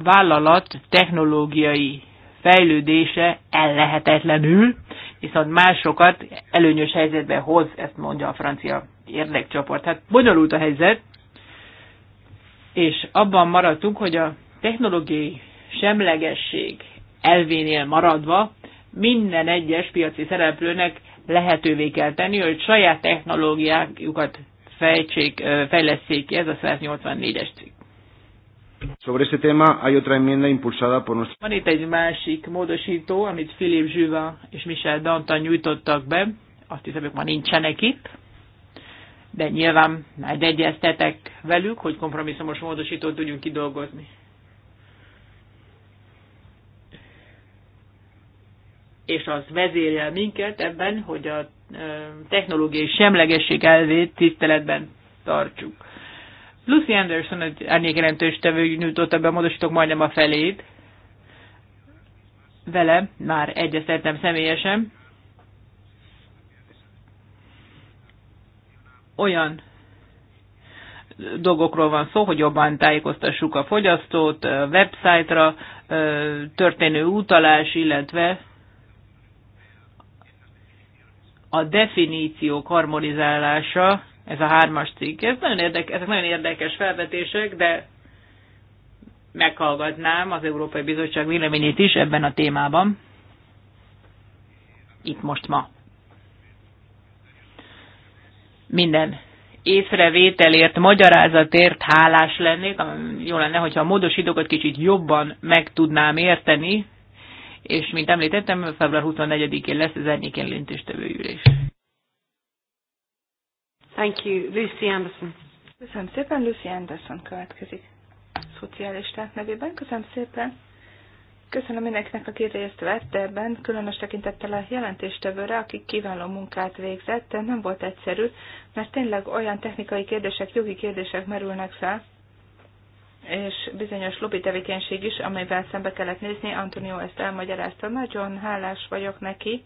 vállalat technológiai fejlődése ellehetetlenül, viszont másokat előnyös helyzetbe hoz, ezt mondja a francia érdekcsoport. Hát bonyolult a helyzet, és abban maradtunk, hogy a technológiai semlegesség elvénél maradva minden egyes piaci szereplőnek lehetővé kell tenni, hogy saját technológiájukat fejtsék, fejleszék ki, ez a 184-es cikk. Sobre ese tema hay otra enmienda impulsada por nuestro... Van itt egy másik módosító, amit Philip Zsüva és Michel Danta nyújtottak be. Azt hiszem, hogy ma nincsenek itt. De nyilván majd egyeztetek velük, hogy kompromisszumos módosítót tudjunk kidolgozni. És az vezérel minket ebben, hogy a technológiai semlegesség elvét tiszteletben tartsuk Lucy Anderson egy árnyék jelentős tevő nyújtotta be a módosítók majdnem a felét. Vele már egyeztettem személyesen. Olyan dolgokról van szó, hogy jobban tájékoztassuk a fogyasztót, a websájtra történő utalás, illetve a definíciók harmonizálása ez a hármas cikk. Ez nagyon érdekes, ezek nagyon érdekes felvetések, de meghallgatnám az Európai Bizottság véleményét is ebben a témában. Itt most ma. Minden észrevételért, magyarázatért hálás lennék. Jó lenne, hogyha a módosítókat kicsit jobban meg tudnám érteni, és mint említettem, február 24-én lesz az ennyi lintéstevő Thank you. Lucy Anderson. Köszönöm szépen, Lucy Anderson következik. Szocialisták nevében. Köszönöm szépen. Köszönöm mindenkinek, aki részt vett ebben, különös tekintettel a jelentéstevőre, aki kiváló munkát végzett, de nem volt egyszerű, mert tényleg olyan technikai kérdések, jogi kérdések merülnek fel, és bizonyos lobby tevékenység is, amivel szembe kellett nézni, Antonio ezt elmagyarázta. Nagyon hálás vagyok neki,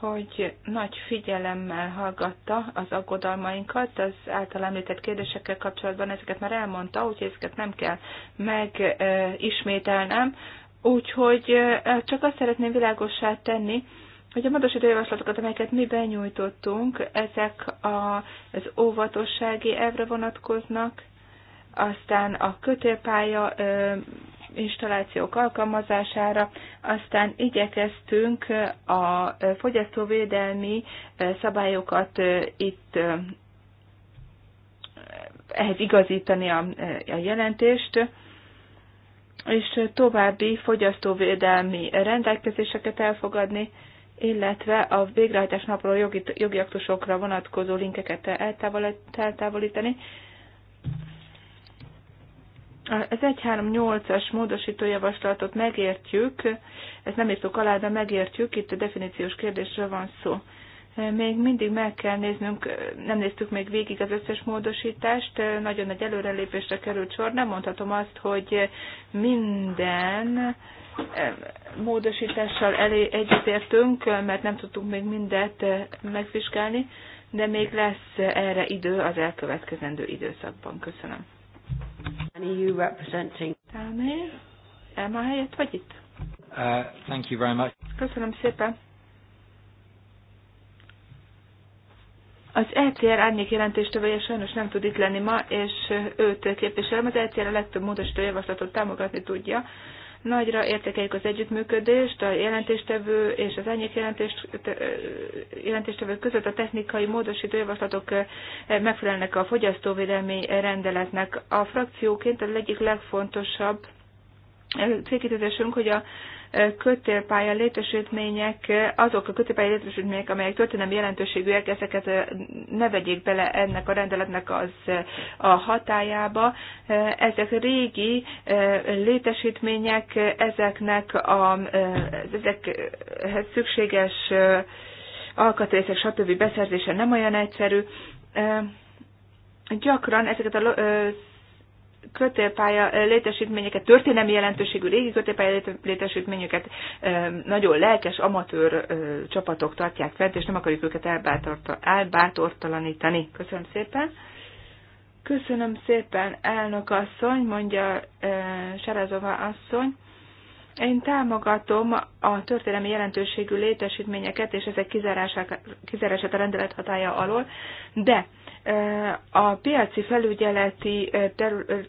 hogy nagy figyelemmel hallgatta az aggodalmainkat, az által említett kérdésekkel kapcsolatban ezeket már elmondta, úgyhogy ezeket nem kell megismételnem. Úgyhogy csak azt szeretném világossá tenni, hogy a módosító javaslatokat, amelyeket mi benyújtottunk, ezek a, az óvatossági elvre vonatkoznak, aztán a kötélpálya installációk alkalmazására, aztán igyekeztünk a fogyasztóvédelmi szabályokat itt ehhez igazítani a, a jelentést, és további fogyasztóvédelmi rendelkezéseket elfogadni, illetve a végrehajtás napról jogi, jogi aktusokra vonatkozó linkeket eltávolítani, az 1.3.8-as módosítójavaslatot megértjük, ezt nem írtuk alá, de megértjük, itt a definíciós kérdésre van szó. Még mindig meg kell néznünk, nem néztük még végig az összes módosítást, nagyon nagy előrelépésre került sor, nem mondhatom azt, hogy minden módosítással elé egyetértünk, mert nem tudtunk még mindet eh, megvizsgálni, de még lesz erre idő az elkövetkezendő időszakban. Köszönöm. And are you representing? Dámy, Emma helyett vagy itt? Uh, thank you very much. Köszönöm szépen. Az ETR árnyék jelentéstevője sajnos nem tud itt lenni ma, és őt képviselem. Az ETR a legtöbb módosító javaslatot támogatni tudja, Nagyra értékeljük az együttműködést a jelentéstevő és az jelentést jelentéstevő között a technikai módosító javaslatok megfelelnek a fogyasztóvédelmi rendeletnek. A frakcióként az egyik legfontosabb célkitűzésünk, hogy a kötélpálya létesítmények, azok a kötélpálya létesítmények, amelyek történelmi jelentőségűek, ezeket ne vegyék bele ennek a rendeletnek az a hatájába. Ezek régi létesítmények, ezeknek a, ezekhez szükséges alkatrészek, stb. beszerzése nem olyan egyszerű. Gyakran ezeket a kötélpálya létesítményeket, történelmi jelentőségű régi kötélpálya létesítményeket nagyon lelkes amatőr csapatok tartják fent, és nem akarjuk őket elbátortalanítani. Köszönöm szépen. Köszönöm szépen, elnök asszony, mondja Sarazova asszony. Én támogatom a történelmi jelentőségű létesítményeket és ezek kizárását a rendelet hatája alól, de a piaci felügyeleti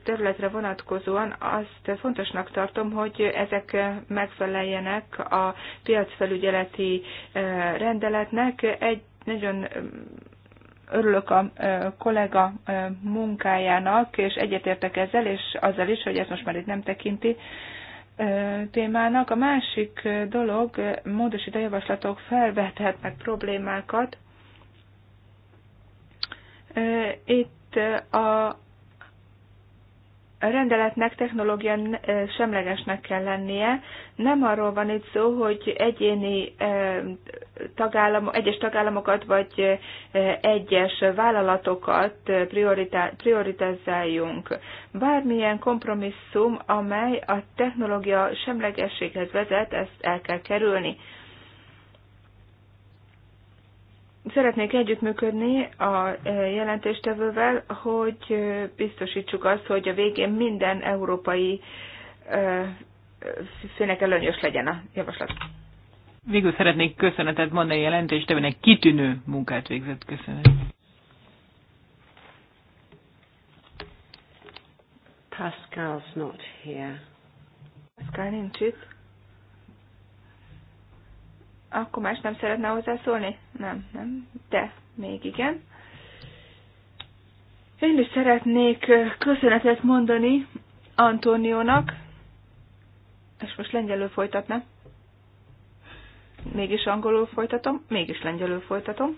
területre vonatkozóan azt fontosnak tartom, hogy ezek megfeleljenek a piacfelügyeleti rendeletnek. Egy nagyon örülök a kollega munkájának, és egyetértek ezzel, és azzal is, hogy ezt most már itt nem tekinti témának. A másik dolog, módosító javaslatok felvethetnek problémákat, itt a rendeletnek technológia semlegesnek kell lennie. Nem arról van itt szó, hogy egyéni tagállam, egyes tagállamokat vagy egyes vállalatokat prioritizáljunk. Bármilyen kompromisszum, amely a technológia semlegességhez vezet, ezt el kell kerülni. szeretnék együttműködni a e, jelentéstevővel, hogy e, biztosítsuk azt, hogy a végén minden európai e, főnek előnyös legyen a javaslat. Végül szeretnék köszönetet mondani a jelentéstevőnek, kitűnő munkát végzett. köszönet. Pascal's not here. Pascal nincs itt. Akkor más nem szeretne hozzászólni? Nem, nem. De még igen. Én is szeretnék köszönetet mondani Antóniónak, és most lengyelül folytatnám. Mégis angolul folytatom, mégis lengyelül folytatom.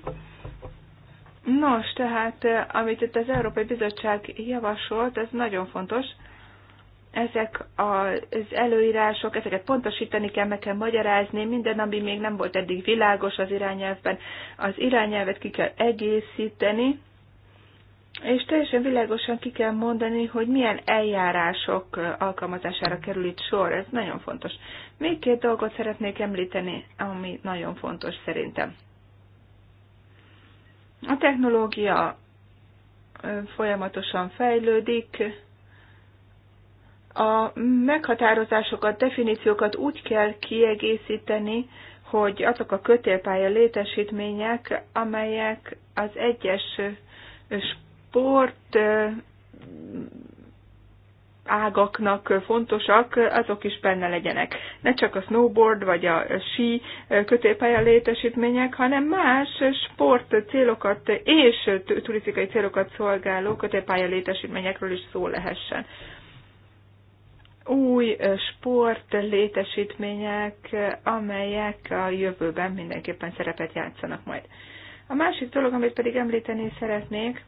Nos, tehát amit itt az Európai Bizottság javasolt, ez nagyon fontos ezek az előírások, ezeket pontosítani kell, meg kell magyarázni, minden, ami még nem volt eddig világos az irányelvben, az irányelvet ki kell egészíteni, és teljesen világosan ki kell mondani, hogy milyen eljárások alkalmazására kerül itt sor, ez nagyon fontos. Még két dolgot szeretnék említeni, ami nagyon fontos szerintem. A technológia folyamatosan fejlődik, a meghatározásokat, definíciókat úgy kell kiegészíteni, hogy azok a kötélpálya létesítmények, amelyek az egyes sport ágaknak fontosak, azok is benne legyenek. Ne csak a snowboard vagy a sí kötélpálya létesítmények, hanem más sport célokat és turisztikai célokat szolgáló kötélpálya létesítményekről is szó lehessen új sport létesítmények, amelyek a jövőben mindenképpen szerepet játszanak majd. A másik dolog, amit pedig említeni szeretnék,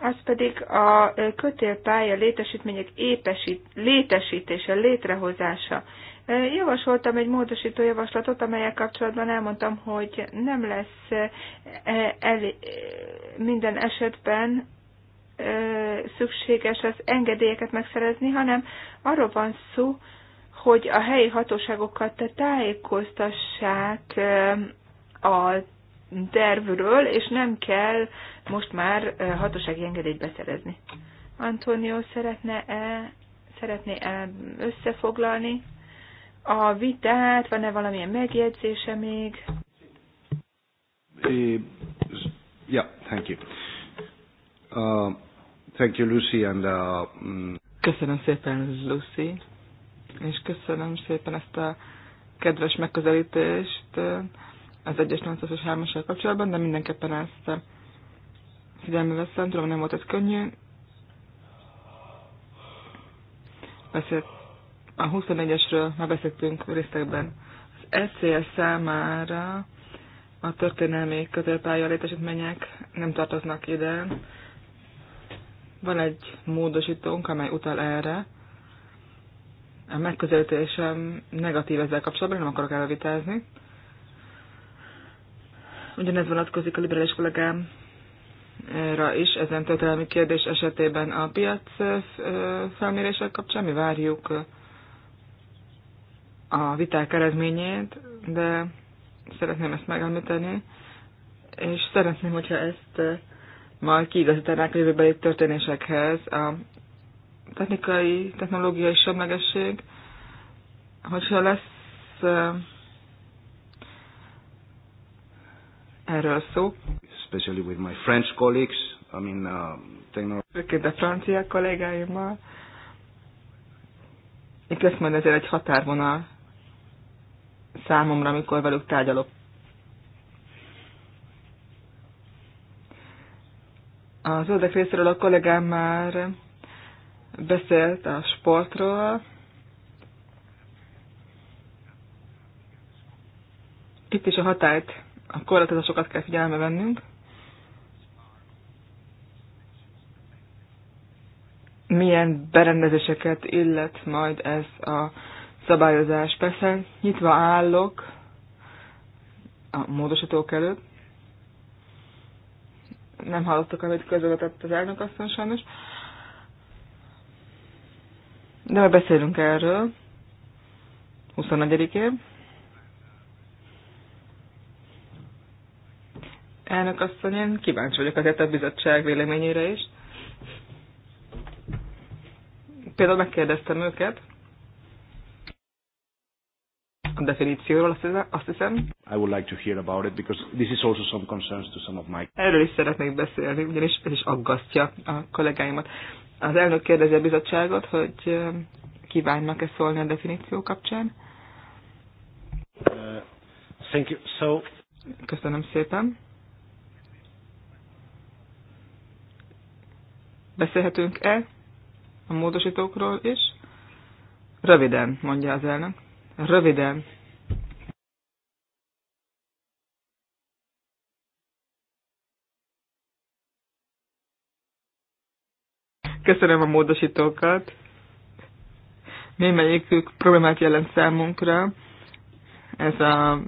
az pedig a kötélpálya létesítmények épesít, létesítése, létrehozása. Javasoltam egy módosító javaslatot, amelyek kapcsolatban elmondtam, hogy nem lesz e, el, minden esetben szükséges az engedélyeket megszerezni, hanem arról van szó, hogy a helyi hatóságokat tájékoztassák a tervről, és nem kell most már hatósági engedélyt beszerezni. Antonio szeretne -e, szeretné -e összefoglalni a vitát? Van-e valamilyen megjegyzése még? Uh, yeah, thank you. Uh, Thank you, Lucy, and, uh, mm. Köszönöm szépen, Lucy, és köszönöm szépen ezt a kedves megközelítést eh, az 1-es 8-as kapcsolatban, de mindenképpen ezt eh, figyelme veszem, tudom, nem volt ez könnyű. Beszélt, a 24-esről már beszéltünk részekben. Az ECL számára a történelmi kötélpálya létesítmények nem tartoznak ide, van egy módosítónk, amely utal erre. A megközelítésem negatív ezzel kapcsolatban, nem akarok elvitázni. Ugyanez vonatkozik a liberális kollégám ra is ezen történelmi kérdés esetében a piac felmérések kapcsán. Mi várjuk a viták eredményét, de szeretném ezt megemlíteni, és szeretném, hogyha ezt majd kiigazítanák a jövőbeli történésekhez. A technikai, technológiai semlegesség, hogyha lesz uh, erről szó. Especially with my French colleagues, I mean, uh, technology... a francia kollégáimmal. Én lesz majd azért egy határvonal számomra, amikor velük tárgyalok. Az oldalak részéről a kollégám már beszélt a sportról. Itt is a hatályt, a korlátozásokat kell figyelembe vennünk. Milyen berendezéseket illet majd ez a szabályozás. Persze nyitva állok a módosítók előtt, nem hallottuk, amit közöltett az elnök asszony sajnos. De majd beszélünk erről. 24-én. Elnök asszony, én kíváncsi vagyok azért a bizottság véleményére is. Például megkérdeztem őket a definícióról, azt hiszem. I would like to hear about it because this is also some concerns to some of my. Erről is szeretnék beszélni, ugyanis ez is aggasztja a kollégáimat. Az elnök kérdezi a bizottságot, hogy kívánnak-e szólni a definíció kapcsán. Uh, thank you. So... Köszönöm szépen. Beszélhetünk-e a módosítókról is? Röviden, mondja az elnök. Röviden Köszönöm a módosítókat. Némelyikük problémát jelent számunkra. Ez a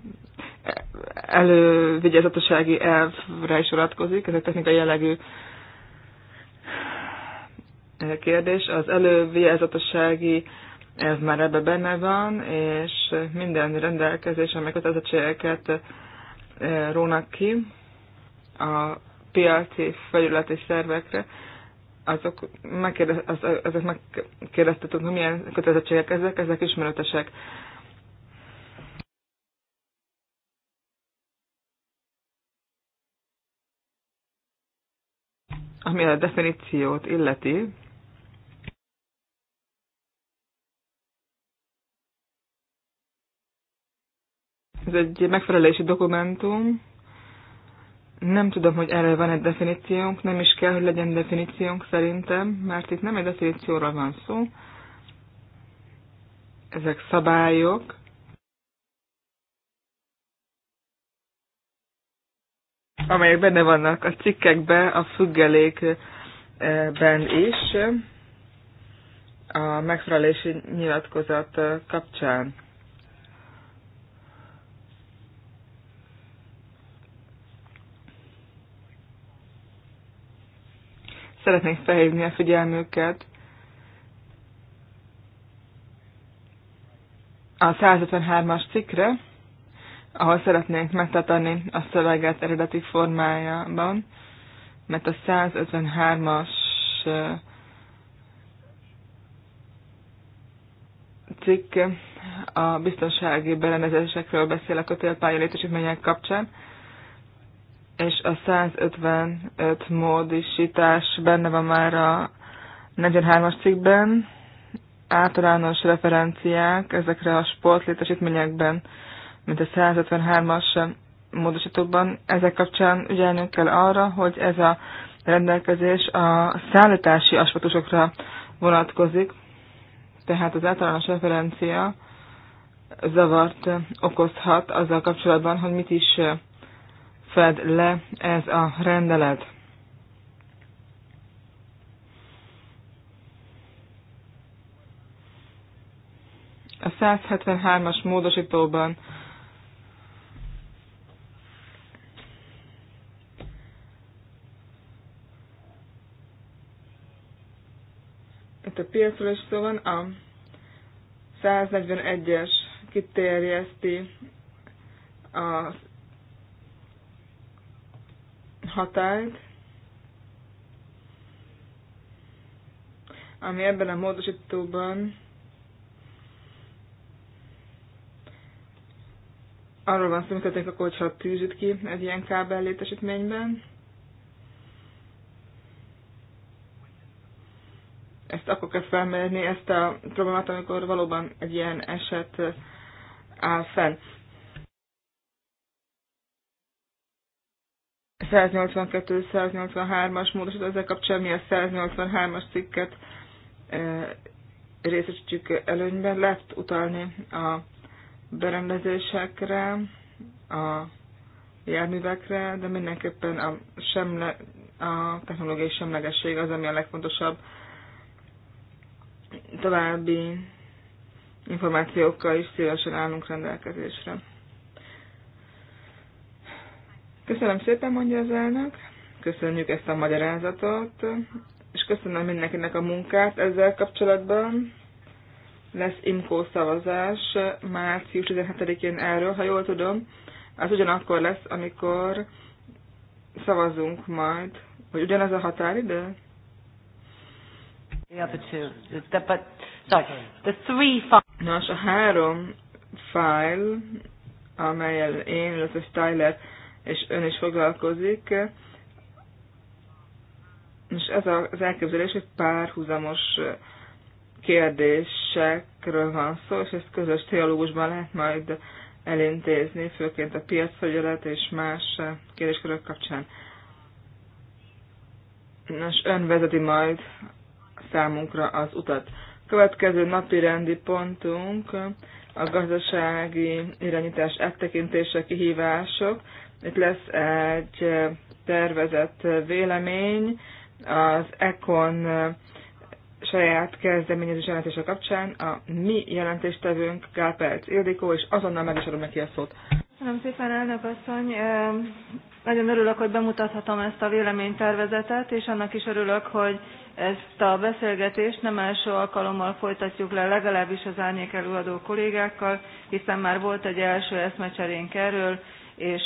elővigyázatossági elvre is vonatkozik, ez a technikai jellegű kérdés. Az elővigyázatossági elv már ebbe benne van, és minden rendelkezés, amely kötelezettségeket eh, rónak ki a piaci felületi szervekre, azok megkérdez, az, ezek megkérdeztetünk, hogy milyen kötelezettségek ezek, ezek ismeretesek. Ami a definíciót illeti, ez egy megfelelési dokumentum, nem tudom, hogy erre van egy definíciónk, nem is kell, hogy legyen definíciónk szerintem, mert itt nem egy definícióra van szó. Ezek szabályok. amelyek benne vannak a cikkekben, a függelékben is, a megfelelési nyilatkozat kapcsán. szeretnék felhívni a figyelmüket a 153-as cikkre, ahol szeretnénk megtartani a szöveget eredeti formájában, mert a 153-as cikk a biztonsági berendezésekről beszél a kötélpálya létesítmények kapcsán, és a 155 módisítás benne van már a 43-as cikkben, általános referenciák ezekre a sportlétesítményekben, mint a 153-as módosítóban. Ezek kapcsán ügyelnünk kell arra, hogy ez a rendelkezés a szállítási aspektusokra vonatkozik, tehát az általános referencia zavart okozhat azzal kapcsolatban, hogy mit is fed le ez a rendelet. A 173-as módosítóban itt a piacról is szó van, a 141-es kiterjeszti a határt, ami ebben a módosítóban arról van szó, akkor, hogyha tűzít ki egy ilyen kábel létesítményben. Ezt akkor kell felmérni, ezt a problémát, amikor valóban egy ilyen eset áll fenn. 182-183-as módosító, ezzel kapcsolatban mi a 183-as cikket részesítjük előnyben. Lehet utalni a berendezésekre, a járművekre, de mindenképpen a, semle, a technológiai semlegesség az, ami a legfontosabb további információkkal is szívesen állunk rendelkezésre. Köszönöm szépen, mondja az elnök. Köszönjük ezt a magyarázatot, és köszönöm mindenkinek a munkát ezzel kapcsolatban. Lesz IMKO szavazás március 17-én erről, ha jól tudom. Az ugyanakkor lesz, amikor szavazunk majd. Hogy ugyanaz a határidő? Nos, a három file, amelyel én, illetve Tyler és ön is foglalkozik, és ez az elképzelés, hogy párhuzamos kérdésekről van szó, és ezt közös teológusban lehet majd elintézni, főként a piacfelügyelet és más kérdéskörök kapcsán. Nos, ön vezeti majd számunkra az utat. Következő napi rendi pontunk a gazdasági irányítás áttekintése kihívások. Itt lesz egy tervezett vélemény az ECON saját kezdeményezés jelentése kapcsán. A mi jelentéstevőnk Gál Perc Ildikó, és azonnal meg is adom neki a szót. Köszönöm szépen, elnök asszony. Nagyon örülök, hogy bemutathatom ezt a véleménytervezetet, és annak is örülök, hogy ezt a beszélgetést nem első alkalommal folytatjuk le, legalábbis az árnyék előadó kollégákkal, hiszen már volt egy első eszmecserénk erről, és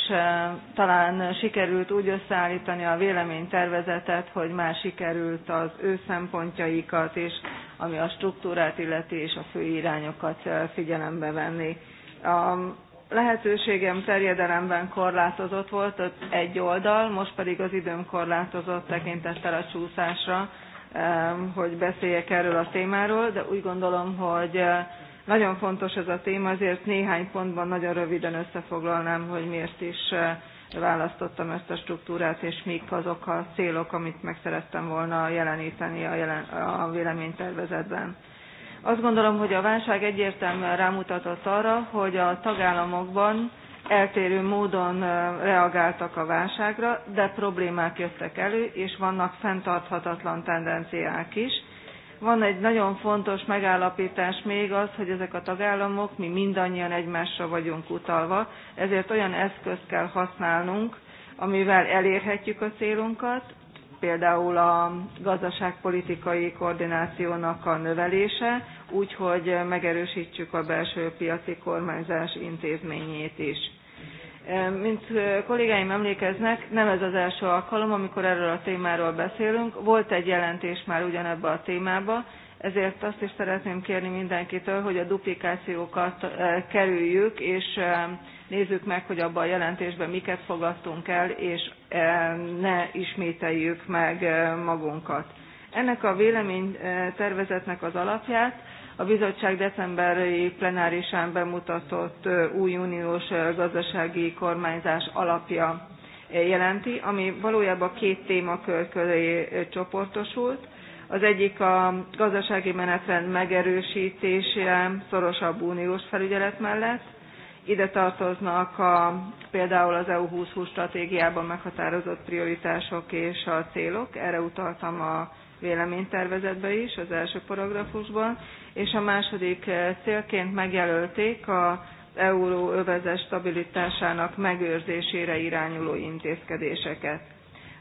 talán sikerült úgy összeállítani a véleménytervezetet, hogy már sikerült az ő szempontjaikat és ami a struktúrát illeti és a fő irányokat figyelembe venni. A lehetőségem terjedelemben korlátozott volt, ott egy oldal, most pedig az időm korlátozott tekintettel a csúszásra, hogy beszéljek erről a témáról, de úgy gondolom, hogy nagyon fontos ez a téma, azért néhány pontban nagyon röviden összefoglalnám, hogy miért is eh, választottam ezt a struktúrát, és mik azok a célok, amit meg szerettem volna jeleníteni a, jelen, a véleménytervezetben. Azt gondolom, hogy a válság egyértelműen rámutatott arra, hogy a tagállamokban eltérő módon eh, reagáltak a válságra, de problémák jöttek elő, és vannak fenntarthatatlan tendenciák is van egy nagyon fontos megállapítás még az, hogy ezek a tagállamok, mi mindannyian egymásra vagyunk utalva, ezért olyan eszközt kell használnunk, amivel elérhetjük a célunkat, például a gazdaságpolitikai koordinációnak a növelése, úgyhogy megerősítsük a belső piaci kormányzás intézményét is mint kollégáim emlékeznek, nem ez az első alkalom, amikor erről a témáról beszélünk. Volt egy jelentés már ugyanebbe a témába, ezért azt is szeretném kérni mindenkitől, hogy a duplikációkat kerüljük, és nézzük meg, hogy abban a jelentésben miket fogadtunk el, és ne ismételjük meg magunkat. Ennek a véleménytervezetnek az alapját a bizottság decemberi plenárisán bemutatott új uniós gazdasági kormányzás alapja jelenti ami valójában két témakör köré csoportosult az egyik a gazdasági menetrend megerősítése szorosabb uniós felügyelet mellett ide tartoznak a, például az EU 2020 stratégiában meghatározott prioritások és a célok, erre utaltam a véleménytervezetbe is, az első paragrafusban, és a második eh, célként megjelölték az euróövezet stabilitásának megőrzésére irányuló intézkedéseket.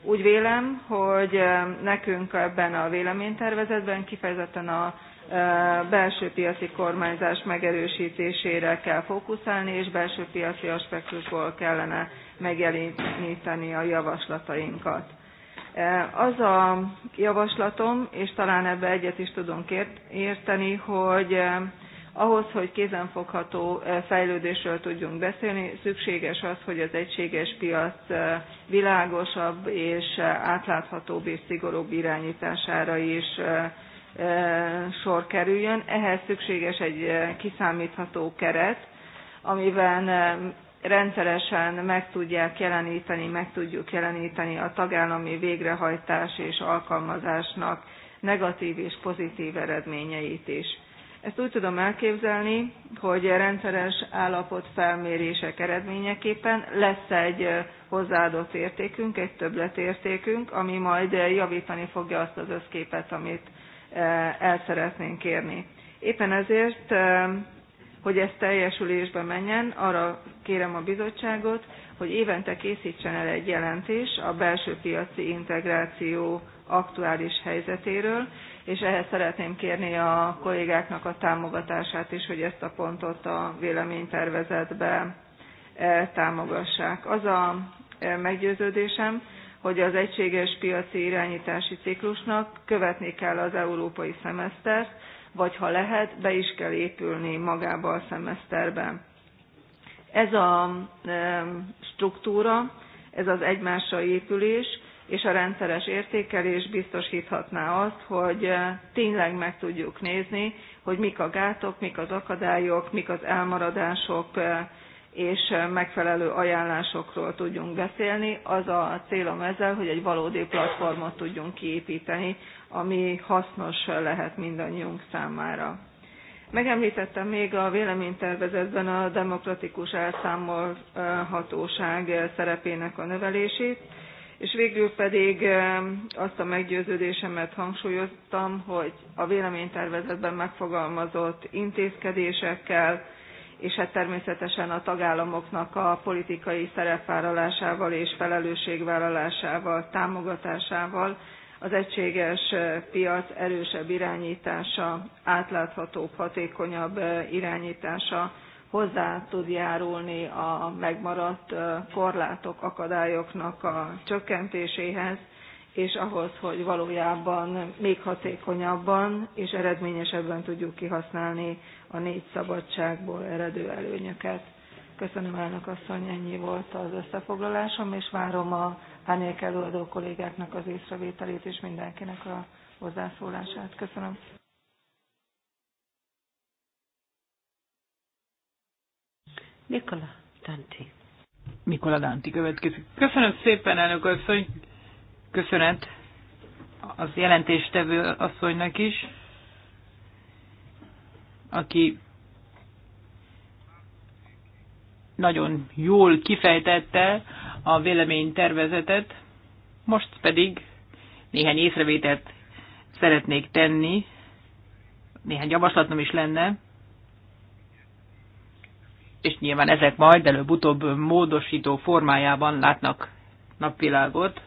Úgy vélem, hogy eh, nekünk ebben a véleménytervezetben kifejezetten a eh, belső piaci kormányzás megerősítésére kell fókuszálni, és belső piaci aspektusból kellene megjeleníteni a javaslatainkat az a javaslatom, és talán ebbe egyet is tudunk érteni, hogy ahhoz, hogy kézenfogható fejlődésről tudjunk beszélni, szükséges az, hogy az egységes piac világosabb és átláthatóbb és szigorúbb irányítására is sor kerüljön. Ehhez szükséges egy kiszámítható keret, amiben rendszeresen meg tudják jeleníteni, meg tudjuk jeleníteni a tagállami végrehajtás és alkalmazásnak negatív és pozitív eredményeit is. Ezt úgy tudom elképzelni, hogy rendszeres felmérések eredményeképpen lesz egy hozzáadott értékünk, egy többletértékünk, ami majd javítani fogja azt az összképet, amit el szeretnénk érni. Éppen ezért hogy ez teljesülésbe menjen, arra kérem a bizottságot, hogy évente készítsen el egy jelentés a belső piaci integráció aktuális helyzetéről, és ehhez szeretném kérni a kollégáknak a támogatását is, hogy ezt a pontot a véleménytervezetbe e, támogassák. Az a e, meggyőződésem, hogy az egységes piaci irányítási ciklusnak követni kell az európai szemesztert, vagy ha lehet, be is kell épülni magába a szemeszterbe. Ez a struktúra, ez az egymásra épülés, és a rendszeres értékelés biztosíthatná azt, hogy eh, tényleg meg tudjuk nézni, hogy mik a gátok, mik az akadályok, mik az elmaradások, eh, és megfelelő ajánlásokról tudjunk beszélni. Az a célom ezzel, hogy egy valódi platformot tudjunk kiépíteni, ami hasznos lehet mindannyiunk számára. Megemlítettem még a véleménytervezetben a demokratikus elszámolhatóság szerepének a növelését, és végül pedig azt a meggyőződésemet hangsúlyoztam, hogy a véleménytervezetben megfogalmazott intézkedésekkel, és hát természetesen a tagállamoknak a politikai szerepvállalásával és felelősségvállalásával, támogatásával az egységes piac erősebb irányítása, átláthatóbb, hatékonyabb irányítása hozzá tud járulni a megmaradt korlátok, akadályoknak a csökkentéséhez, és ahhoz, hogy valójában még hatékonyabban és eredményesebben tudjuk kihasználni a négy szabadságból eredő előnyöket. Köszönöm elnök asszony, ennyi volt az összefoglalásom, és várom a árnyék előadó kollégáknak az észrevételét és mindenkinek a hozzászólását. Köszönöm. Nikola Danti. Nikola Danti következik. Köszönöm szépen, elnök asszony. Köszönet az jelentéstevő asszonynak is, aki nagyon jól kifejtette a véleménytervezetet, most pedig néhány észrevételt szeretnék tenni, néhány javaslatom is lenne, és nyilván ezek majd előbb-utóbb módosító formájában látnak napvilágot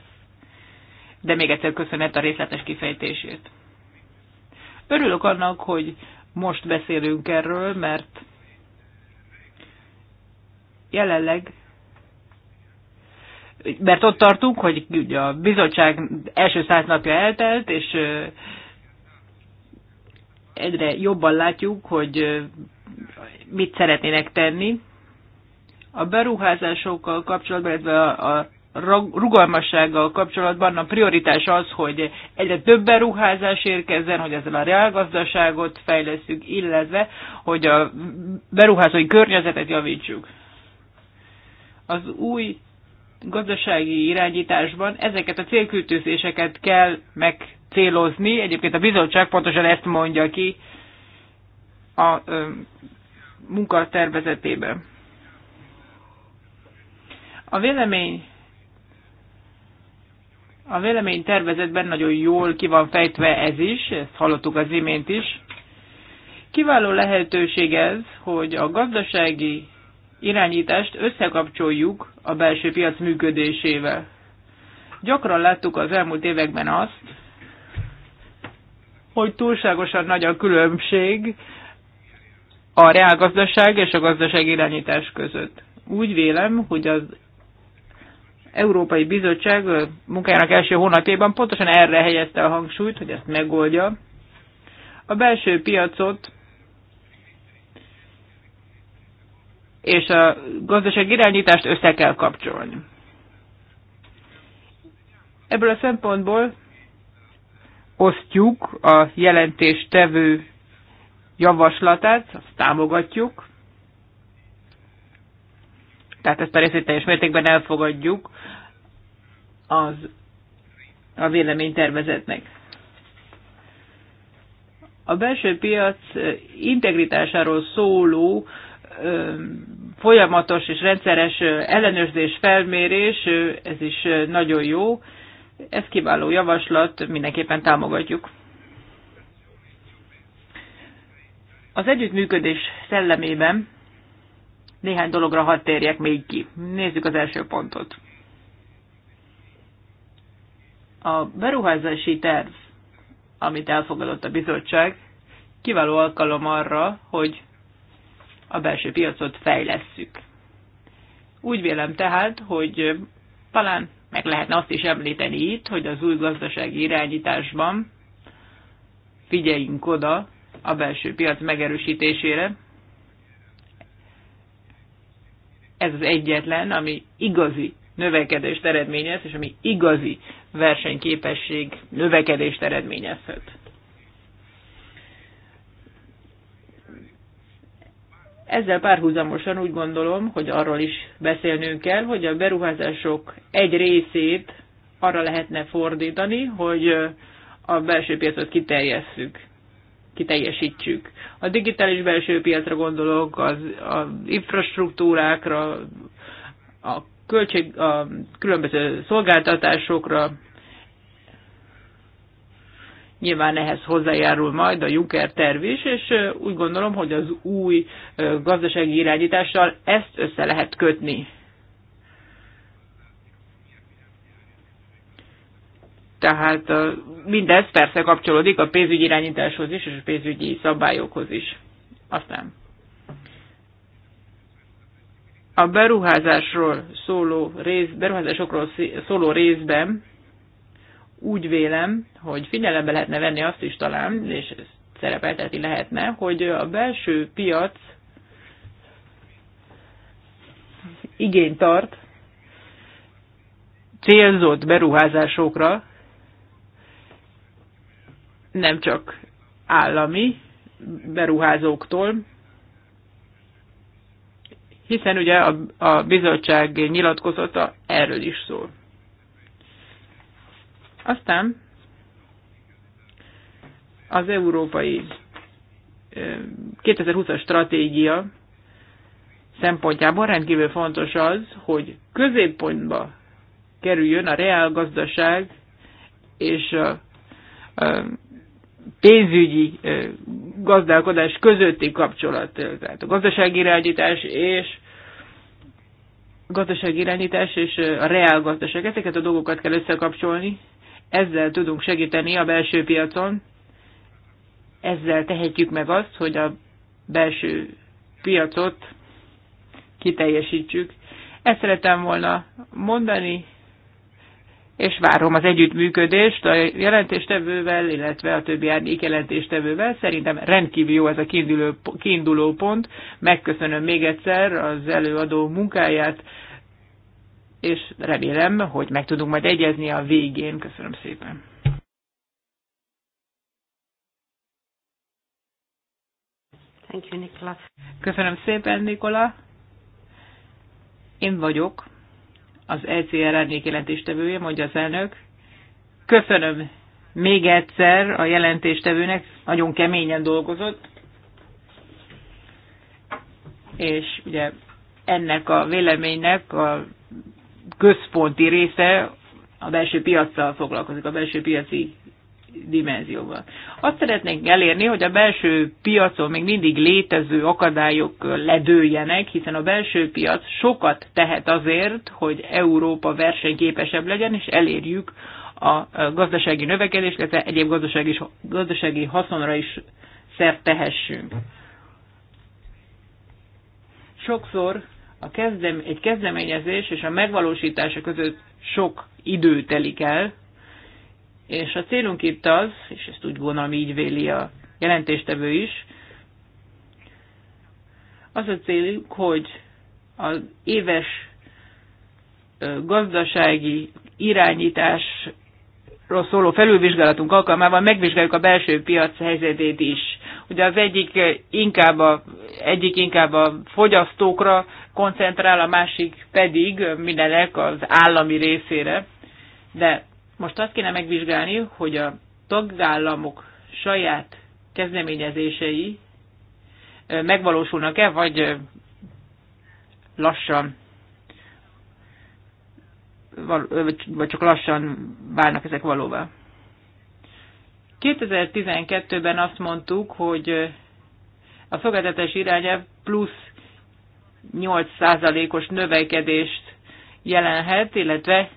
de még egyszer köszönet a részletes kifejtését. Örülök annak, hogy most beszélünk erről, mert jelenleg mert ott tartunk, hogy ugye a bizottság első száz napja eltelt, és egyre jobban látjuk, hogy mit szeretnének tenni. A beruházásokkal kapcsolatban, illetve a, a rugalmassággal kapcsolatban a prioritás az, hogy egyre több beruházás érkezzen, hogy ezzel a reálgazdaságot fejleszünk, illetve, hogy a beruházói környezetet javítsuk. Az új gazdasági irányításban ezeket a célkültőzéseket kell megcélozni. Egyébként a bizottság pontosan ezt mondja ki a ö, munkatervezetében. A vélemény a véleménytervezetben nagyon jól ki van fejtve ez is, ezt hallottuk az imént is. Kiváló lehetőség ez, hogy a gazdasági irányítást összekapcsoljuk a belső piac működésével. Gyakran láttuk az elmúlt években azt, hogy túlságosan nagy a különbség a reálgazdaság és a gazdaság irányítás között. Úgy vélem, hogy az Európai Bizottság munkájának első hónapjában pontosan erre helyezte a hangsúlyt, hogy ezt megoldja. A belső piacot és a gazdaság irányítást össze kell kapcsolni. Ebből a szempontból osztjuk a jelentéstevő javaslatát, azt támogatjuk, tehát ezt a részét teljes mértékben elfogadjuk az, a véleménytervezetnek. A belső piac integritásáról szóló folyamatos és rendszeres ellenőrzés, felmérés, ez is nagyon jó. Ez kiváló javaslat, mindenképpen támogatjuk. Az együttműködés szellemében néhány dologra hadd térjek még ki. Nézzük az első pontot. A beruházási terv, amit elfogadott a bizottság, kiváló alkalom arra, hogy a belső piacot fejlesszük. Úgy vélem tehát, hogy talán meg lehetne azt is említeni itt, hogy az új gazdasági irányításban figyeljünk oda a belső piac megerősítésére, ez az egyetlen, ami igazi növekedést eredményez, és ami igazi versenyképesség növekedést eredményezhet. Ezzel párhuzamosan úgy gondolom, hogy arról is beszélnünk kell, hogy a beruházások egy részét arra lehetne fordítani, hogy a belső piacot kiterjesszük kiteljesítsük. A digitális belső piacra gondolok, az, az infrastruktúrákra, a, költség, a különböző szolgáltatásokra. Nyilván ehhez hozzájárul majd a Juncker terv is, és úgy gondolom, hogy az új gazdasági irányítással ezt össze lehet kötni. Tehát mindez persze kapcsolódik a pénzügyi irányításhoz is, és a pénzügyi szabályokhoz is. Aztán a beruházásról szóló rész, beruházásokról szóló részben úgy vélem, hogy figyelembe lehetne venni azt is talán, és szerepelteti szerepeltetni lehetne, hogy a belső piac igényt tart célzott beruházásokra, nem csak állami beruházóktól, hiszen ugye a, a bizottság nyilatkozata erről is szól. Aztán az európai 2020-as stratégia szempontjából rendkívül fontos az, hogy középpontba kerüljön a reálgazdaság és a, a pénzügyi gazdálkodás közötti kapcsolat, tehát a gazdasági irányítás és gazdasági irányítás és a reál gazdaság. Ezeket a dolgokat kell összekapcsolni, ezzel tudunk segíteni a belső piacon, ezzel tehetjük meg azt, hogy a belső piacot kiteljesítsük. Ezt szeretem volna mondani, és várom az együttműködést a jelentéstevővel, illetve a többi árnyék jelentéstevővel. Szerintem rendkívül jó ez a kiinduló, kiinduló pont. Megköszönöm még egyszer az előadó munkáját, és remélem, hogy meg tudunk majd egyezni a végén. Köszönöm szépen. Thank you, Nikola. Köszönöm szépen, Nikola. Én vagyok az ECR árnyék jelentéstevője, mondja az elnök. Köszönöm még egyszer a jelentéstevőnek, nagyon keményen dolgozott, és ugye ennek a véleménynek a központi része a belső piaccal foglalkozik, a belső piaci dimenzióval. Azt szeretnénk elérni, hogy a belső piacon még mindig létező akadályok ledőjenek, hiszen a belső piac sokat tehet azért, hogy Európa versenyképesebb legyen, és elérjük a gazdasági növekedést, illetve egyéb gazdasági, gazdasági haszonra is szert tehessünk. Sokszor a kezdem, egy kezdeményezés és a megvalósítása között sok idő telik el, és a célunk itt az, és ezt úgy gondolom így véli a jelentéstevő is, az a célunk, hogy az éves gazdasági irányításról szóló felülvizsgálatunk alkalmával megvizsgáljuk a belső piac helyzetét is. Ugye az egyik inkább a, egyik inkább a fogyasztókra koncentrál, a másik pedig mindenek az állami részére. De most azt kéne megvizsgálni, hogy a tagállamok saját kezdeményezései megvalósulnak-e, vagy lassan vagy csak lassan válnak ezek valóvá. 2012-ben azt mondtuk, hogy a fogadatás iránya plusz 8%-os növekedést jelenhet, illetve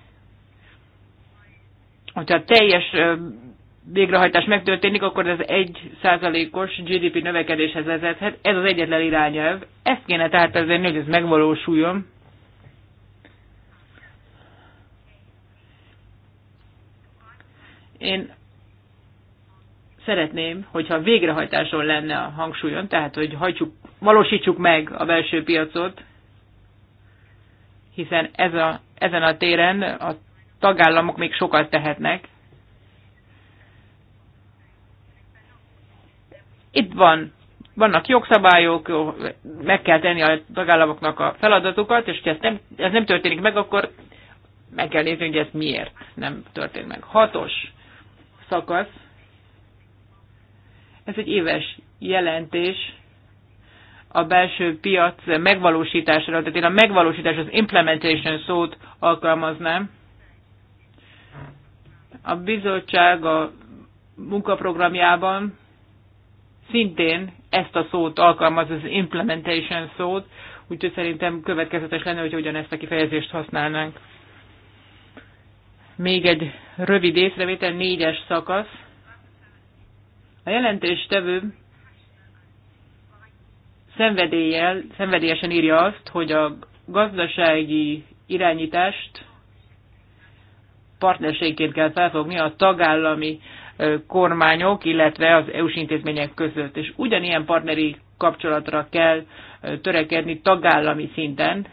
hogyha teljes végrehajtás megtörténik, akkor ez egy százalékos GDP növekedéshez vezethet. Ez az egyetlen irányelv. Ezt kéne tehát azért, hogy ez megvalósuljon. Én szeretném, hogyha végrehajtáson lenne a hangsúlyon, tehát hogy hajtsuk, valósítsuk meg a belső piacot, hiszen ez a, ezen a téren a tagállamok még sokat tehetnek. Itt van, vannak jogszabályok, meg kell tenni a tagállamoknak a feladatukat, és ha ez nem, ez nem történik meg, akkor meg kell nézni, hogy ez miért nem történt meg. Hatos szakasz. Ez egy éves jelentés a belső piac megvalósításra, tehát én a megvalósítás, az implementation szót alkalmaznám. A bizottság a munkaprogramjában szintén ezt a szót alkalmaz, az implementation szót, úgyhogy szerintem következetes lenne, hogy ugyanezt a kifejezést használnánk. Még egy rövid észrevétel, négyes szakasz. A jelentéstevő szenvedélyesen írja azt, hogy a gazdasági irányítást partnerségként kell felfogni a tagállami kormányok, illetve az EU-s intézmények között. És ugyanilyen partneri kapcsolatra kell törekedni tagállami szinten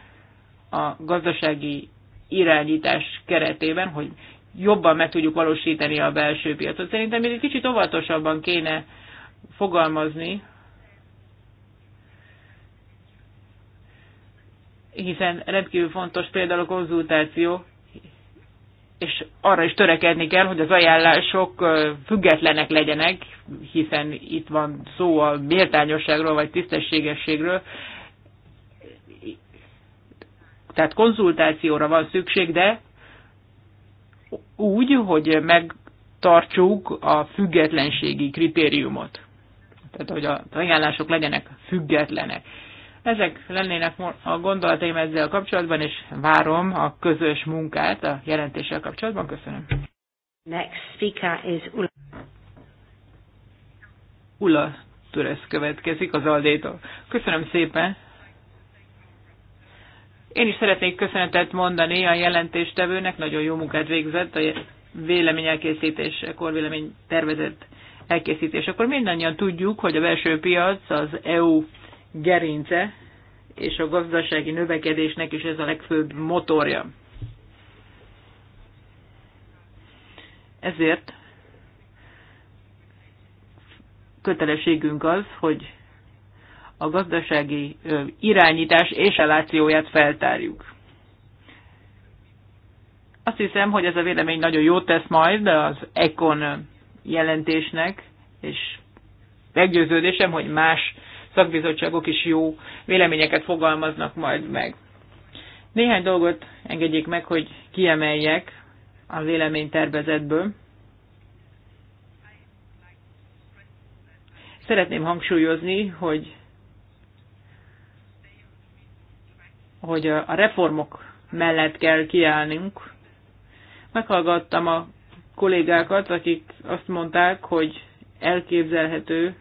a gazdasági irányítás keretében, hogy jobban meg tudjuk valósítani a belső piacot. Szerintem még egy kicsit óvatosabban kéne fogalmazni, hiszen rendkívül fontos például a konzultáció és arra is törekedni kell, hogy az ajánlások függetlenek legyenek, hiszen itt van szó a méltányosságról vagy tisztességességről. Tehát konzultációra van szükség, de úgy, hogy megtartsuk a függetlenségi kritériumot. Tehát, hogy az ajánlások legyenek függetlenek. Ezek lennének a gondolataim ezzel kapcsolatban, és várom a közös munkát a jelentéssel kapcsolatban. Köszönöm. Next speaker is Ula. Ula Türes következik az Aldétól. Köszönöm szépen. Én is szeretnék köszönetet mondani a jelentéstevőnek, nagyon jó munkát végzett a vélemény elkészítésekor, vélemény tervezett elkészítésekor. Mindannyian tudjuk, hogy a belső piac az EU gerince, és a gazdasági növekedésnek is ez a legfőbb motorja. Ezért kötelességünk az, hogy a gazdasági irányítás és elációját feltárjuk. Azt hiszem, hogy ez a vélemény nagyon jót tesz majd az Econ jelentésnek, és meggyőződésem, hogy más szakbizottságok is jó véleményeket fogalmaznak majd meg. Néhány dolgot engedjék meg, hogy kiemeljek a véleménytervezetből. Szeretném hangsúlyozni, hogy hogy a reformok mellett kell kiállnunk. Meghallgattam a kollégákat, akik azt mondták, hogy elképzelhető,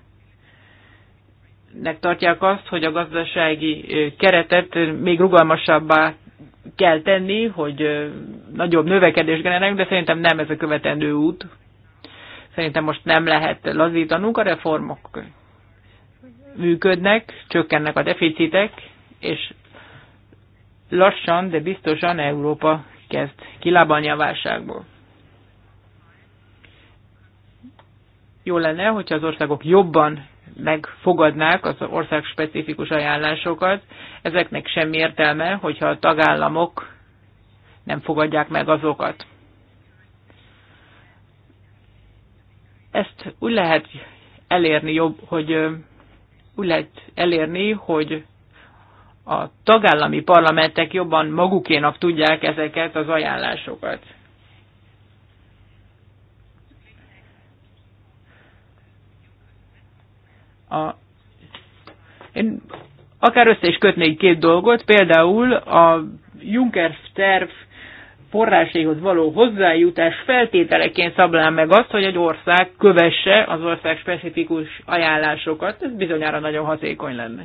nek tartják azt, hogy a gazdasági keretet még rugalmasabbá kell tenni, hogy nagyobb növekedés generáljunk, de szerintem nem ez a követendő út. Szerintem most nem lehet lazítanunk, a reformok működnek, csökkennek a deficitek, és lassan, de biztosan Európa kezd kilábalni a válságból. Jó lenne, hogyha az országok jobban megfogadnák az ország specifikus ajánlásokat. Ezeknek semmi értelme, hogyha a tagállamok nem fogadják meg azokat. Ezt úgy lehet elérni jobb, hogy úgy lehet elérni, hogy a tagállami parlamentek jobban magukénak tudják ezeket az ajánlásokat. a, én akár össze is kötnék két dolgot, például a Juncker terv forráséhoz való hozzájutás feltételeként szablán meg azt, hogy egy ország kövesse az ország specifikus ajánlásokat. Ez bizonyára nagyon hatékony lenne.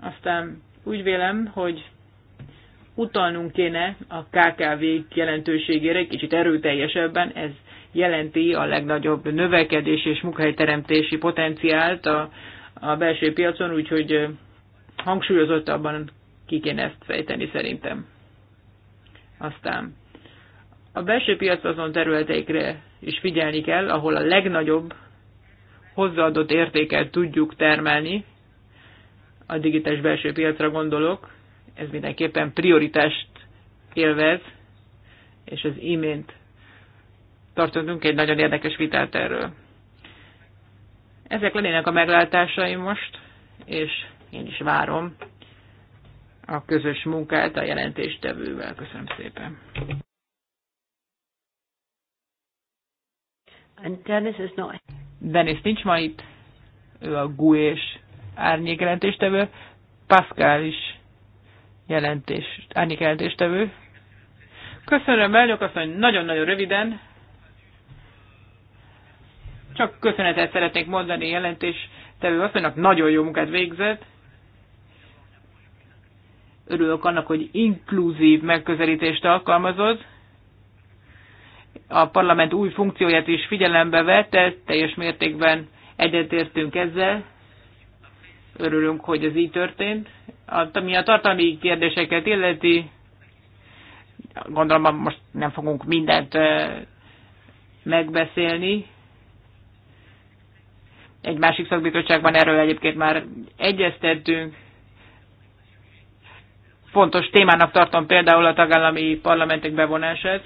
Aztán úgy vélem, hogy utalnunk kéne a KKV jelentőségére, kicsit erőteljesebben, ez jelenti a legnagyobb növekedés és munkahelyteremtési potenciált a, a belső piacon, úgyhogy hangsúlyozottabban ki kéne ezt fejteni szerintem. Aztán a belső piac azon területeikre is figyelni kell, ahol a legnagyobb hozzáadott értéket tudjuk termelni, a digitális belső piacra gondolok, ez mindenképpen prioritást élvez, és az imént tartottunk egy nagyon érdekes vitát erről. Ezek lennének a meglátásaim most, és én is várom a közös munkát a jelentéstevővel. Köszönöm szépen. Dennis is not. Dennis nincs ma itt, ő a GUE-s árnyék jelentéstevő, Pascal is jelentés, árnyék jelentéstevő. Köszönöm, elnök azt nagyon-nagyon röviden, csak köszönetet szeretnék mondani jelentés tevő asszonynak, nagyon jó munkát végzett. Örülök annak, hogy inkluzív megközelítést alkalmazott. A parlament új funkcióját is figyelembe vette, teljes mértékben egyetértünk ezzel. Örülünk, hogy ez így történt. Ami a tartalmi kérdéseket illeti, gondolom most nem fogunk mindent eh, megbeszélni, egy másik szakbizottságban erről egyébként már egyeztettünk. Fontos témának tartom például a tagállami parlamentek bevonását.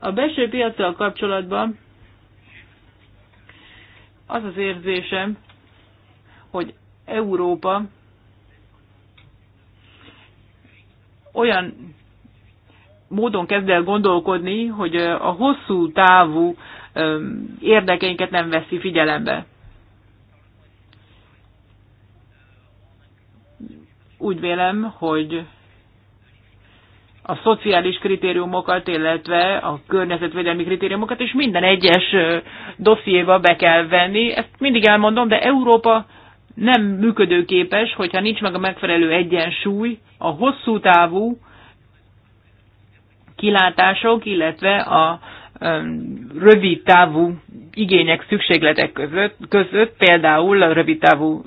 A belső piacsal kapcsolatban az az érzésem, hogy Európa olyan módon kezd el gondolkodni, hogy a hosszú távú érdekeinket nem veszi figyelembe. Úgy vélem, hogy a szociális kritériumokat, illetve a környezetvédelmi kritériumokat, is minden egyes dossziéba be kell venni. Ezt mindig elmondom, de Európa nem működőképes, hogyha nincs meg a megfelelő egyensúly a hosszú távú kilátások, illetve a rövid távú igények, szükségletek között, között például a rövid távú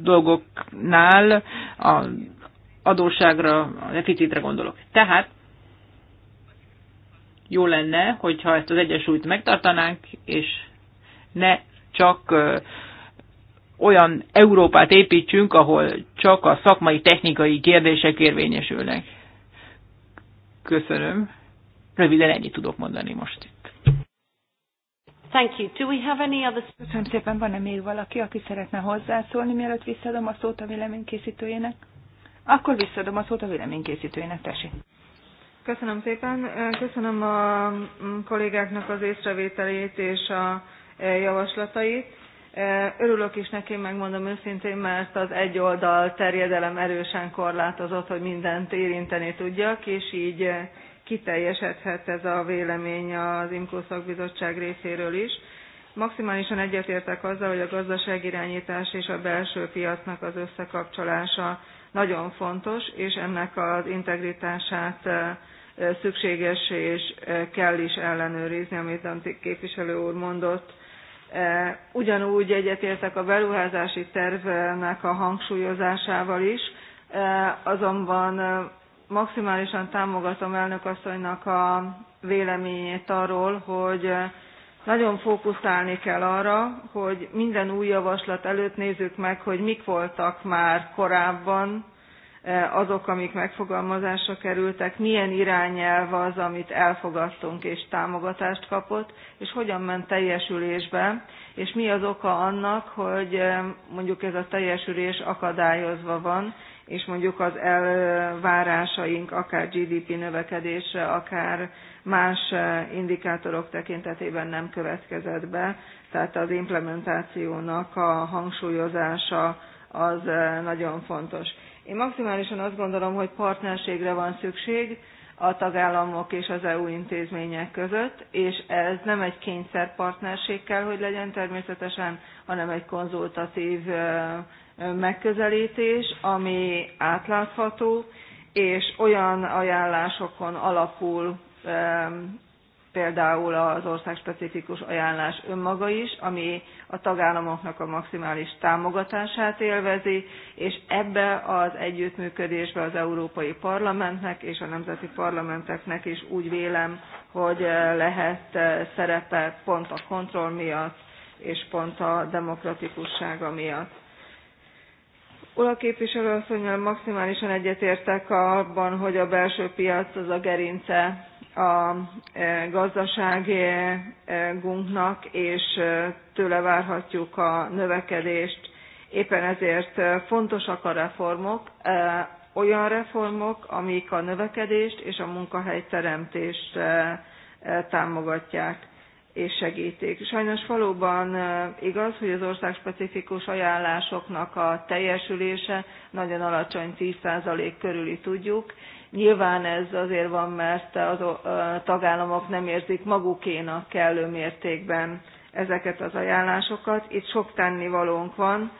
dolgoknál a adósságra, a deficitre gondolok. Tehát jó lenne, hogyha ezt az egyensúlyt megtartanánk, és ne csak olyan Európát építsünk, ahol csak a szakmai, technikai kérdések érvényesülnek. Köszönöm. Röviden ennyit tudok mondani most itt. Thank you. Do we have any other... Köszönöm szépen, van-e még valaki, aki szeretne hozzászólni, mielőtt visszadom a szót a véleménykészítőjének? Akkor visszadom a szót a véleménykészítőjének, tessék. Köszönöm szépen. Köszönöm a kollégáknak az észrevételét és a javaslatait. Örülök is neki, megmondom őszintén, mert az egy oldal terjedelem erősen korlátozott, hogy mindent érinteni tudjak, és így kiteljesedhet ez a vélemény az IMCO szakbizottság részéről is. Maximálisan egyetértek azzal, hogy a gazdaságirányítás és a belső piacnak az összekapcsolása nagyon fontos, és ennek az integritását eh, szükséges és eh, kell is ellenőrizni, amit a képviselő úr mondott. Eh, ugyanúgy egyetértek a beruházási tervnek a hangsúlyozásával is, azonban maximálisan támogatom elnök asszonynak a véleményét arról hogy eh, nagyon fókuszálni kell arra hogy minden új javaslat előtt nézzük meg hogy mik voltak már korábban eh, azok amik megfogalmazásra kerültek milyen irányelv az amit elfogadtunk és támogatást kapott és hogyan ment teljesülésbe és mi az oka annak hogy eh, mondjuk ez a teljesülés akadályozva van és mondjuk az elvárásaink akár GDP növekedésre, akár más eh, indikátorok tekintetében nem következett be, tehát az implementációnak a hangsúlyozása az eh, nagyon fontos. Én maximálisan azt gondolom, hogy partnerségre van szükség a tagállamok és az EU intézmények között, és ez nem egy kényszerpartnerség kell, hogy legyen természetesen, hanem egy konzultatív eh, megközelítés, ami átlátható, és olyan ajánlásokon alapul például az országspecifikus ajánlás önmaga is, ami a tagállamoknak a maximális támogatását élvezi, és ebbe az együttműködésbe az Európai Parlamentnek és a nemzeti parlamenteknek is úgy vélem, hogy eh, lehet eh, szerepe pont a kontroll miatt és pont a demokratikussága miatt Ula képviselőasszonynal maximálisan egyetértek abban, hogy a belső piac az a gerince a e, gazdaságunknak, és e, tőle várhatjuk a növekedést. Éppen ezért e, fontosak a reformok, olyan reformok, amik a növekedést és a munkahelyteremtést támogatják és segítik. Sajnos valóban eh, igaz, hogy az ország specifikus ajánlásoknak a teljesülése nagyon alacsony 10% körüli tudjuk. Nyilván ez azért van, mert a eh, tagállamok nem érzik magukénak kellő mértékben ezeket az ajánlásokat. Itt sok tennivalónk van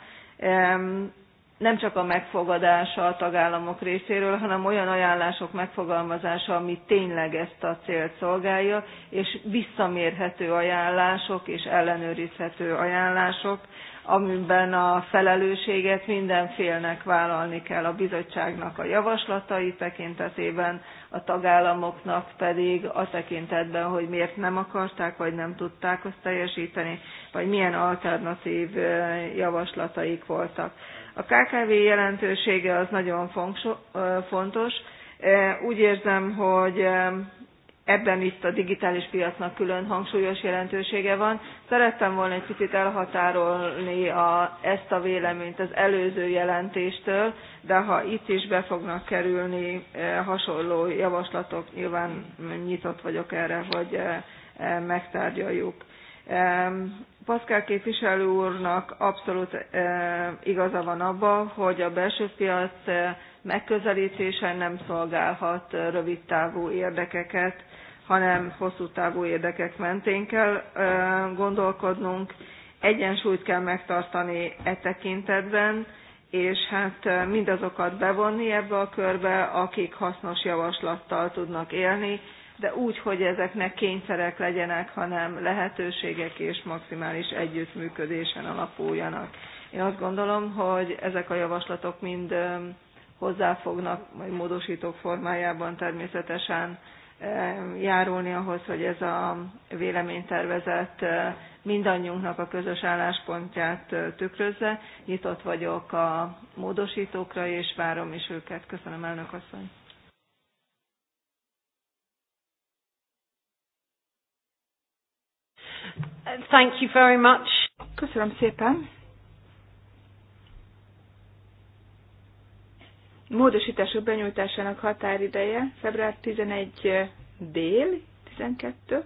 nem csak a megfogadása a tagállamok részéről hanem olyan ajánlások megfogalmazása ami tényleg ezt a célt szolgálja és visszamérhető ajánlások és ellenőrizhető ajánlások amiben a felelősséget minden félnek vállalni kell a bizottságnak a javaslatai tekintetében a tagállamoknak pedig a tekintetben hogy miért nem akarták vagy nem tudták azt teljesíteni, vagy milyen alternatív eh, javaslataik voltak a KKV jelentősége az nagyon fontos. Úgy érzem, hogy ebben itt a digitális piacnak külön hangsúlyos jelentősége van. Szerettem volna egy picit elhatárolni a, ezt a véleményt az előző jelentéstől, de ha itt is be fognak kerülni hasonló javaslatok, nyilván nyitott vagyok erre, hogy megtárgyaljuk. Paszkál képviselő úrnak abszolút igaza van abban, hogy a belső piac megközelítése nem szolgálhat rövidtávú érdekeket, hanem hosszú távú érdekek mentén kell gondolkodnunk. Egyensúlyt kell megtartani e tekintetben, és hát mindazokat bevonni ebbe a körbe, akik hasznos javaslattal tudnak élni, de úgy, hogy ezek ne kényszerek legyenek, hanem lehetőségek és maximális együttműködésen alapuljanak. Én azt gondolom, hogy ezek a javaslatok mind hozzáfognak, majd módosítók formájában természetesen járulni ahhoz, hogy ez a véleménytervezet mindannyiunknak a közös álláspontját tükrözze. Nyitott vagyok a módosítókra, és várom is őket. Köszönöm, elnök asszony. Thank you very much. Köszönöm szépen. Módosítások benyújtásának határideje február 11 dél 12,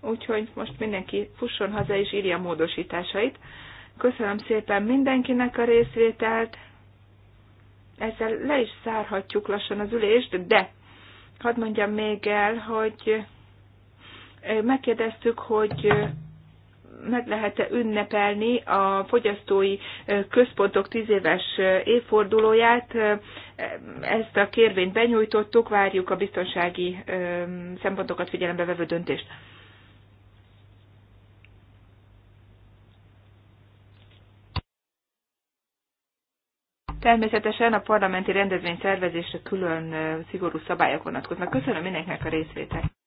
úgyhogy most mindenki fusson haza és írja módosításait. Köszönöm szépen mindenkinek a részvételt. Ezzel le is szárhatjuk lassan az ülést, de hadd mondjam még el, hogy Megkérdeztük, hogy meg lehet-e ünnepelni a fogyasztói központok tíz éves évfordulóját. Ezt a kérvényt benyújtottuk, várjuk a biztonsági szempontokat figyelembe vevő döntést. Természetesen a parlamenti rendezvény szervezésre külön szigorú szabályok vonatkoznak. Köszönöm mindenkinek a részvételt.